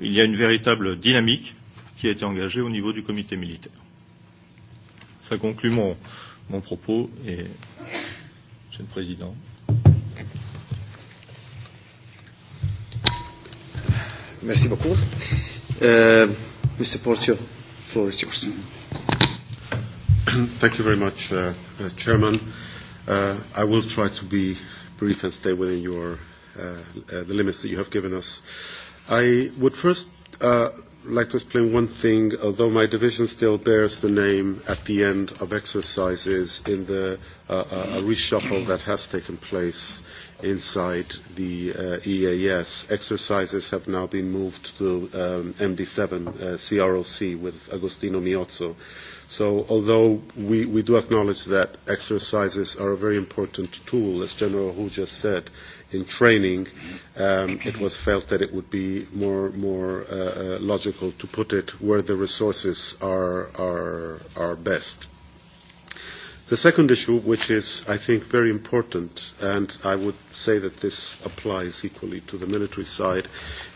il y a une véritable dynamique qui a été engagée au niveau du comité militaire. Ça conclut mon, mon propos et Monsieur le Président. Merci beaucoup. Uh, Mr. Portio, floor is yours. Mm -hmm. Thank you very much, uh, uh, Chairman. Uh, I will try to be brief and stay within your, uh, uh, the limits that you have given us. I would first uh, like to explain one thing, although my division still bears the name at the end of exercises in the uh, uh, reshuffle that has taken place inside the uh, EAS. Exercises have now been moved to um, MD7 uh, CROC with Agostino Miozzo. So although we, we do acknowledge that exercises are a very important tool, as General Hu just said, in training, um, it was felt that it would be more, more uh, uh, logical to put it where the resources are, are, are best. The second issue, which is, I think, very important, and I would say that this applies equally to the military side,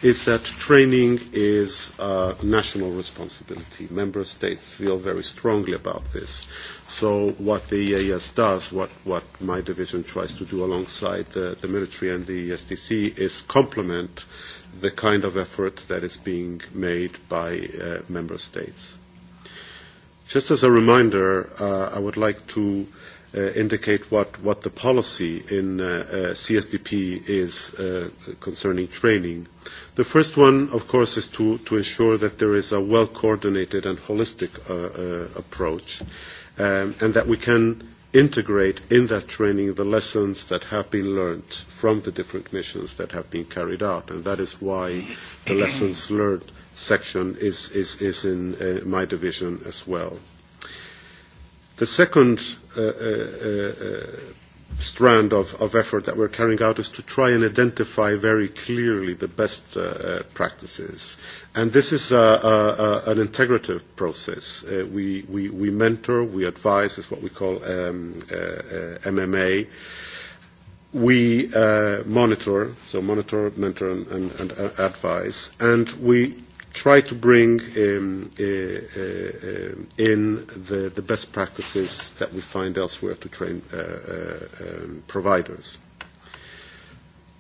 is that training is a national responsibility. Member states feel very strongly about this. So what the EAS does, what, what my division tries to do alongside the, the military and the ESDC, is complement the kind of effort that is being made by uh, member states. Just as a reminder, uh, I would like to uh, indicate what, what the policy in uh, uh, CSDP is uh, concerning training. The first one, of course, is to, to ensure that there is a well-coordinated and holistic uh, uh, approach um, and that we can integrate in that training the lessons that have been learned from the different missions that have been carried out. And that is why the lessons learned section is, is, is in uh, my division as well. The second uh, uh, uh, strand of, of effort that we're carrying out is to try and identify very clearly the best uh, uh, practices. And this is a, a, a, an integrative process. Uh, we, we, we mentor, we advise, is what we call um, uh, uh, MMA. We uh, monitor, so monitor, mentor, and, and, and advise, and we try to bring um, uh, uh, um, in the, the best practices that we find elsewhere to train uh, uh, um, providers.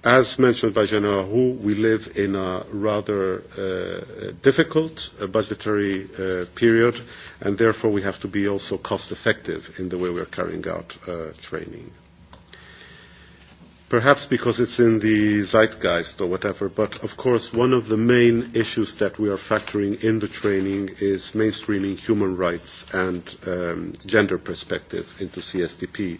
As mentioned by General Hu, we live in a rather uh, difficult uh, budgetary uh, period, and therefore we have to be also cost effective in the way we're carrying out uh, training. Uh, perhaps because it's in the zeitgeist or whatever, but of course one of the main issues that we are factoring in the training is mainstreaming human rights and um, gender perspective into CSDP.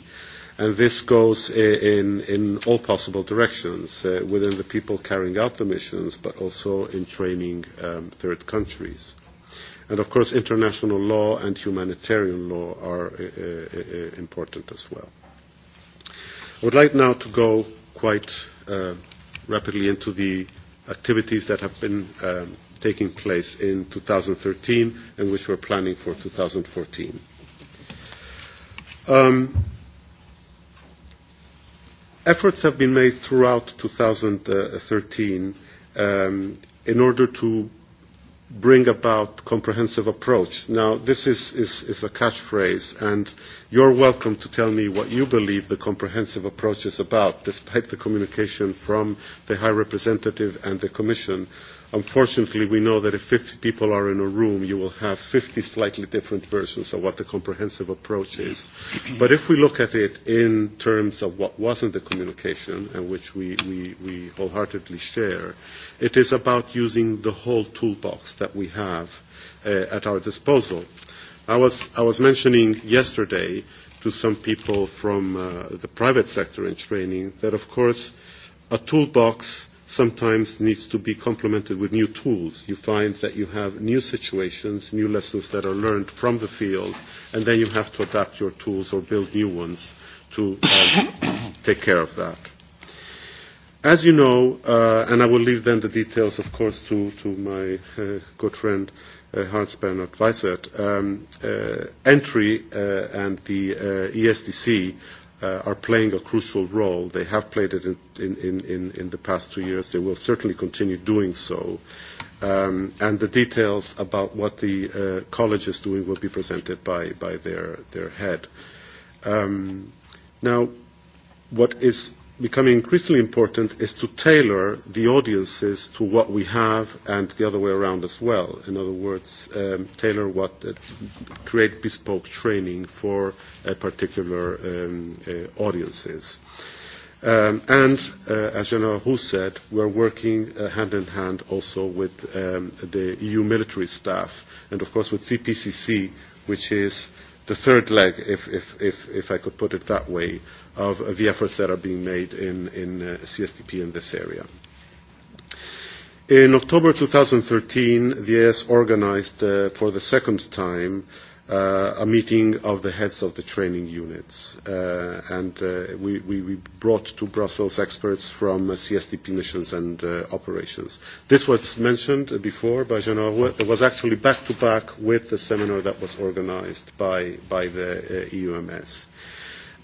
And this goes in, in all possible directions, uh, within the people carrying out the missions, but also in training um, third countries. And of course, international law and humanitarian law are uh, uh, uh important as well. I would like now to go quite uh, rapidly into the activities that have been um, taking place in 2013 and which we're planning for 2014. Um, efforts have been made throughout 2013 uh, um, in order to bring about comprehensive approach. Now, this is, is, is a catchphrase, and you're welcome to tell me what you believe the comprehensive approach is about, despite the communication from the High Representative and the Commission. Uh, Unfortunately, we know that if 50 people are in a room, you will have 50 slightly different versions of what the comprehensive approach is. But if we look at it in terms of what was in the communication, and which we, we, we wholeheartedly share, it is about using the whole toolbox that we have uh, at our disposal. I was, I was mentioning yesterday to some people from uh, the private sector in training that, of course, a toolbox – sometimes needs to be complemented with new tools. You find that you have new situations, new lessons that are learned from the field, and then you have to adapt your tools or build new ones to um, take care of that. As you know, uh, and I will leave then the details, of course, to, to my uh, good friend uh, Hans Bernhard Weissert, um, uh, entry uh, and the uh, ESDC uh, are playing a crucial role. They have played it in, in, in, in the past two years. They will certainly continue doing so. Um, and the details about what the uh, college is doing will be presented by, by their, their head. Um, now, what is becoming increasingly important is to tailor the audiences to what we have and the other way around as well. In other words, um, tailor what, uh, create bespoke training for uh, particular um, uh, audiences. Um, and, uh, as General Hu said, we're working uh, hand in hand also with um, the EU military staff and, of course, with CPCC, which is the third leg, if, if, if, if I could put it that way, of the efforts that are being made in, in uh, CSTP in this area. In October 2013, the AS organized uh, for the second time uh, a meeting of the heads of the training units. Uh, and uh, we, we, we brought to Brussels experts from uh, CSDP missions and uh, operations. This was mentioned before by Jean Orwe. It was actually back-to-back -back with the seminar that was organized by, by the uh, EUMS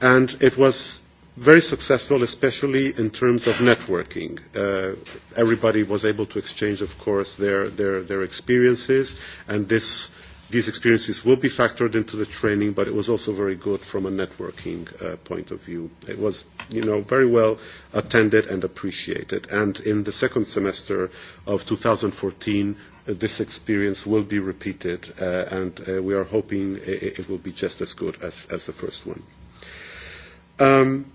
and it was very successful, especially in terms of networking. Uh, everybody was able to exchange, of course, their, their, their experiences, and this, these experiences will be factored into the training, but it was also very good from a networking uh, point of view. It was, you know, very well attended and appreciated. And in the second semester of 2014, uh, this experience will be repeated, uh, and uh, we are hoping it, it will be just as good as, as the first one. Um,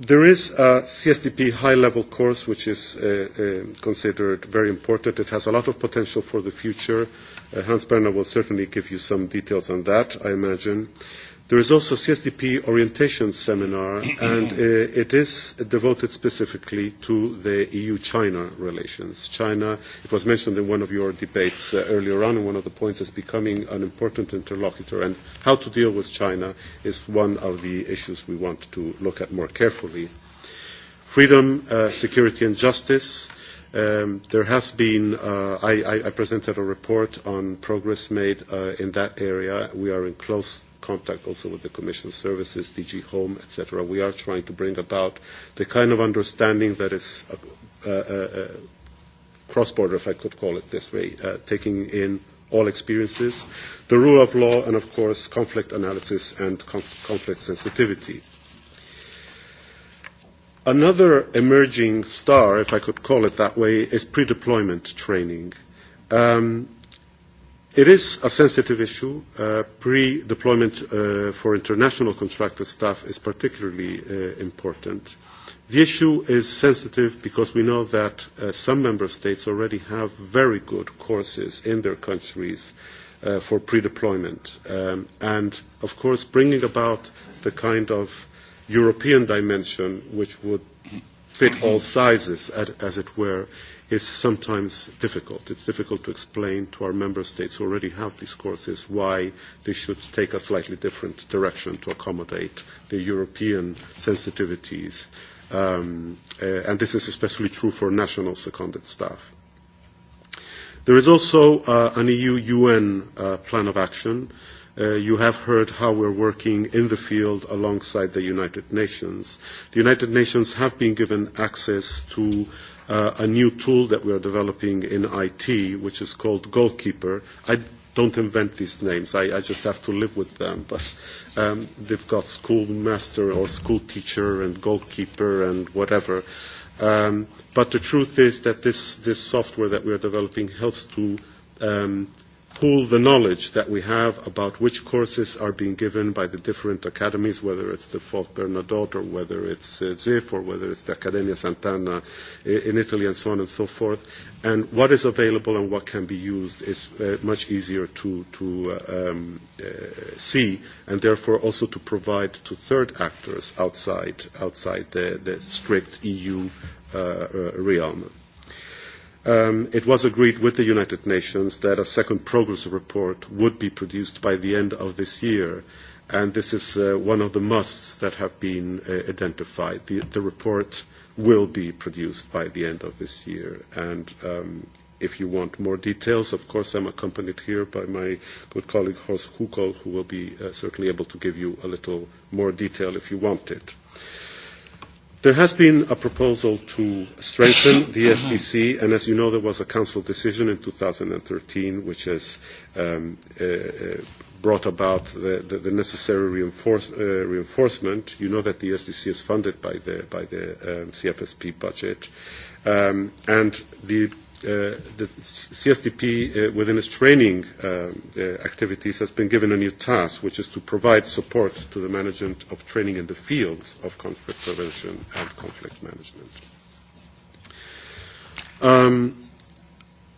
there is a CSDP high-level course which is uh, uh, considered very important. It has a lot of potential for the future. Uh, Hans Berner will certainly give you some details on that, I imagine. Uh, There is also CSDP orientation seminar, and uh, it is devoted specifically to the EU-China relations. China, it was mentioned in one of your debates uh, earlier on, and one of the points is becoming an important interlocutor, and how to deal with China is one of the issues we want to look at more carefully. Freedom, uh, security and justice, Um, there has been, uh, I, I presented a report on progress made uh, in that area. We are in close contact also with the Commission services, DG Home, etc. We are trying to bring about the kind of understanding that is uh, uh, uh, cross-border, if I could call it this way, uh, taking in all experiences, the rule of law, and of course conflict analysis and com- conflict sensitivity. Another emerging star, if I could call it that way, is pre-deployment training. Um, It is a sensitive issue. Uh, Pre-deployment uh, for international contracted staff is particularly uh, important. The issue is sensitive because we know that uh, some member states already have very good courses in their countries uh, for pre-deployment. Um, and, of course, bringing about the kind of European dimension, which would fit all sizes, at, as it were, is sometimes difficult. It's difficult to explain to our member states who already have these courses why they should take a slightly different direction to accommodate the European sensitivities. Um, uh, and this is especially true for national seconded staff. There is also uh, an EU-UN uh, plan of action uh, Uh, you have heard how we're working in the field alongside the United Nations. The United Nations have been given access to uh, a new tool that we are developing in IT, which is called Goalkeeper. I don't invent these names. I, I just have to live with them. But um, they've got schoolmaster or school teacher and goalkeeper and whatever. Um, but the truth is that this, this software that we are developing helps to um, – pool the knowledge that we have about which courses are being given by the different academies, whether it's the Fort Bernadotte or whether it's uh, ZIF or whether it's the Accademia Sant'Anna in Italy and so on and so forth. And what is available and what can be used is uh, much easier to, to uh, um, uh, see and therefore also to provide to third actors outside, outside the, the strict EU uh, uh, realm. Um, it was agreed with the United Nations that a second progress report would be produced by the end of this year, and this is uh, one of the musts that have been uh, identified. The, the report will be produced by the end of this year, and um, if you want more details, of course, I'm accompanied here by my good colleague Horst Huckel, who will be uh, certainly able to give you a little more detail if you want it. Uh, There has been a proposal to strengthen the uh-huh. SDC, and as you know, there was a Council decision in 2013 which has um, uh, uh, brought about the, the, the necessary reinforce, uh, reinforcement. You know that the SDC is funded by the, by the um, CFSP budget, um, and the uh, the CSDP, uh, within its training uh, uh, activities, has been given a new task, which is to provide support to the management of training in the fields of conflict prevention and conflict management. Um,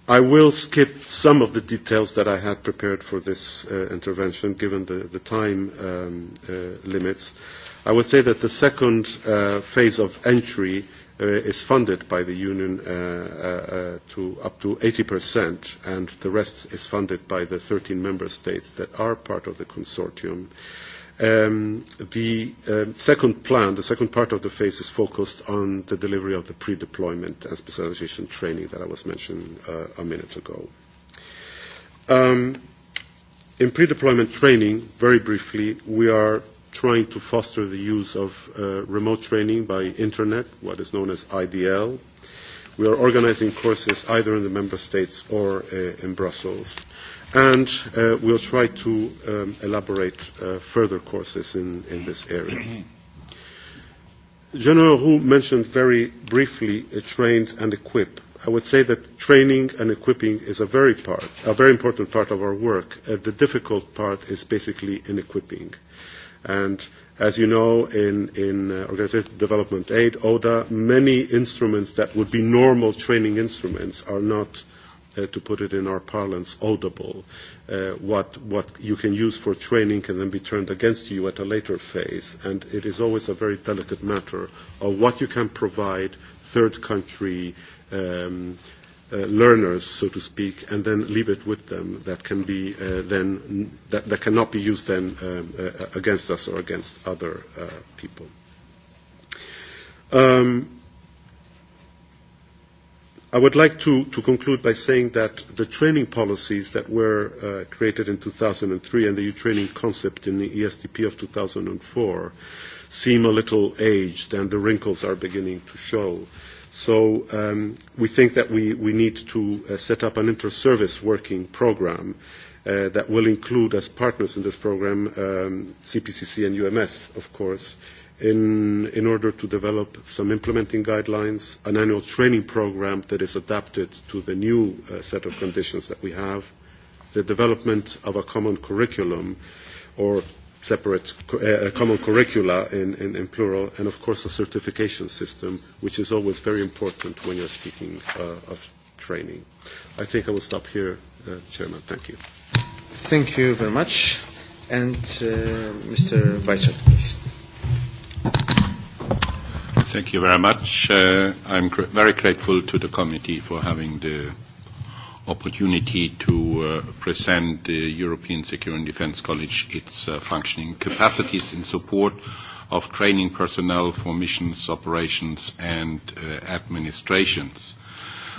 I will skip some of the details that I had prepared for this uh, intervention, given the, the time um, uh, limits. I would say that the second uh, phase of entry uh, uh, is funded by the Union uh, uh, uh to up to 80%, and the rest is funded by the 13 member states that are part of the consortium. Um, the um, second plan, the second part of the phase, is focused on the delivery of the pre-deployment and specialization training that I was mentioning uh, a minute ago. Um, in pre-deployment training, very briefly, we are trying to foster the use of uh, remote training by internet, what is known as IDL. We are organizing courses either in the member states or uh, in Brussels. And uh, we'll try to um, elaborate uh, further courses in, in this area. General Hu mentioned very briefly uh, trained and equip. I would say that training and equipping is a very, part, a very important part of our work. Uh, the difficult part is basically in equipping. Uh, And as you know, in, in uh, organizational development aid, ODA, many instruments that would be normal training instruments are not, uh, to put it in our parlance, audable. Uh, what, what you can use for training can then be turned against you at a later phase. And it is always a very delicate matter of what you can provide third country um, uh, uh, learners, so to speak, and then leave it with them that can be uh, then that, that cannot be used then um, uh, against us or against other uh, people. Um, I would like to, to conclude by saying that the training policies that were uh, created in 2003 and the EU training concept in the ESDP of 2004 seem a little aged and the wrinkles are beginning to show. Uh, So um, we think that we, we need to uh, set up an inter-service working program uh, that will include as partners in this program um, CPCC and UMS, of course, in, in order to develop some implementing guidelines, an annual training program that is adapted to the new uh, set of conditions that we have, the development of a common curriculum or separate uh, uh, common curricula in, in, in plural, and of course a certification system, which is always very important when you're speaking uh, of training. I think I will stop here, uh, Chairman. Thank you. Thank you very much. And uh, Mr. Vice Chair, please. Thank you very much. Uh, I'm gr- very grateful to the committee for having the opportunity to uh, present the European Secure and Defense College its uh, functioning capacities in support of training personnel for missions, operations, and uh, administrations.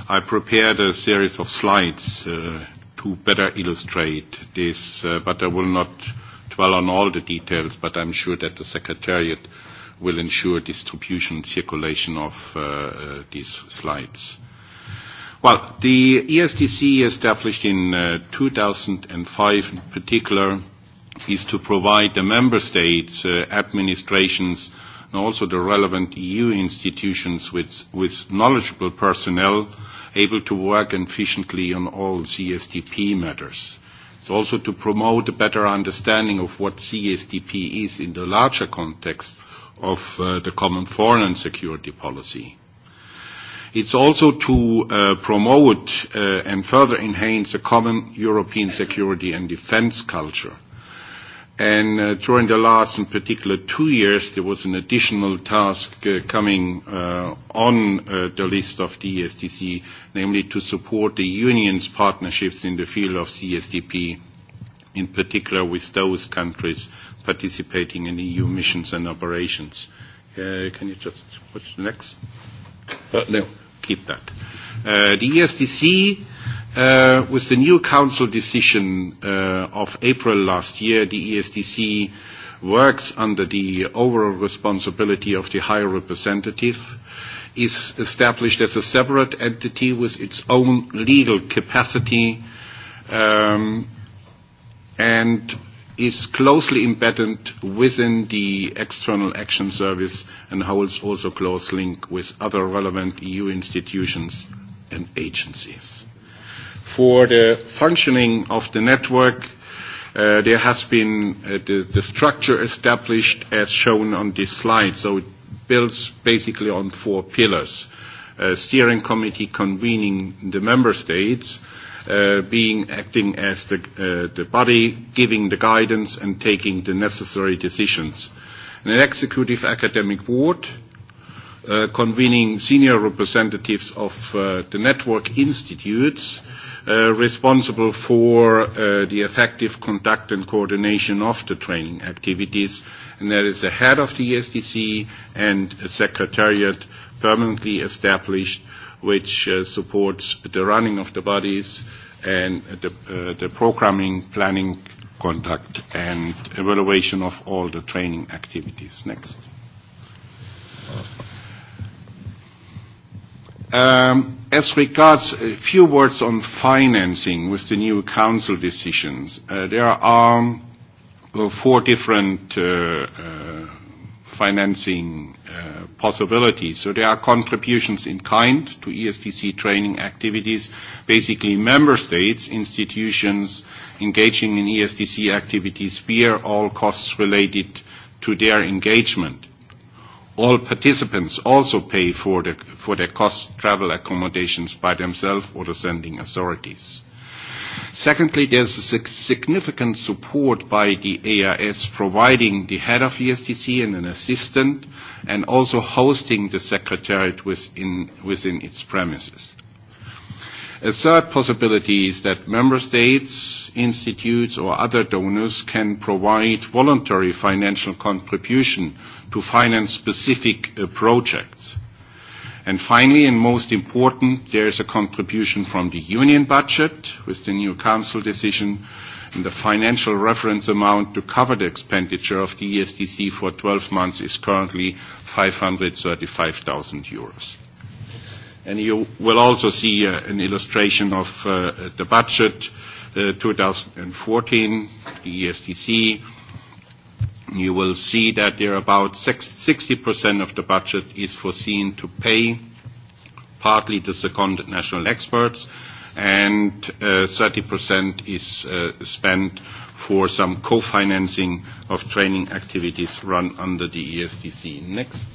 I prepared a series of slides uh, to better illustrate this, uh, but I will not dwell on all the details, but I'm sure that the Secretariat will ensure distribution circulation of uh, uh, these slides. Uh, Well, the ESDC established in uh, 2005 in particular is to provide the member states, uh, administrations, and also the relevant EU institutions with, with knowledgeable personnel able to work efficiently on all CSDP matters. It's also to promote a better understanding of what CSDP is in the larger context of uh, the common foreign and security policy. It's also to uh, promote uh, and further enhance a common European security and defense culture. And uh, during the last, in particular, two years, there was an additional task uh, coming uh, on uh, the list of the ESDC, namely to support the Union's partnerships in the field of CSDP, in particular with those countries participating in EU missions and operations. Uh, can you just, what's the next? Uh, no keep that. Uh, the ESDC, uh, with the new council decision uh, of April last year, the ESDC works under the overall responsibility of the High Representative, is established as a separate entity with its own legal capacity, um, and is closely embedded within the External Action Service and holds also close link with other relevant EU institutions and agencies. For the functioning of the network, uh, there has been uh, the, the structure established as shown on this slide. So it builds basically on four pillars. Uh, steering committee convening the member states, uh, uh, being acting as the, uh, the body giving the guidance and taking the necessary decisions. And an executive academic board uh, convening senior representatives of uh, the network institutes uh, responsible for uh, the effective conduct and coordination of the training activities. And there is a head of the ESDC and a secretariat permanently established uh, which uh, supports the running of the bodies and the, uh, the programming, planning, conduct, and evaluation of all the training activities. Next. Um, as regards a few words on financing with the new council decisions, uh, there are um, four different uh, uh, financing uh, possibilities. So there are contributions in kind to ESTC training activities. Basically, member states, institutions engaging in ESTC activities bear all costs related to their engagement. All participants also pay for, the, for their cost travel accommodations by themselves or the sending authorities. Secondly, there's a significant support by the AIS providing the head of ESTC and an assistant and also hosting the secretariat within, within its premises. A third possibility is that member states, institutes or other donors can provide voluntary financial contribution to finance specific uh, projects. Uh, And finally, and most important, there is a contribution from the union budget with the new council decision and the financial reference amount to cover the expenditure of the ESDC for 12 months is currently 535,000 euros. And you will also see uh, an illustration of uh, the budget uh, 2014, the ESDC, you will see that there are about 60% of the budget is foreseen to pay partly the seconded national experts, and uh, 30% is uh, spent for some co-financing of training activities run under the ESDC. Next.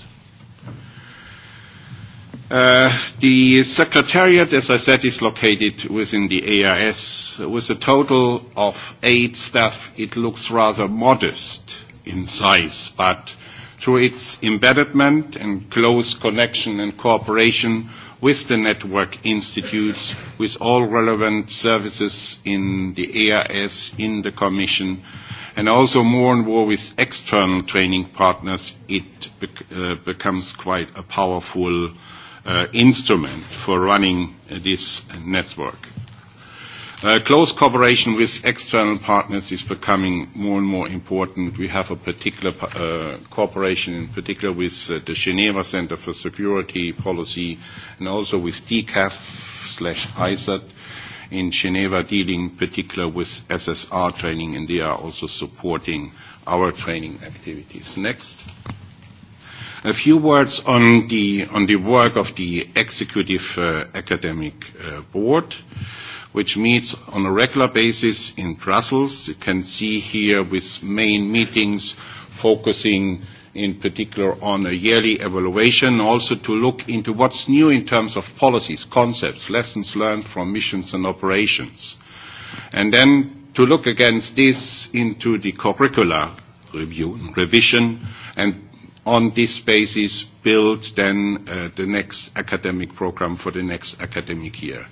Uh, the secretariat, as I said, is located within the AIS. With a total of eight staff, it looks rather modest in size, but through its embeddedment and close connection and cooperation with the network institutes, with all relevant services in the ARS, in the Commission, and also more and more with external training partners, it bec uh, becomes quite a powerful uh, instrument for running uh, this network. Uh, close cooperation with external partners is becoming more and more important. We have a particular uh, cooperation, in particular with uh, the Geneva Center for Security Policy and also with DCAF slash ISAT in Geneva dealing particular with SSR training and they are also supporting our training activities. Next. A few words on the, on the work of the Executive uh, Academic uh, Board. Uh, which meets on a regular basis in Brussels. You can see here with main meetings focusing in particular on a yearly evaluation, also to look into what's new in terms of policies, concepts, lessons learned from missions and operations. And then to look against this into the curricular review and revision, and on this basis build then uh, the next academic program for the next academic year.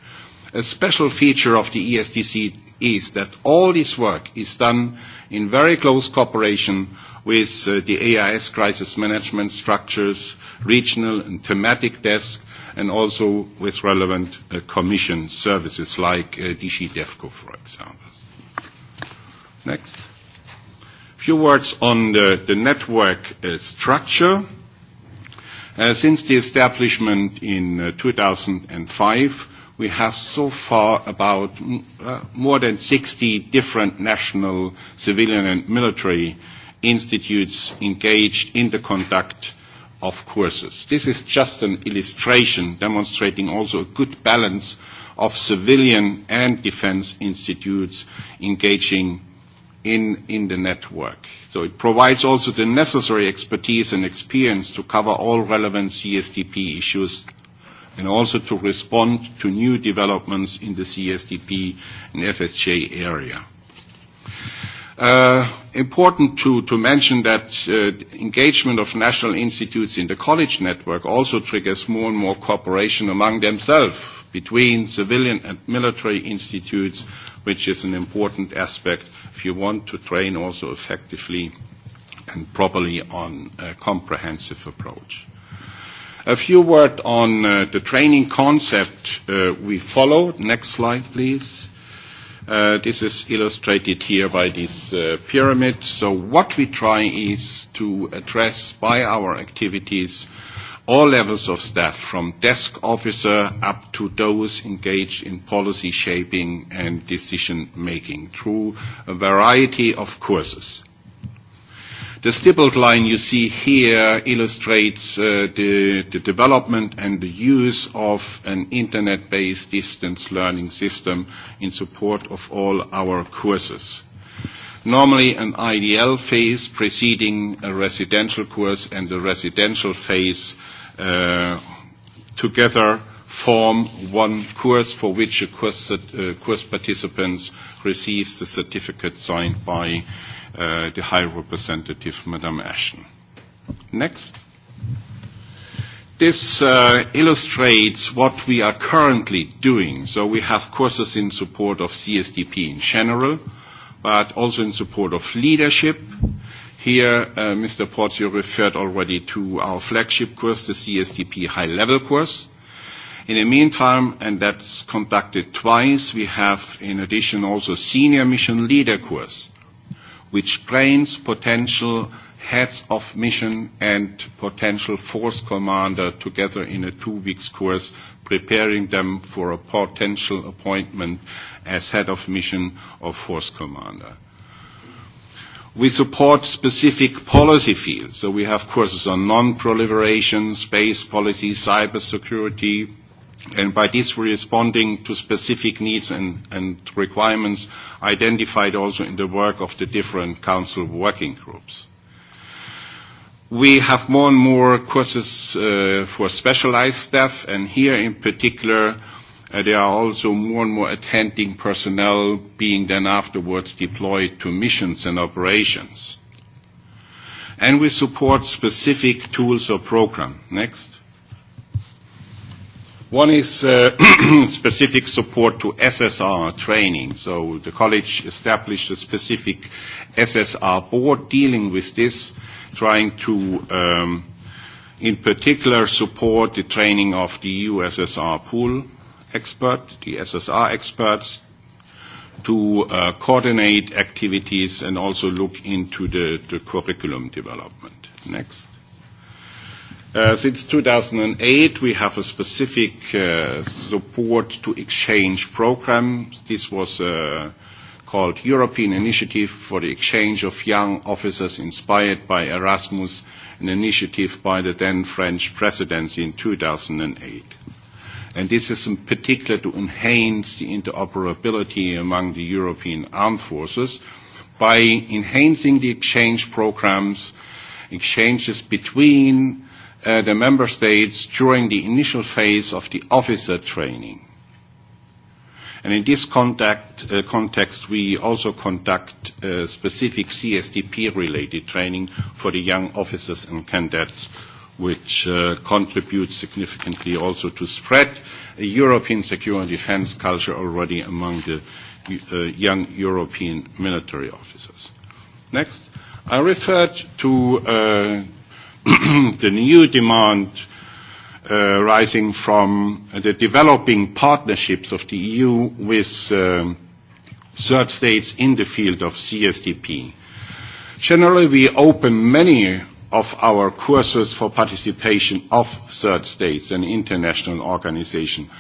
A special feature of the ESDC is that all this work is done in very close cooperation with uh, the AIS crisis management structures, regional and thematic desk, and also with relevant uh, commission services like uh, DG DEFCO, for example. Next. A few words on the, the network uh, structure. Uh, since the establishment in uh, 2005, we have so far about uh, more than 60 different national civilian and military institutes engaged in the conduct of courses. This is just an illustration demonstrating also a good balance of civilian and defense institutes engaging in, in the network. So it provides also the necessary expertise and experience to cover all relevant CSDP issues and also to respond to new developments in the CSDP and FSJ area. Uh, important to, to mention that uh, engagement of national institutes in the college network also triggers more and more cooperation among themselves between civilian and military institutes, which is an important aspect if you want to train also effectively and properly on a comprehensive approach. A few words on uh, the training concept uh, we follow. Next slide, please. Uh, this is illustrated here by this uh, pyramid. So what we try is to address by our activities all levels of staff, from desk officer up to those engaged in policy shaping and decision making through a variety of courses. The stippled line you see here illustrates uh, the, the development and the use of an internet-based distance learning system in support of all our courses. Normally, an IDL phase preceding a residential course and the residential phase uh, together form one course for which a course, uh, course participants receives the certificate signed by uh, uh, the High Representative, Madame Ashton. Next. This uh, illustrates what we are currently doing. So we have courses in support of CSDP in general, but also in support of leadership. Here, uh, Mr. Portio referred already to our flagship course, the CSDP High Level course. In the meantime, and that's conducted twice, we have in addition also Senior Mission Leader course which trains potential heads of mission and potential force commander together in a two weeks course, preparing them for a potential appointment as head of mission or force commander. We support specific policy fields. So we have courses on non-proliferation, space policy, cyber security, and by this we're responding to specific needs and, and requirements identified also in the work of the different council working groups. We have more and more courses uh, for specialized staff, and here in particular, uh, there are also more and more attending personnel being then afterwards deployed to missions and operations. And we support specific tools or program. Next. One is uh, specific support to SSR training. So the college established a specific SSR board dealing with this, trying to, um, in particular, support the training of the EU SSR pool expert, the SSR experts, to uh, coordinate activities and also look into the, the curriculum development. Next. Uh, since 2008, we have a specific uh, support to exchange program. This was uh, called European Initiative for the Exchange of Young Officers inspired by Erasmus, an initiative by the then French presidency in 2008. And this is in particular to enhance the interoperability among the European armed forces by enhancing the exchange programs, exchanges between uh, the member states during the initial phase of the officer training. And in this contact, uh, context, we also conduct uh, specific CSDP-related training for the young officers and candidates, which uh, contributes significantly also to spread a European secure and defense culture already among the uh, young European military officers. Next. I referred to uh, the new demand uh, rising from the developing partnerships of the EU with um, third states in the field of CSDP. Generally, we open many of our courses for participation of third states and international organizations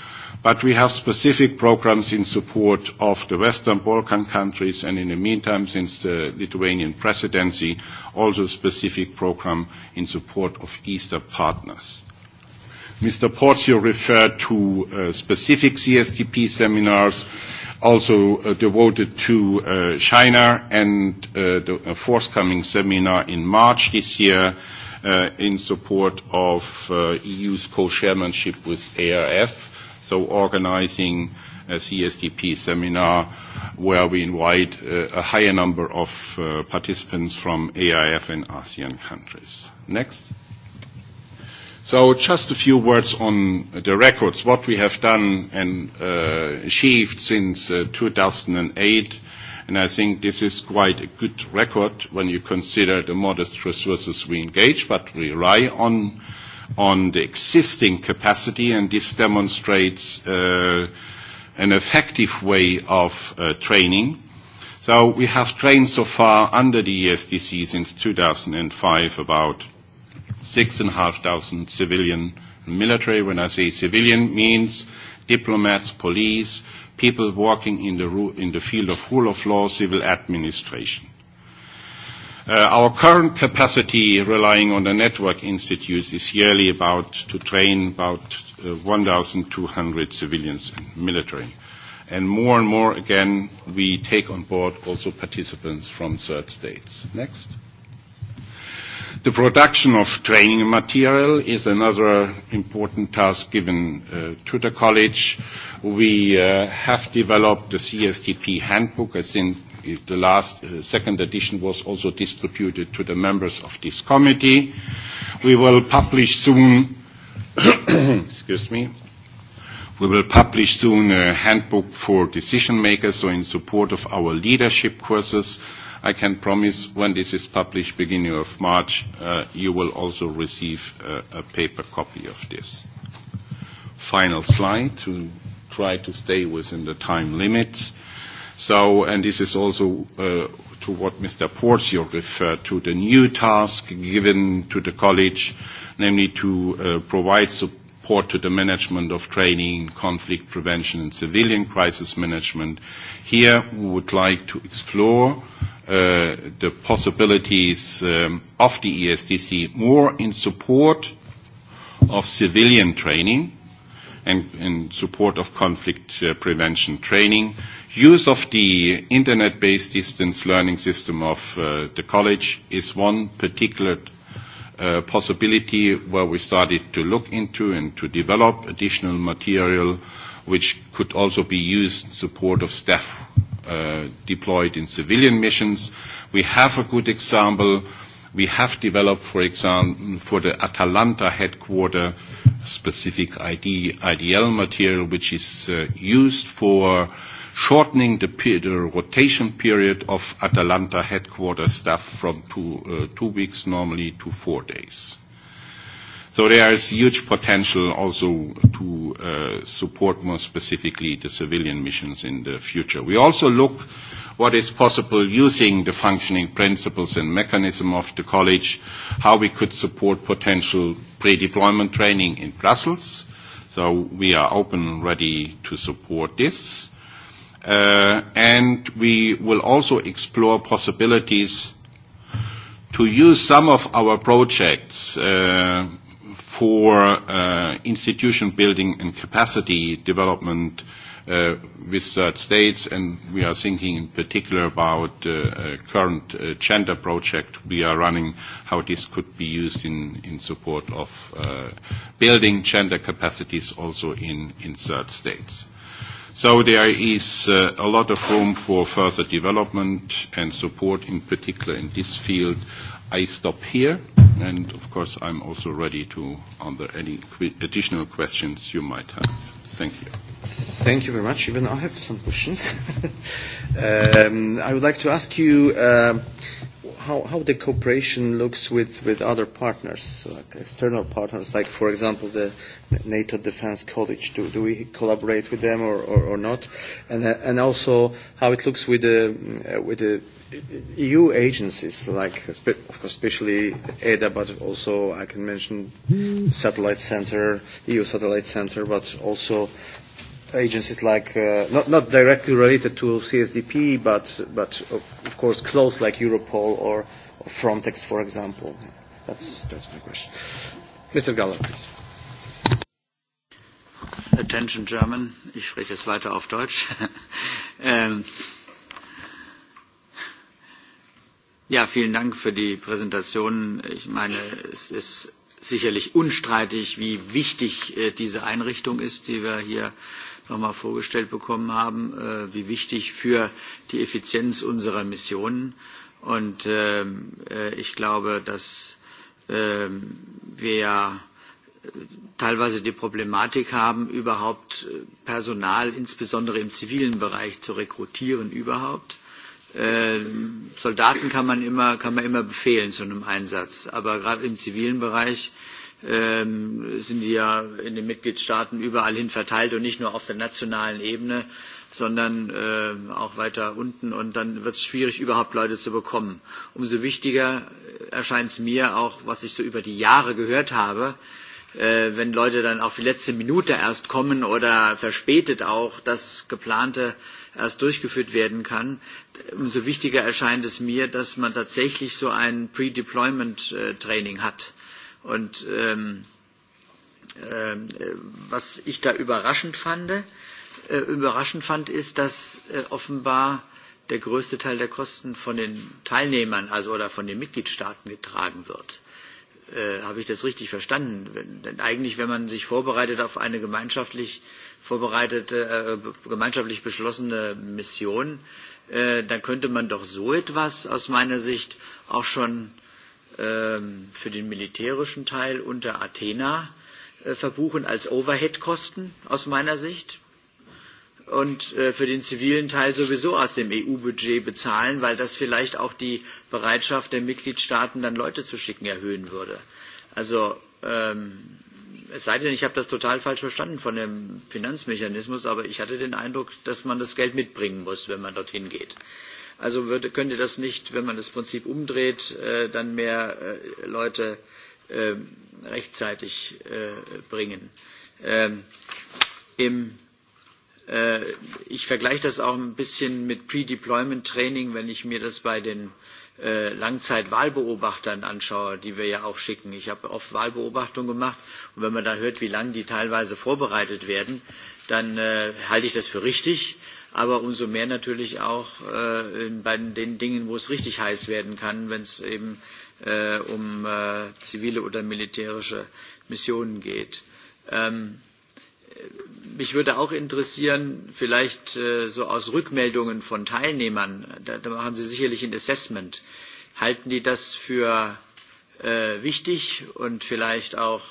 But we have specific programs in support of the Western Balkan countries, and in the meantime, since the Lithuanian presidency, also specific program in support of Eastern partners. Mr. Porcio referred to uh, specific CSTP seminars also uh, devoted to uh, China and uh, the a uh, forthcoming seminar in March this year uh, in support of uh, EU's co-chairmanship with ARF so organizing a CSDP seminar where we invite uh, a higher number of uh, participants from AIF and ASEAN countries. Next. So just a few words on the records, what we have done and uh, achieved since uh, 2008. And I think this is quite a good record when you consider the modest resources we engage, but rely on uh, on the existing capacity, and this demonstrates uh, an effective way of uh, training. So we have trained so far under the ESDC since 2005 about 6,500 civilian and military. When I say civilian, means diplomats, police, people working in the, ru- in the field of rule of law, civil administration. Uh, our current capacity relying on the network institutes is yearly about to train about uh, 1,200 civilians and military. And more and more, again, we take on board also participants from third states. Next. The production of training material is another important task given uh, to the college. We uh, have developed the CSTP handbook, I think It, the last uh, second edition was also distributed to the members of this committee. We will publish soon. excuse me. We will publish soon a handbook for decision makers, so in support of our leadership courses. I can promise when this is published, beginning of March, uh, you will also receive uh, a paper copy of this. Final slide to try to stay within the time limits. Uh, So, and this is also uh, to what Mr. Porzio referred to, the new task given to the college, namely to uh, provide support to the management of training, conflict prevention and civilian crisis management. Here we would like to explore uh, the possibilities um, of the ESDC more in support of civilian training and in support of conflict uh, prevention training Use of the internet-based distance learning system of uh, the college is one particular uh, possibility where we started to look into and to develop additional material which could also be used in support of staff uh, deployed in civilian missions. We have a good example. We have developed, for example, for the Atalanta headquarter, specific ID, IDL material, which is uh, used for uh, shortening the, pe- the rotation period of Atalanta headquarters staff from two, uh, two weeks normally to four days. So there is huge potential also to uh, support more specifically the civilian missions in the future. We also look what is possible using the functioning principles and mechanism of the college, how we could support potential pre-deployment training in Brussels. So we are open and ready to support this. Uh, and we will also explore possibilities to use some of our projects uh, for uh, institution building and capacity development uh, with third states, and we are thinking in particular about uh, a current uh, gender project we are running, how this could be used in, in support of uh, building gender capacities also in, in third states. So there is uh, a lot of room for further development and support, in particular in this field. I stop here, and of course, I'm also ready to answer any qu- additional questions you might have. Thank you. Thank you very much. Even I have some questions. um, I would like to ask you. Uh, how, how the cooperation looks with, with other partners, like external partners, like, for example, the NATO Defense College. Do, do we collaborate with them or, or, or not? And, uh, and also how it looks with the, uh, with the EU agencies, like especially EDA, but also I can mention Satellite Center, EU Satellite Center, but also agencies like, uh, not, not directly related to CSDP, but, but of, of course close like Europol or, or Frontex, for example? That's, that's my question. Mr. Galler, please. Attention German, ich spreche jetzt weiter auf Deutsch. ähm, ja, vielen Dank für die Präsentation. Ich meine, es ist sicherlich unstreitig, wie wichtig äh, diese Einrichtung ist, die wir hier äh, nochmal vorgestellt bekommen haben, äh, wie wichtig für die Effizienz unserer Missionen. Und ähm, äh, ich glaube, dass äh, wir ja äh, teilweise die Problematik haben, überhaupt äh, Personal, insbesondere im zivilen Bereich, zu rekrutieren überhaupt. Äh, Soldaten kann man, immer, kann man immer befehlen zu einem Einsatz, aber gerade im zivilen Bereich äh, ähm, sind die ja in den Mitgliedstaaten überall hin verteilt und nicht nur auf der nationalen Ebene, sondern äh, auch weiter unten. Und dann wird es schwierig, überhaupt Leute zu bekommen. Umso wichtiger erscheint es mir auch, was ich so über die Jahre gehört habe, äh, wenn Leute dann auf die letzte Minute erst kommen oder verspätet auch das geplante erst durchgeführt werden kann, umso wichtiger erscheint es mir, dass man tatsächlich so ein Pre-Deployment-Training äh, hat Und ähm, äh, was ich da überraschend fand, äh, überraschend fand, ist, dass äh, offenbar der größte Teil der Kosten von den Teilnehmern, also oder von den Mitgliedstaaten getragen wird. Äh, Habe ich das richtig verstanden? Wenn, denn eigentlich, wenn man sich vorbereitet auf eine gemeinschaftlich vorbereitete, äh, gemeinschaftlich beschlossene Mission, äh, dann könnte man doch so etwas aus meiner Sicht auch schon ähm, für den militärischen Teil unter Athena äh, verbuchen als Overhead-Kosten aus meiner Sicht und äh, für den zivilen Teil sowieso aus dem EU-Budget bezahlen, weil das vielleicht auch die Bereitschaft der Mitgliedstaaten, dann Leute zu schicken, erhöhen würde. Also ähm, es sei denn, ich habe das total falsch verstanden von dem Finanzmechanismus, aber ich hatte den Eindruck, dass man das Geld mitbringen muss, wenn man dorthin geht. Äh, Also würde, könnte das nicht, wenn man das Prinzip umdreht, äh, dann mehr äh, Leute äh, rechtzeitig äh, bringen. Ähm, im, äh, ich vergleiche das auch ein bisschen mit Pre-Deployment Training, wenn ich mir das bei den äh, Langzeitwahlbeobachtern anschaue, die wir ja auch schicken. Ich habe oft Wahlbeobachtungen gemacht und wenn man dann hört, wie lange die teilweise vorbereitet werden, dann äh, halte ich das für richtig aber umso mehr natürlich auch äh, bei den Dingen, wo es richtig heiß werden kann, wenn es eben äh, um äh, zivile oder militärische Missionen geht. Ähm, mich würde auch interessieren, vielleicht äh, so aus Rückmeldungen von Teilnehmern, da, da machen Sie sicherlich ein Assessment, halten die das für äh, wichtig und vielleicht auch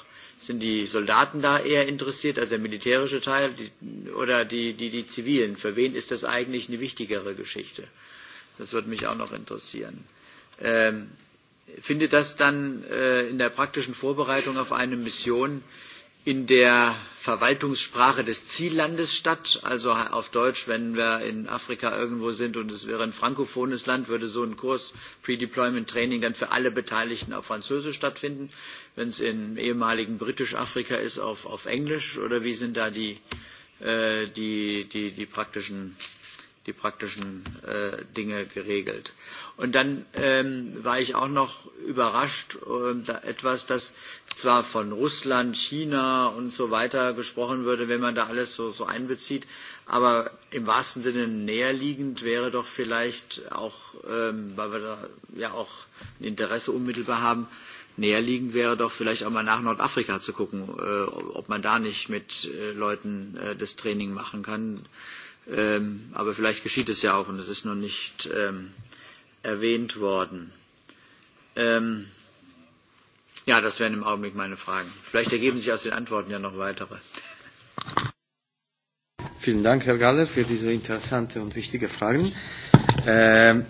Sind die Soldaten da eher interessiert, also der militärische Teil die, oder die, die, die Zivilen? Für wen ist das eigentlich eine wichtigere Geschichte? Das würde mich auch noch interessieren. Ähm, findet das dann äh, in der praktischen Vorbereitung auf eine Mission äh, in der Verwaltungssprache des Ziellandes statt. Also auf Deutsch, wenn wir in Afrika irgendwo sind und es wäre ein frankophones Land, würde so ein Kurs Pre-Deployment Training dann für alle Beteiligten auf Französisch stattfinden. Wenn es im ehemaligen Britisch-Afrika ist, auf, auf Englisch oder wie sind da die, äh, die, die, die praktischen äh, die praktischen äh, Dinge geregelt. Und dann ähm, war ich auch noch überrascht, äh, da etwas, dass zwar von Russland, China und so weiter gesprochen würde, wenn man da alles so, so einbezieht, aber im wahrsten Sinne näherliegend wäre doch vielleicht auch, ähm, weil wir da ja auch ein Interesse unmittelbar haben, näherliegend wäre doch vielleicht auch mal nach Nordafrika zu gucken, äh, ob man da nicht mit äh, Leuten äh, das Training machen kann Ähm, aber vielleicht geschieht es ja auch und es ist noch nicht ähm, erwähnt worden. Ähm, ja, das wären im Augenblick meine Fragen. Vielleicht ergeben sich aus den Antworten ja noch weitere. Vielen Dank, Herr Galler, für diese interessante und wichtige Fragen. Ähm,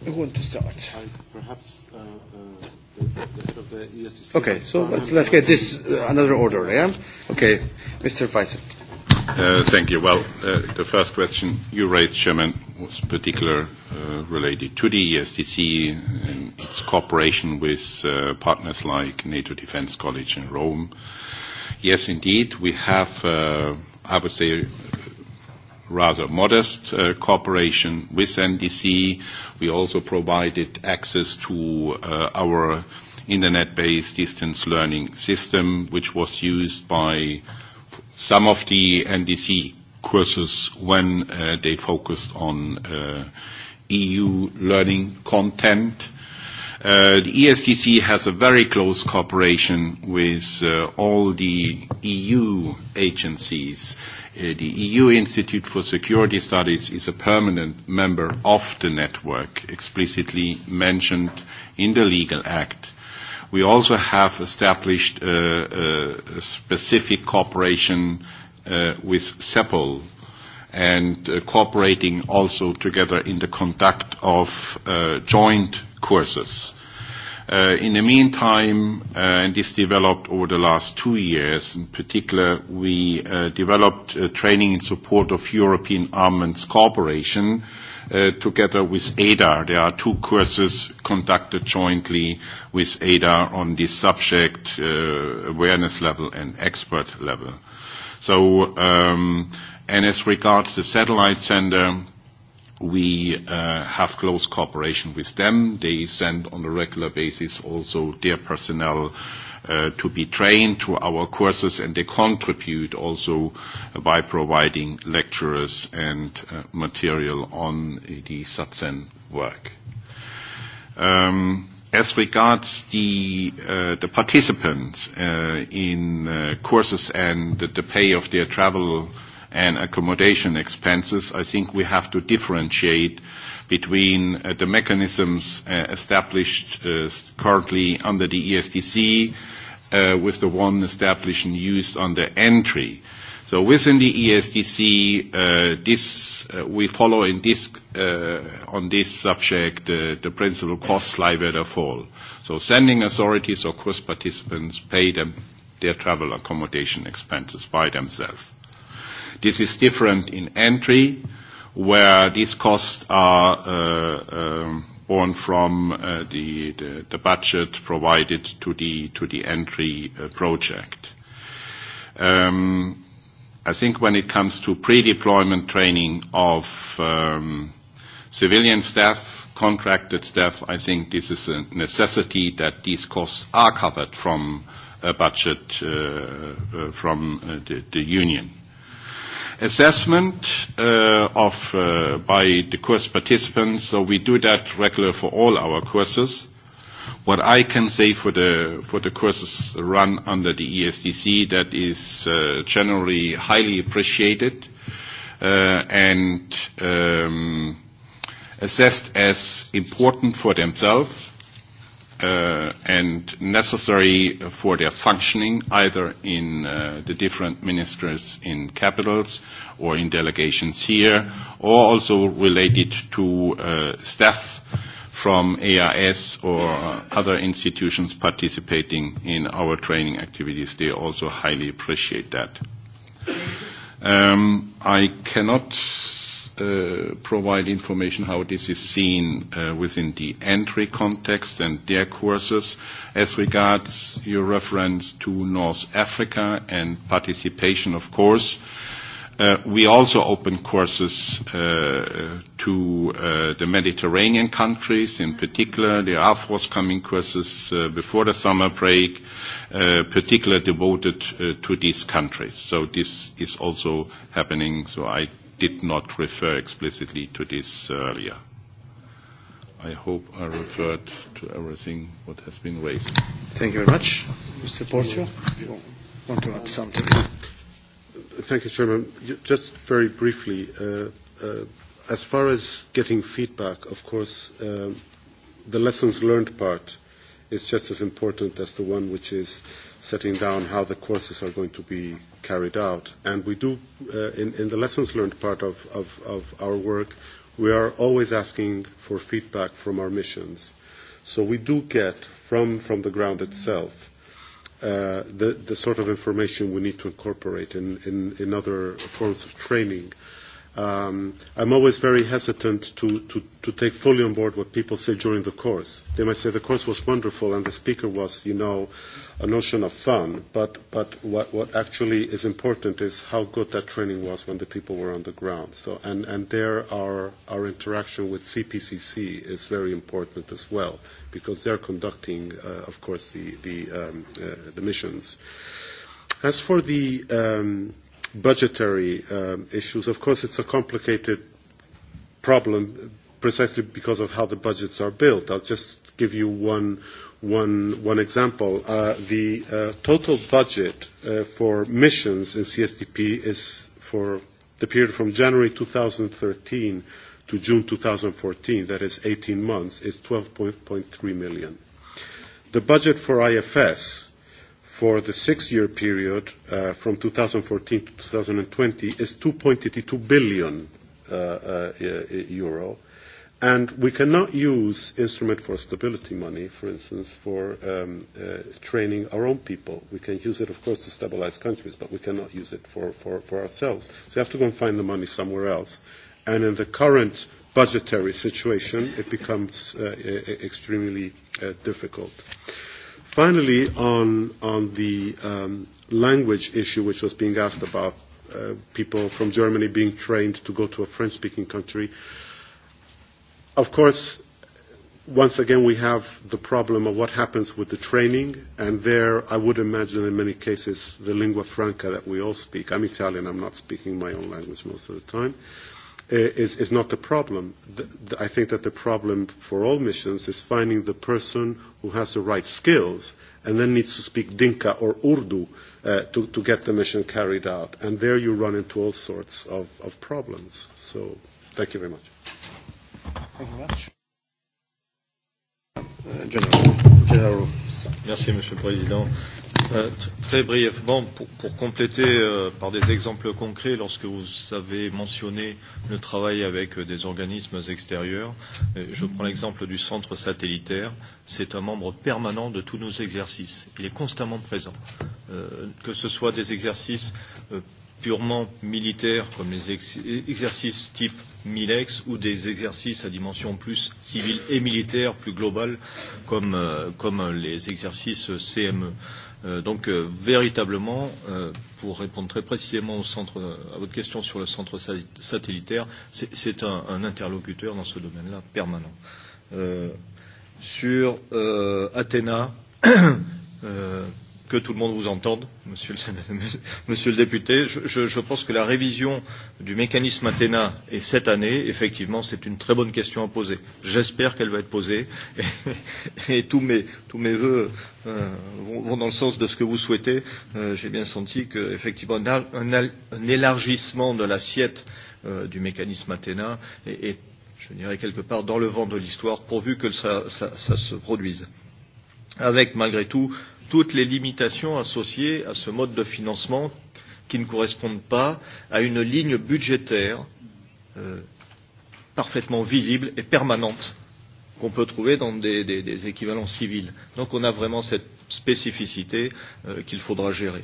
Who wants to start? I, perhaps uh, uh, the, the head of the ESDC. Okay, so let's, let's get this uh, another order, yeah? Okay, Mr. Vice. Uh, thank you. Well, uh, the first question you raised, Chairman, was particular uh, related to the ESDC and its cooperation with uh, partners like NATO Defense College in Rome. Yes, indeed, we have, uh, I would say, rather modest uh, cooperation with NDC. We also provided access to uh, our internet-based distance learning system, which was used by uh, some of the NDC courses when uh, they focused on uh, EU learning content. Uh, the ESDC has a very close cooperation with uh, all the EU agencies. Uh, the EU Institute for Security Studies is a permanent member of the network, explicitly mentioned in the legal act. Uh, We also have established uh, uh, specific cooperation uh, with CEPOL and uh, cooperating also together in the conduct of uh, joint courses. Uh, in the meantime, uh, and this developed over the last two years in particular, we uh, developed uh, training in support of European Armaments Cooperation uh, uh, together with ADA. There are two courses conducted jointly with ADA on this subject, uh, awareness level and expert level. So, um, and as regards the satellite center, we uh, have close cooperation with them. They send on a regular basis also their personnel uh, uh, to be trained through our courses, and they contribute also by providing lecturers and uh, material on the satsang work. Um, As regards the, uh, the participants uh, in uh, courses and the, the pay of their travel and accommodation expenses, I think we have to differentiate uh, between uh, the mechanisms uh, established uh, currently under the ESDC uh, with the one established and used under entry. So within the ESDC, uh, this, uh, we follow in this, uh, on this subject uh, the principle costs lie where they fall. So sending authorities or course participants pay them their travel accommodation expenses by themselves. This is different in entry. Uh, where these costs are uh, um, borne from uh, the, the, the budget provided to the, to the entry uh, project. Um, I think when it comes to pre-deployment training of um, civilian staff, contracted staff, I think this is a necessity that these costs are covered from a budget uh, uh, from uh, the, the union assessment uh, of uh, by the course participants. So we do that regular for all our courses. What I can say for the for the courses run under the ESDC that is uh, generally highly appreciated uh, and um, assessed as important for themselves uh, and necessary for their functioning, either in uh, the different ministers in capitals or in delegations here, or also related to uh, staff from AIS or uh, other institutions participating in our training activities. They also highly appreciate that. Um, I cannot uh, provide information how this is seen uh, within the entry context and their courses. As regards your reference to North Africa and participation, of course, uh, we also open courses uh, to uh, the Mediterranean countries, in particular. There are forthcoming courses uh, before the summer break, uh, particularly devoted uh, to these countries. So this is also happening. So I did not refer explicitly to this earlier. I hope I referred to everything what has been raised. Thank you very much. Mr. Porcio, you want to add something? Thank you, Chairman. Just very briefly, uh, uh, as far as getting feedback, of course, uh, the lessons learned part is just as important as the one which is setting down how the courses are going to be carried out. And we do, uh, in, in the lessons learned part of, of, of our work, we are always asking for feedback from our missions. So we do get from, from the ground itself uh, the, the sort of information we need to incorporate in, in, in other forms of training. Uh, um, I'm always very hesitant to, to, to take fully on board what people say during the course. They might say the course was wonderful and the speaker was, you know, a notion of fun, but, but what, what actually is important is how good that training was when the people were on the ground. So, and, and there our, our interaction with CPCC is very important as well, because they're conducting, uh, of course, the, the, um, uh, the missions. As for the... Um, budgetary um, issues. Of course, it's a complicated problem precisely because of how the budgets are built. I'll just give you one, one, one example. Uh, the uh, total budget uh, for missions in CSDP is for the period from January 2013 to June 2014, that is 18 months, is 12.3 million. The budget for IFS for the six-year period uh, from 2014 to 2020 is 2.82 billion uh, uh, e, e, euro. And we cannot use instrument for stability money, for instance, for um, uh, training our own people. We can use it, of course, to stabilize countries, but we cannot use it for, for, for ourselves. So we have to go and find the money somewhere else. And in the current budgetary situation, it becomes uh, e, extremely uh, difficult. Uh, Finally, on, on the um, language issue, which was being asked about uh, people from Germany being trained to go to a French speaking country, of course, once again, we have the problem of what happens with the training, and there I would imagine in many cases the lingua franca that we all speak. I'm Italian, I'm not speaking my own language most of the time. Uh, is, is not the problem. The, the, I think that the problem for all missions is finding the person who has the right skills and then needs to speak Dinka or Urdu uh, to, to get the mission carried out. And there you run into all sorts of, of problems. So thank you very much. Thank you very much. Uh, General. General. Merci, Monsieur le Président. Euh, très brièvement, pour, pour compléter euh, par des exemples concrets, lorsque vous avez mentionné le travail avec euh, des organismes extérieurs, euh, je prends l'exemple du centre satellitaire. C'est un membre permanent de tous nos exercices. Il est constamment présent. Euh, que ce soit des exercices euh, purement militaires comme les ex exercices type MILEX ou des exercices à dimension plus civile et militaire, plus globale comme, euh, comme les exercices CME. Euh, Euh, donc euh, véritablement, euh, pour répondre très précisément au centre, à votre question sur le centre satellitaire, c'est un, un interlocuteur dans ce domaine-là permanent. Euh, sur euh, Athéna, euh, que tout le monde vous entende, monsieur le, monsieur le député. Je, je, je pense que la révision du mécanisme Athéna est cette année. Effectivement, c'est une très bonne question à poser. J'espère qu'elle va être posée et, et tous mes, tous mes voeux euh, vont, vont dans le sens de ce que vous souhaitez. Euh, J'ai bien senti qu'effectivement, un, un, un élargissement de l'assiette euh, du mécanisme Athéna est, est, je dirais, quelque part dans le vent de l'histoire, pourvu que ça, ça, ça se produise avec malgré tout toutes les limitations associées à ce mode de financement qui ne correspondent pas à une ligne budgétaire euh, parfaitement visible et permanente qu'on peut trouver dans des, des, des équivalents civils. Donc on a vraiment cette spécificité euh, qu'il faudra gérer.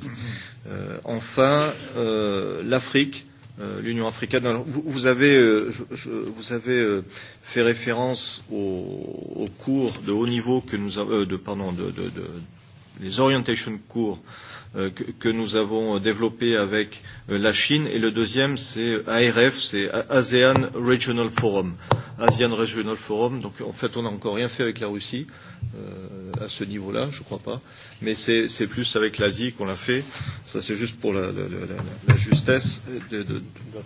Euh, enfin, euh, l'Afrique, euh, l'Union africaine. Alors, vous, vous avez, euh, je, je, vous avez euh, fait référence aux au cours de haut niveau que nous avons, euh, de, pardon, de, de, de, les orientations court euh, que, que nous avons développé avec euh, la Chine et le deuxième c'est ARF, c'est ASEAN Regional Forum. ASEAN Regional Forum, donc en fait on n'a encore rien fait avec la Russie euh, à ce niveau-là, je crois pas, mais c'est plus avec l'Asie qu'on l'a fait, ça c'est juste pour la, la, la, la justesse de, de, de, de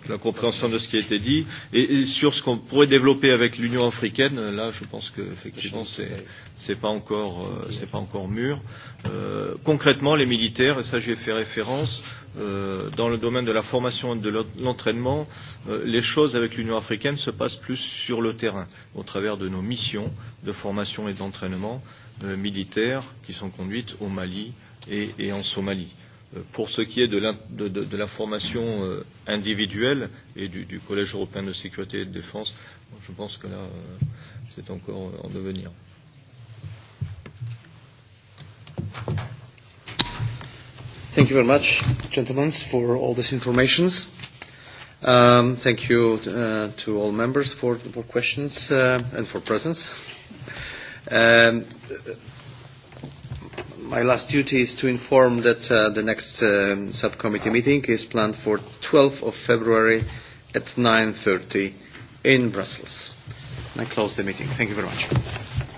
la compréhension de ce qui a été dit et, et sur ce qu'on pourrait développer avec l'Union africaine, là je pense qu'effectivement c'est pas encore euh, c'est pas encore mûr. Euh, concrètement les militaires particulière, et ça j'y ai fait référence, euh, dans le domaine de la formation et de l'entraînement, euh, les choses avec l'Union africaine se passent plus sur le terrain, au travers de nos missions de formation et d'entraînement euh, militaires qui sont conduites au Mali et, et en Somalie. Euh, pour ce qui est de la, de, de, de la formation euh, individuelle et du, du Collège européen de sécurité et de défense, je pense que là, euh, c'est encore en devenir. Thank you. Thank you very much, gentlemen, for all this information. Um, thank you uh, to all members for, for questions uh, and for presence. Um, my last duty is to inform that uh, the next um, subcommittee meeting is planned for 12th of February at 9.30 in Brussels. And I close the meeting. Thank you very much.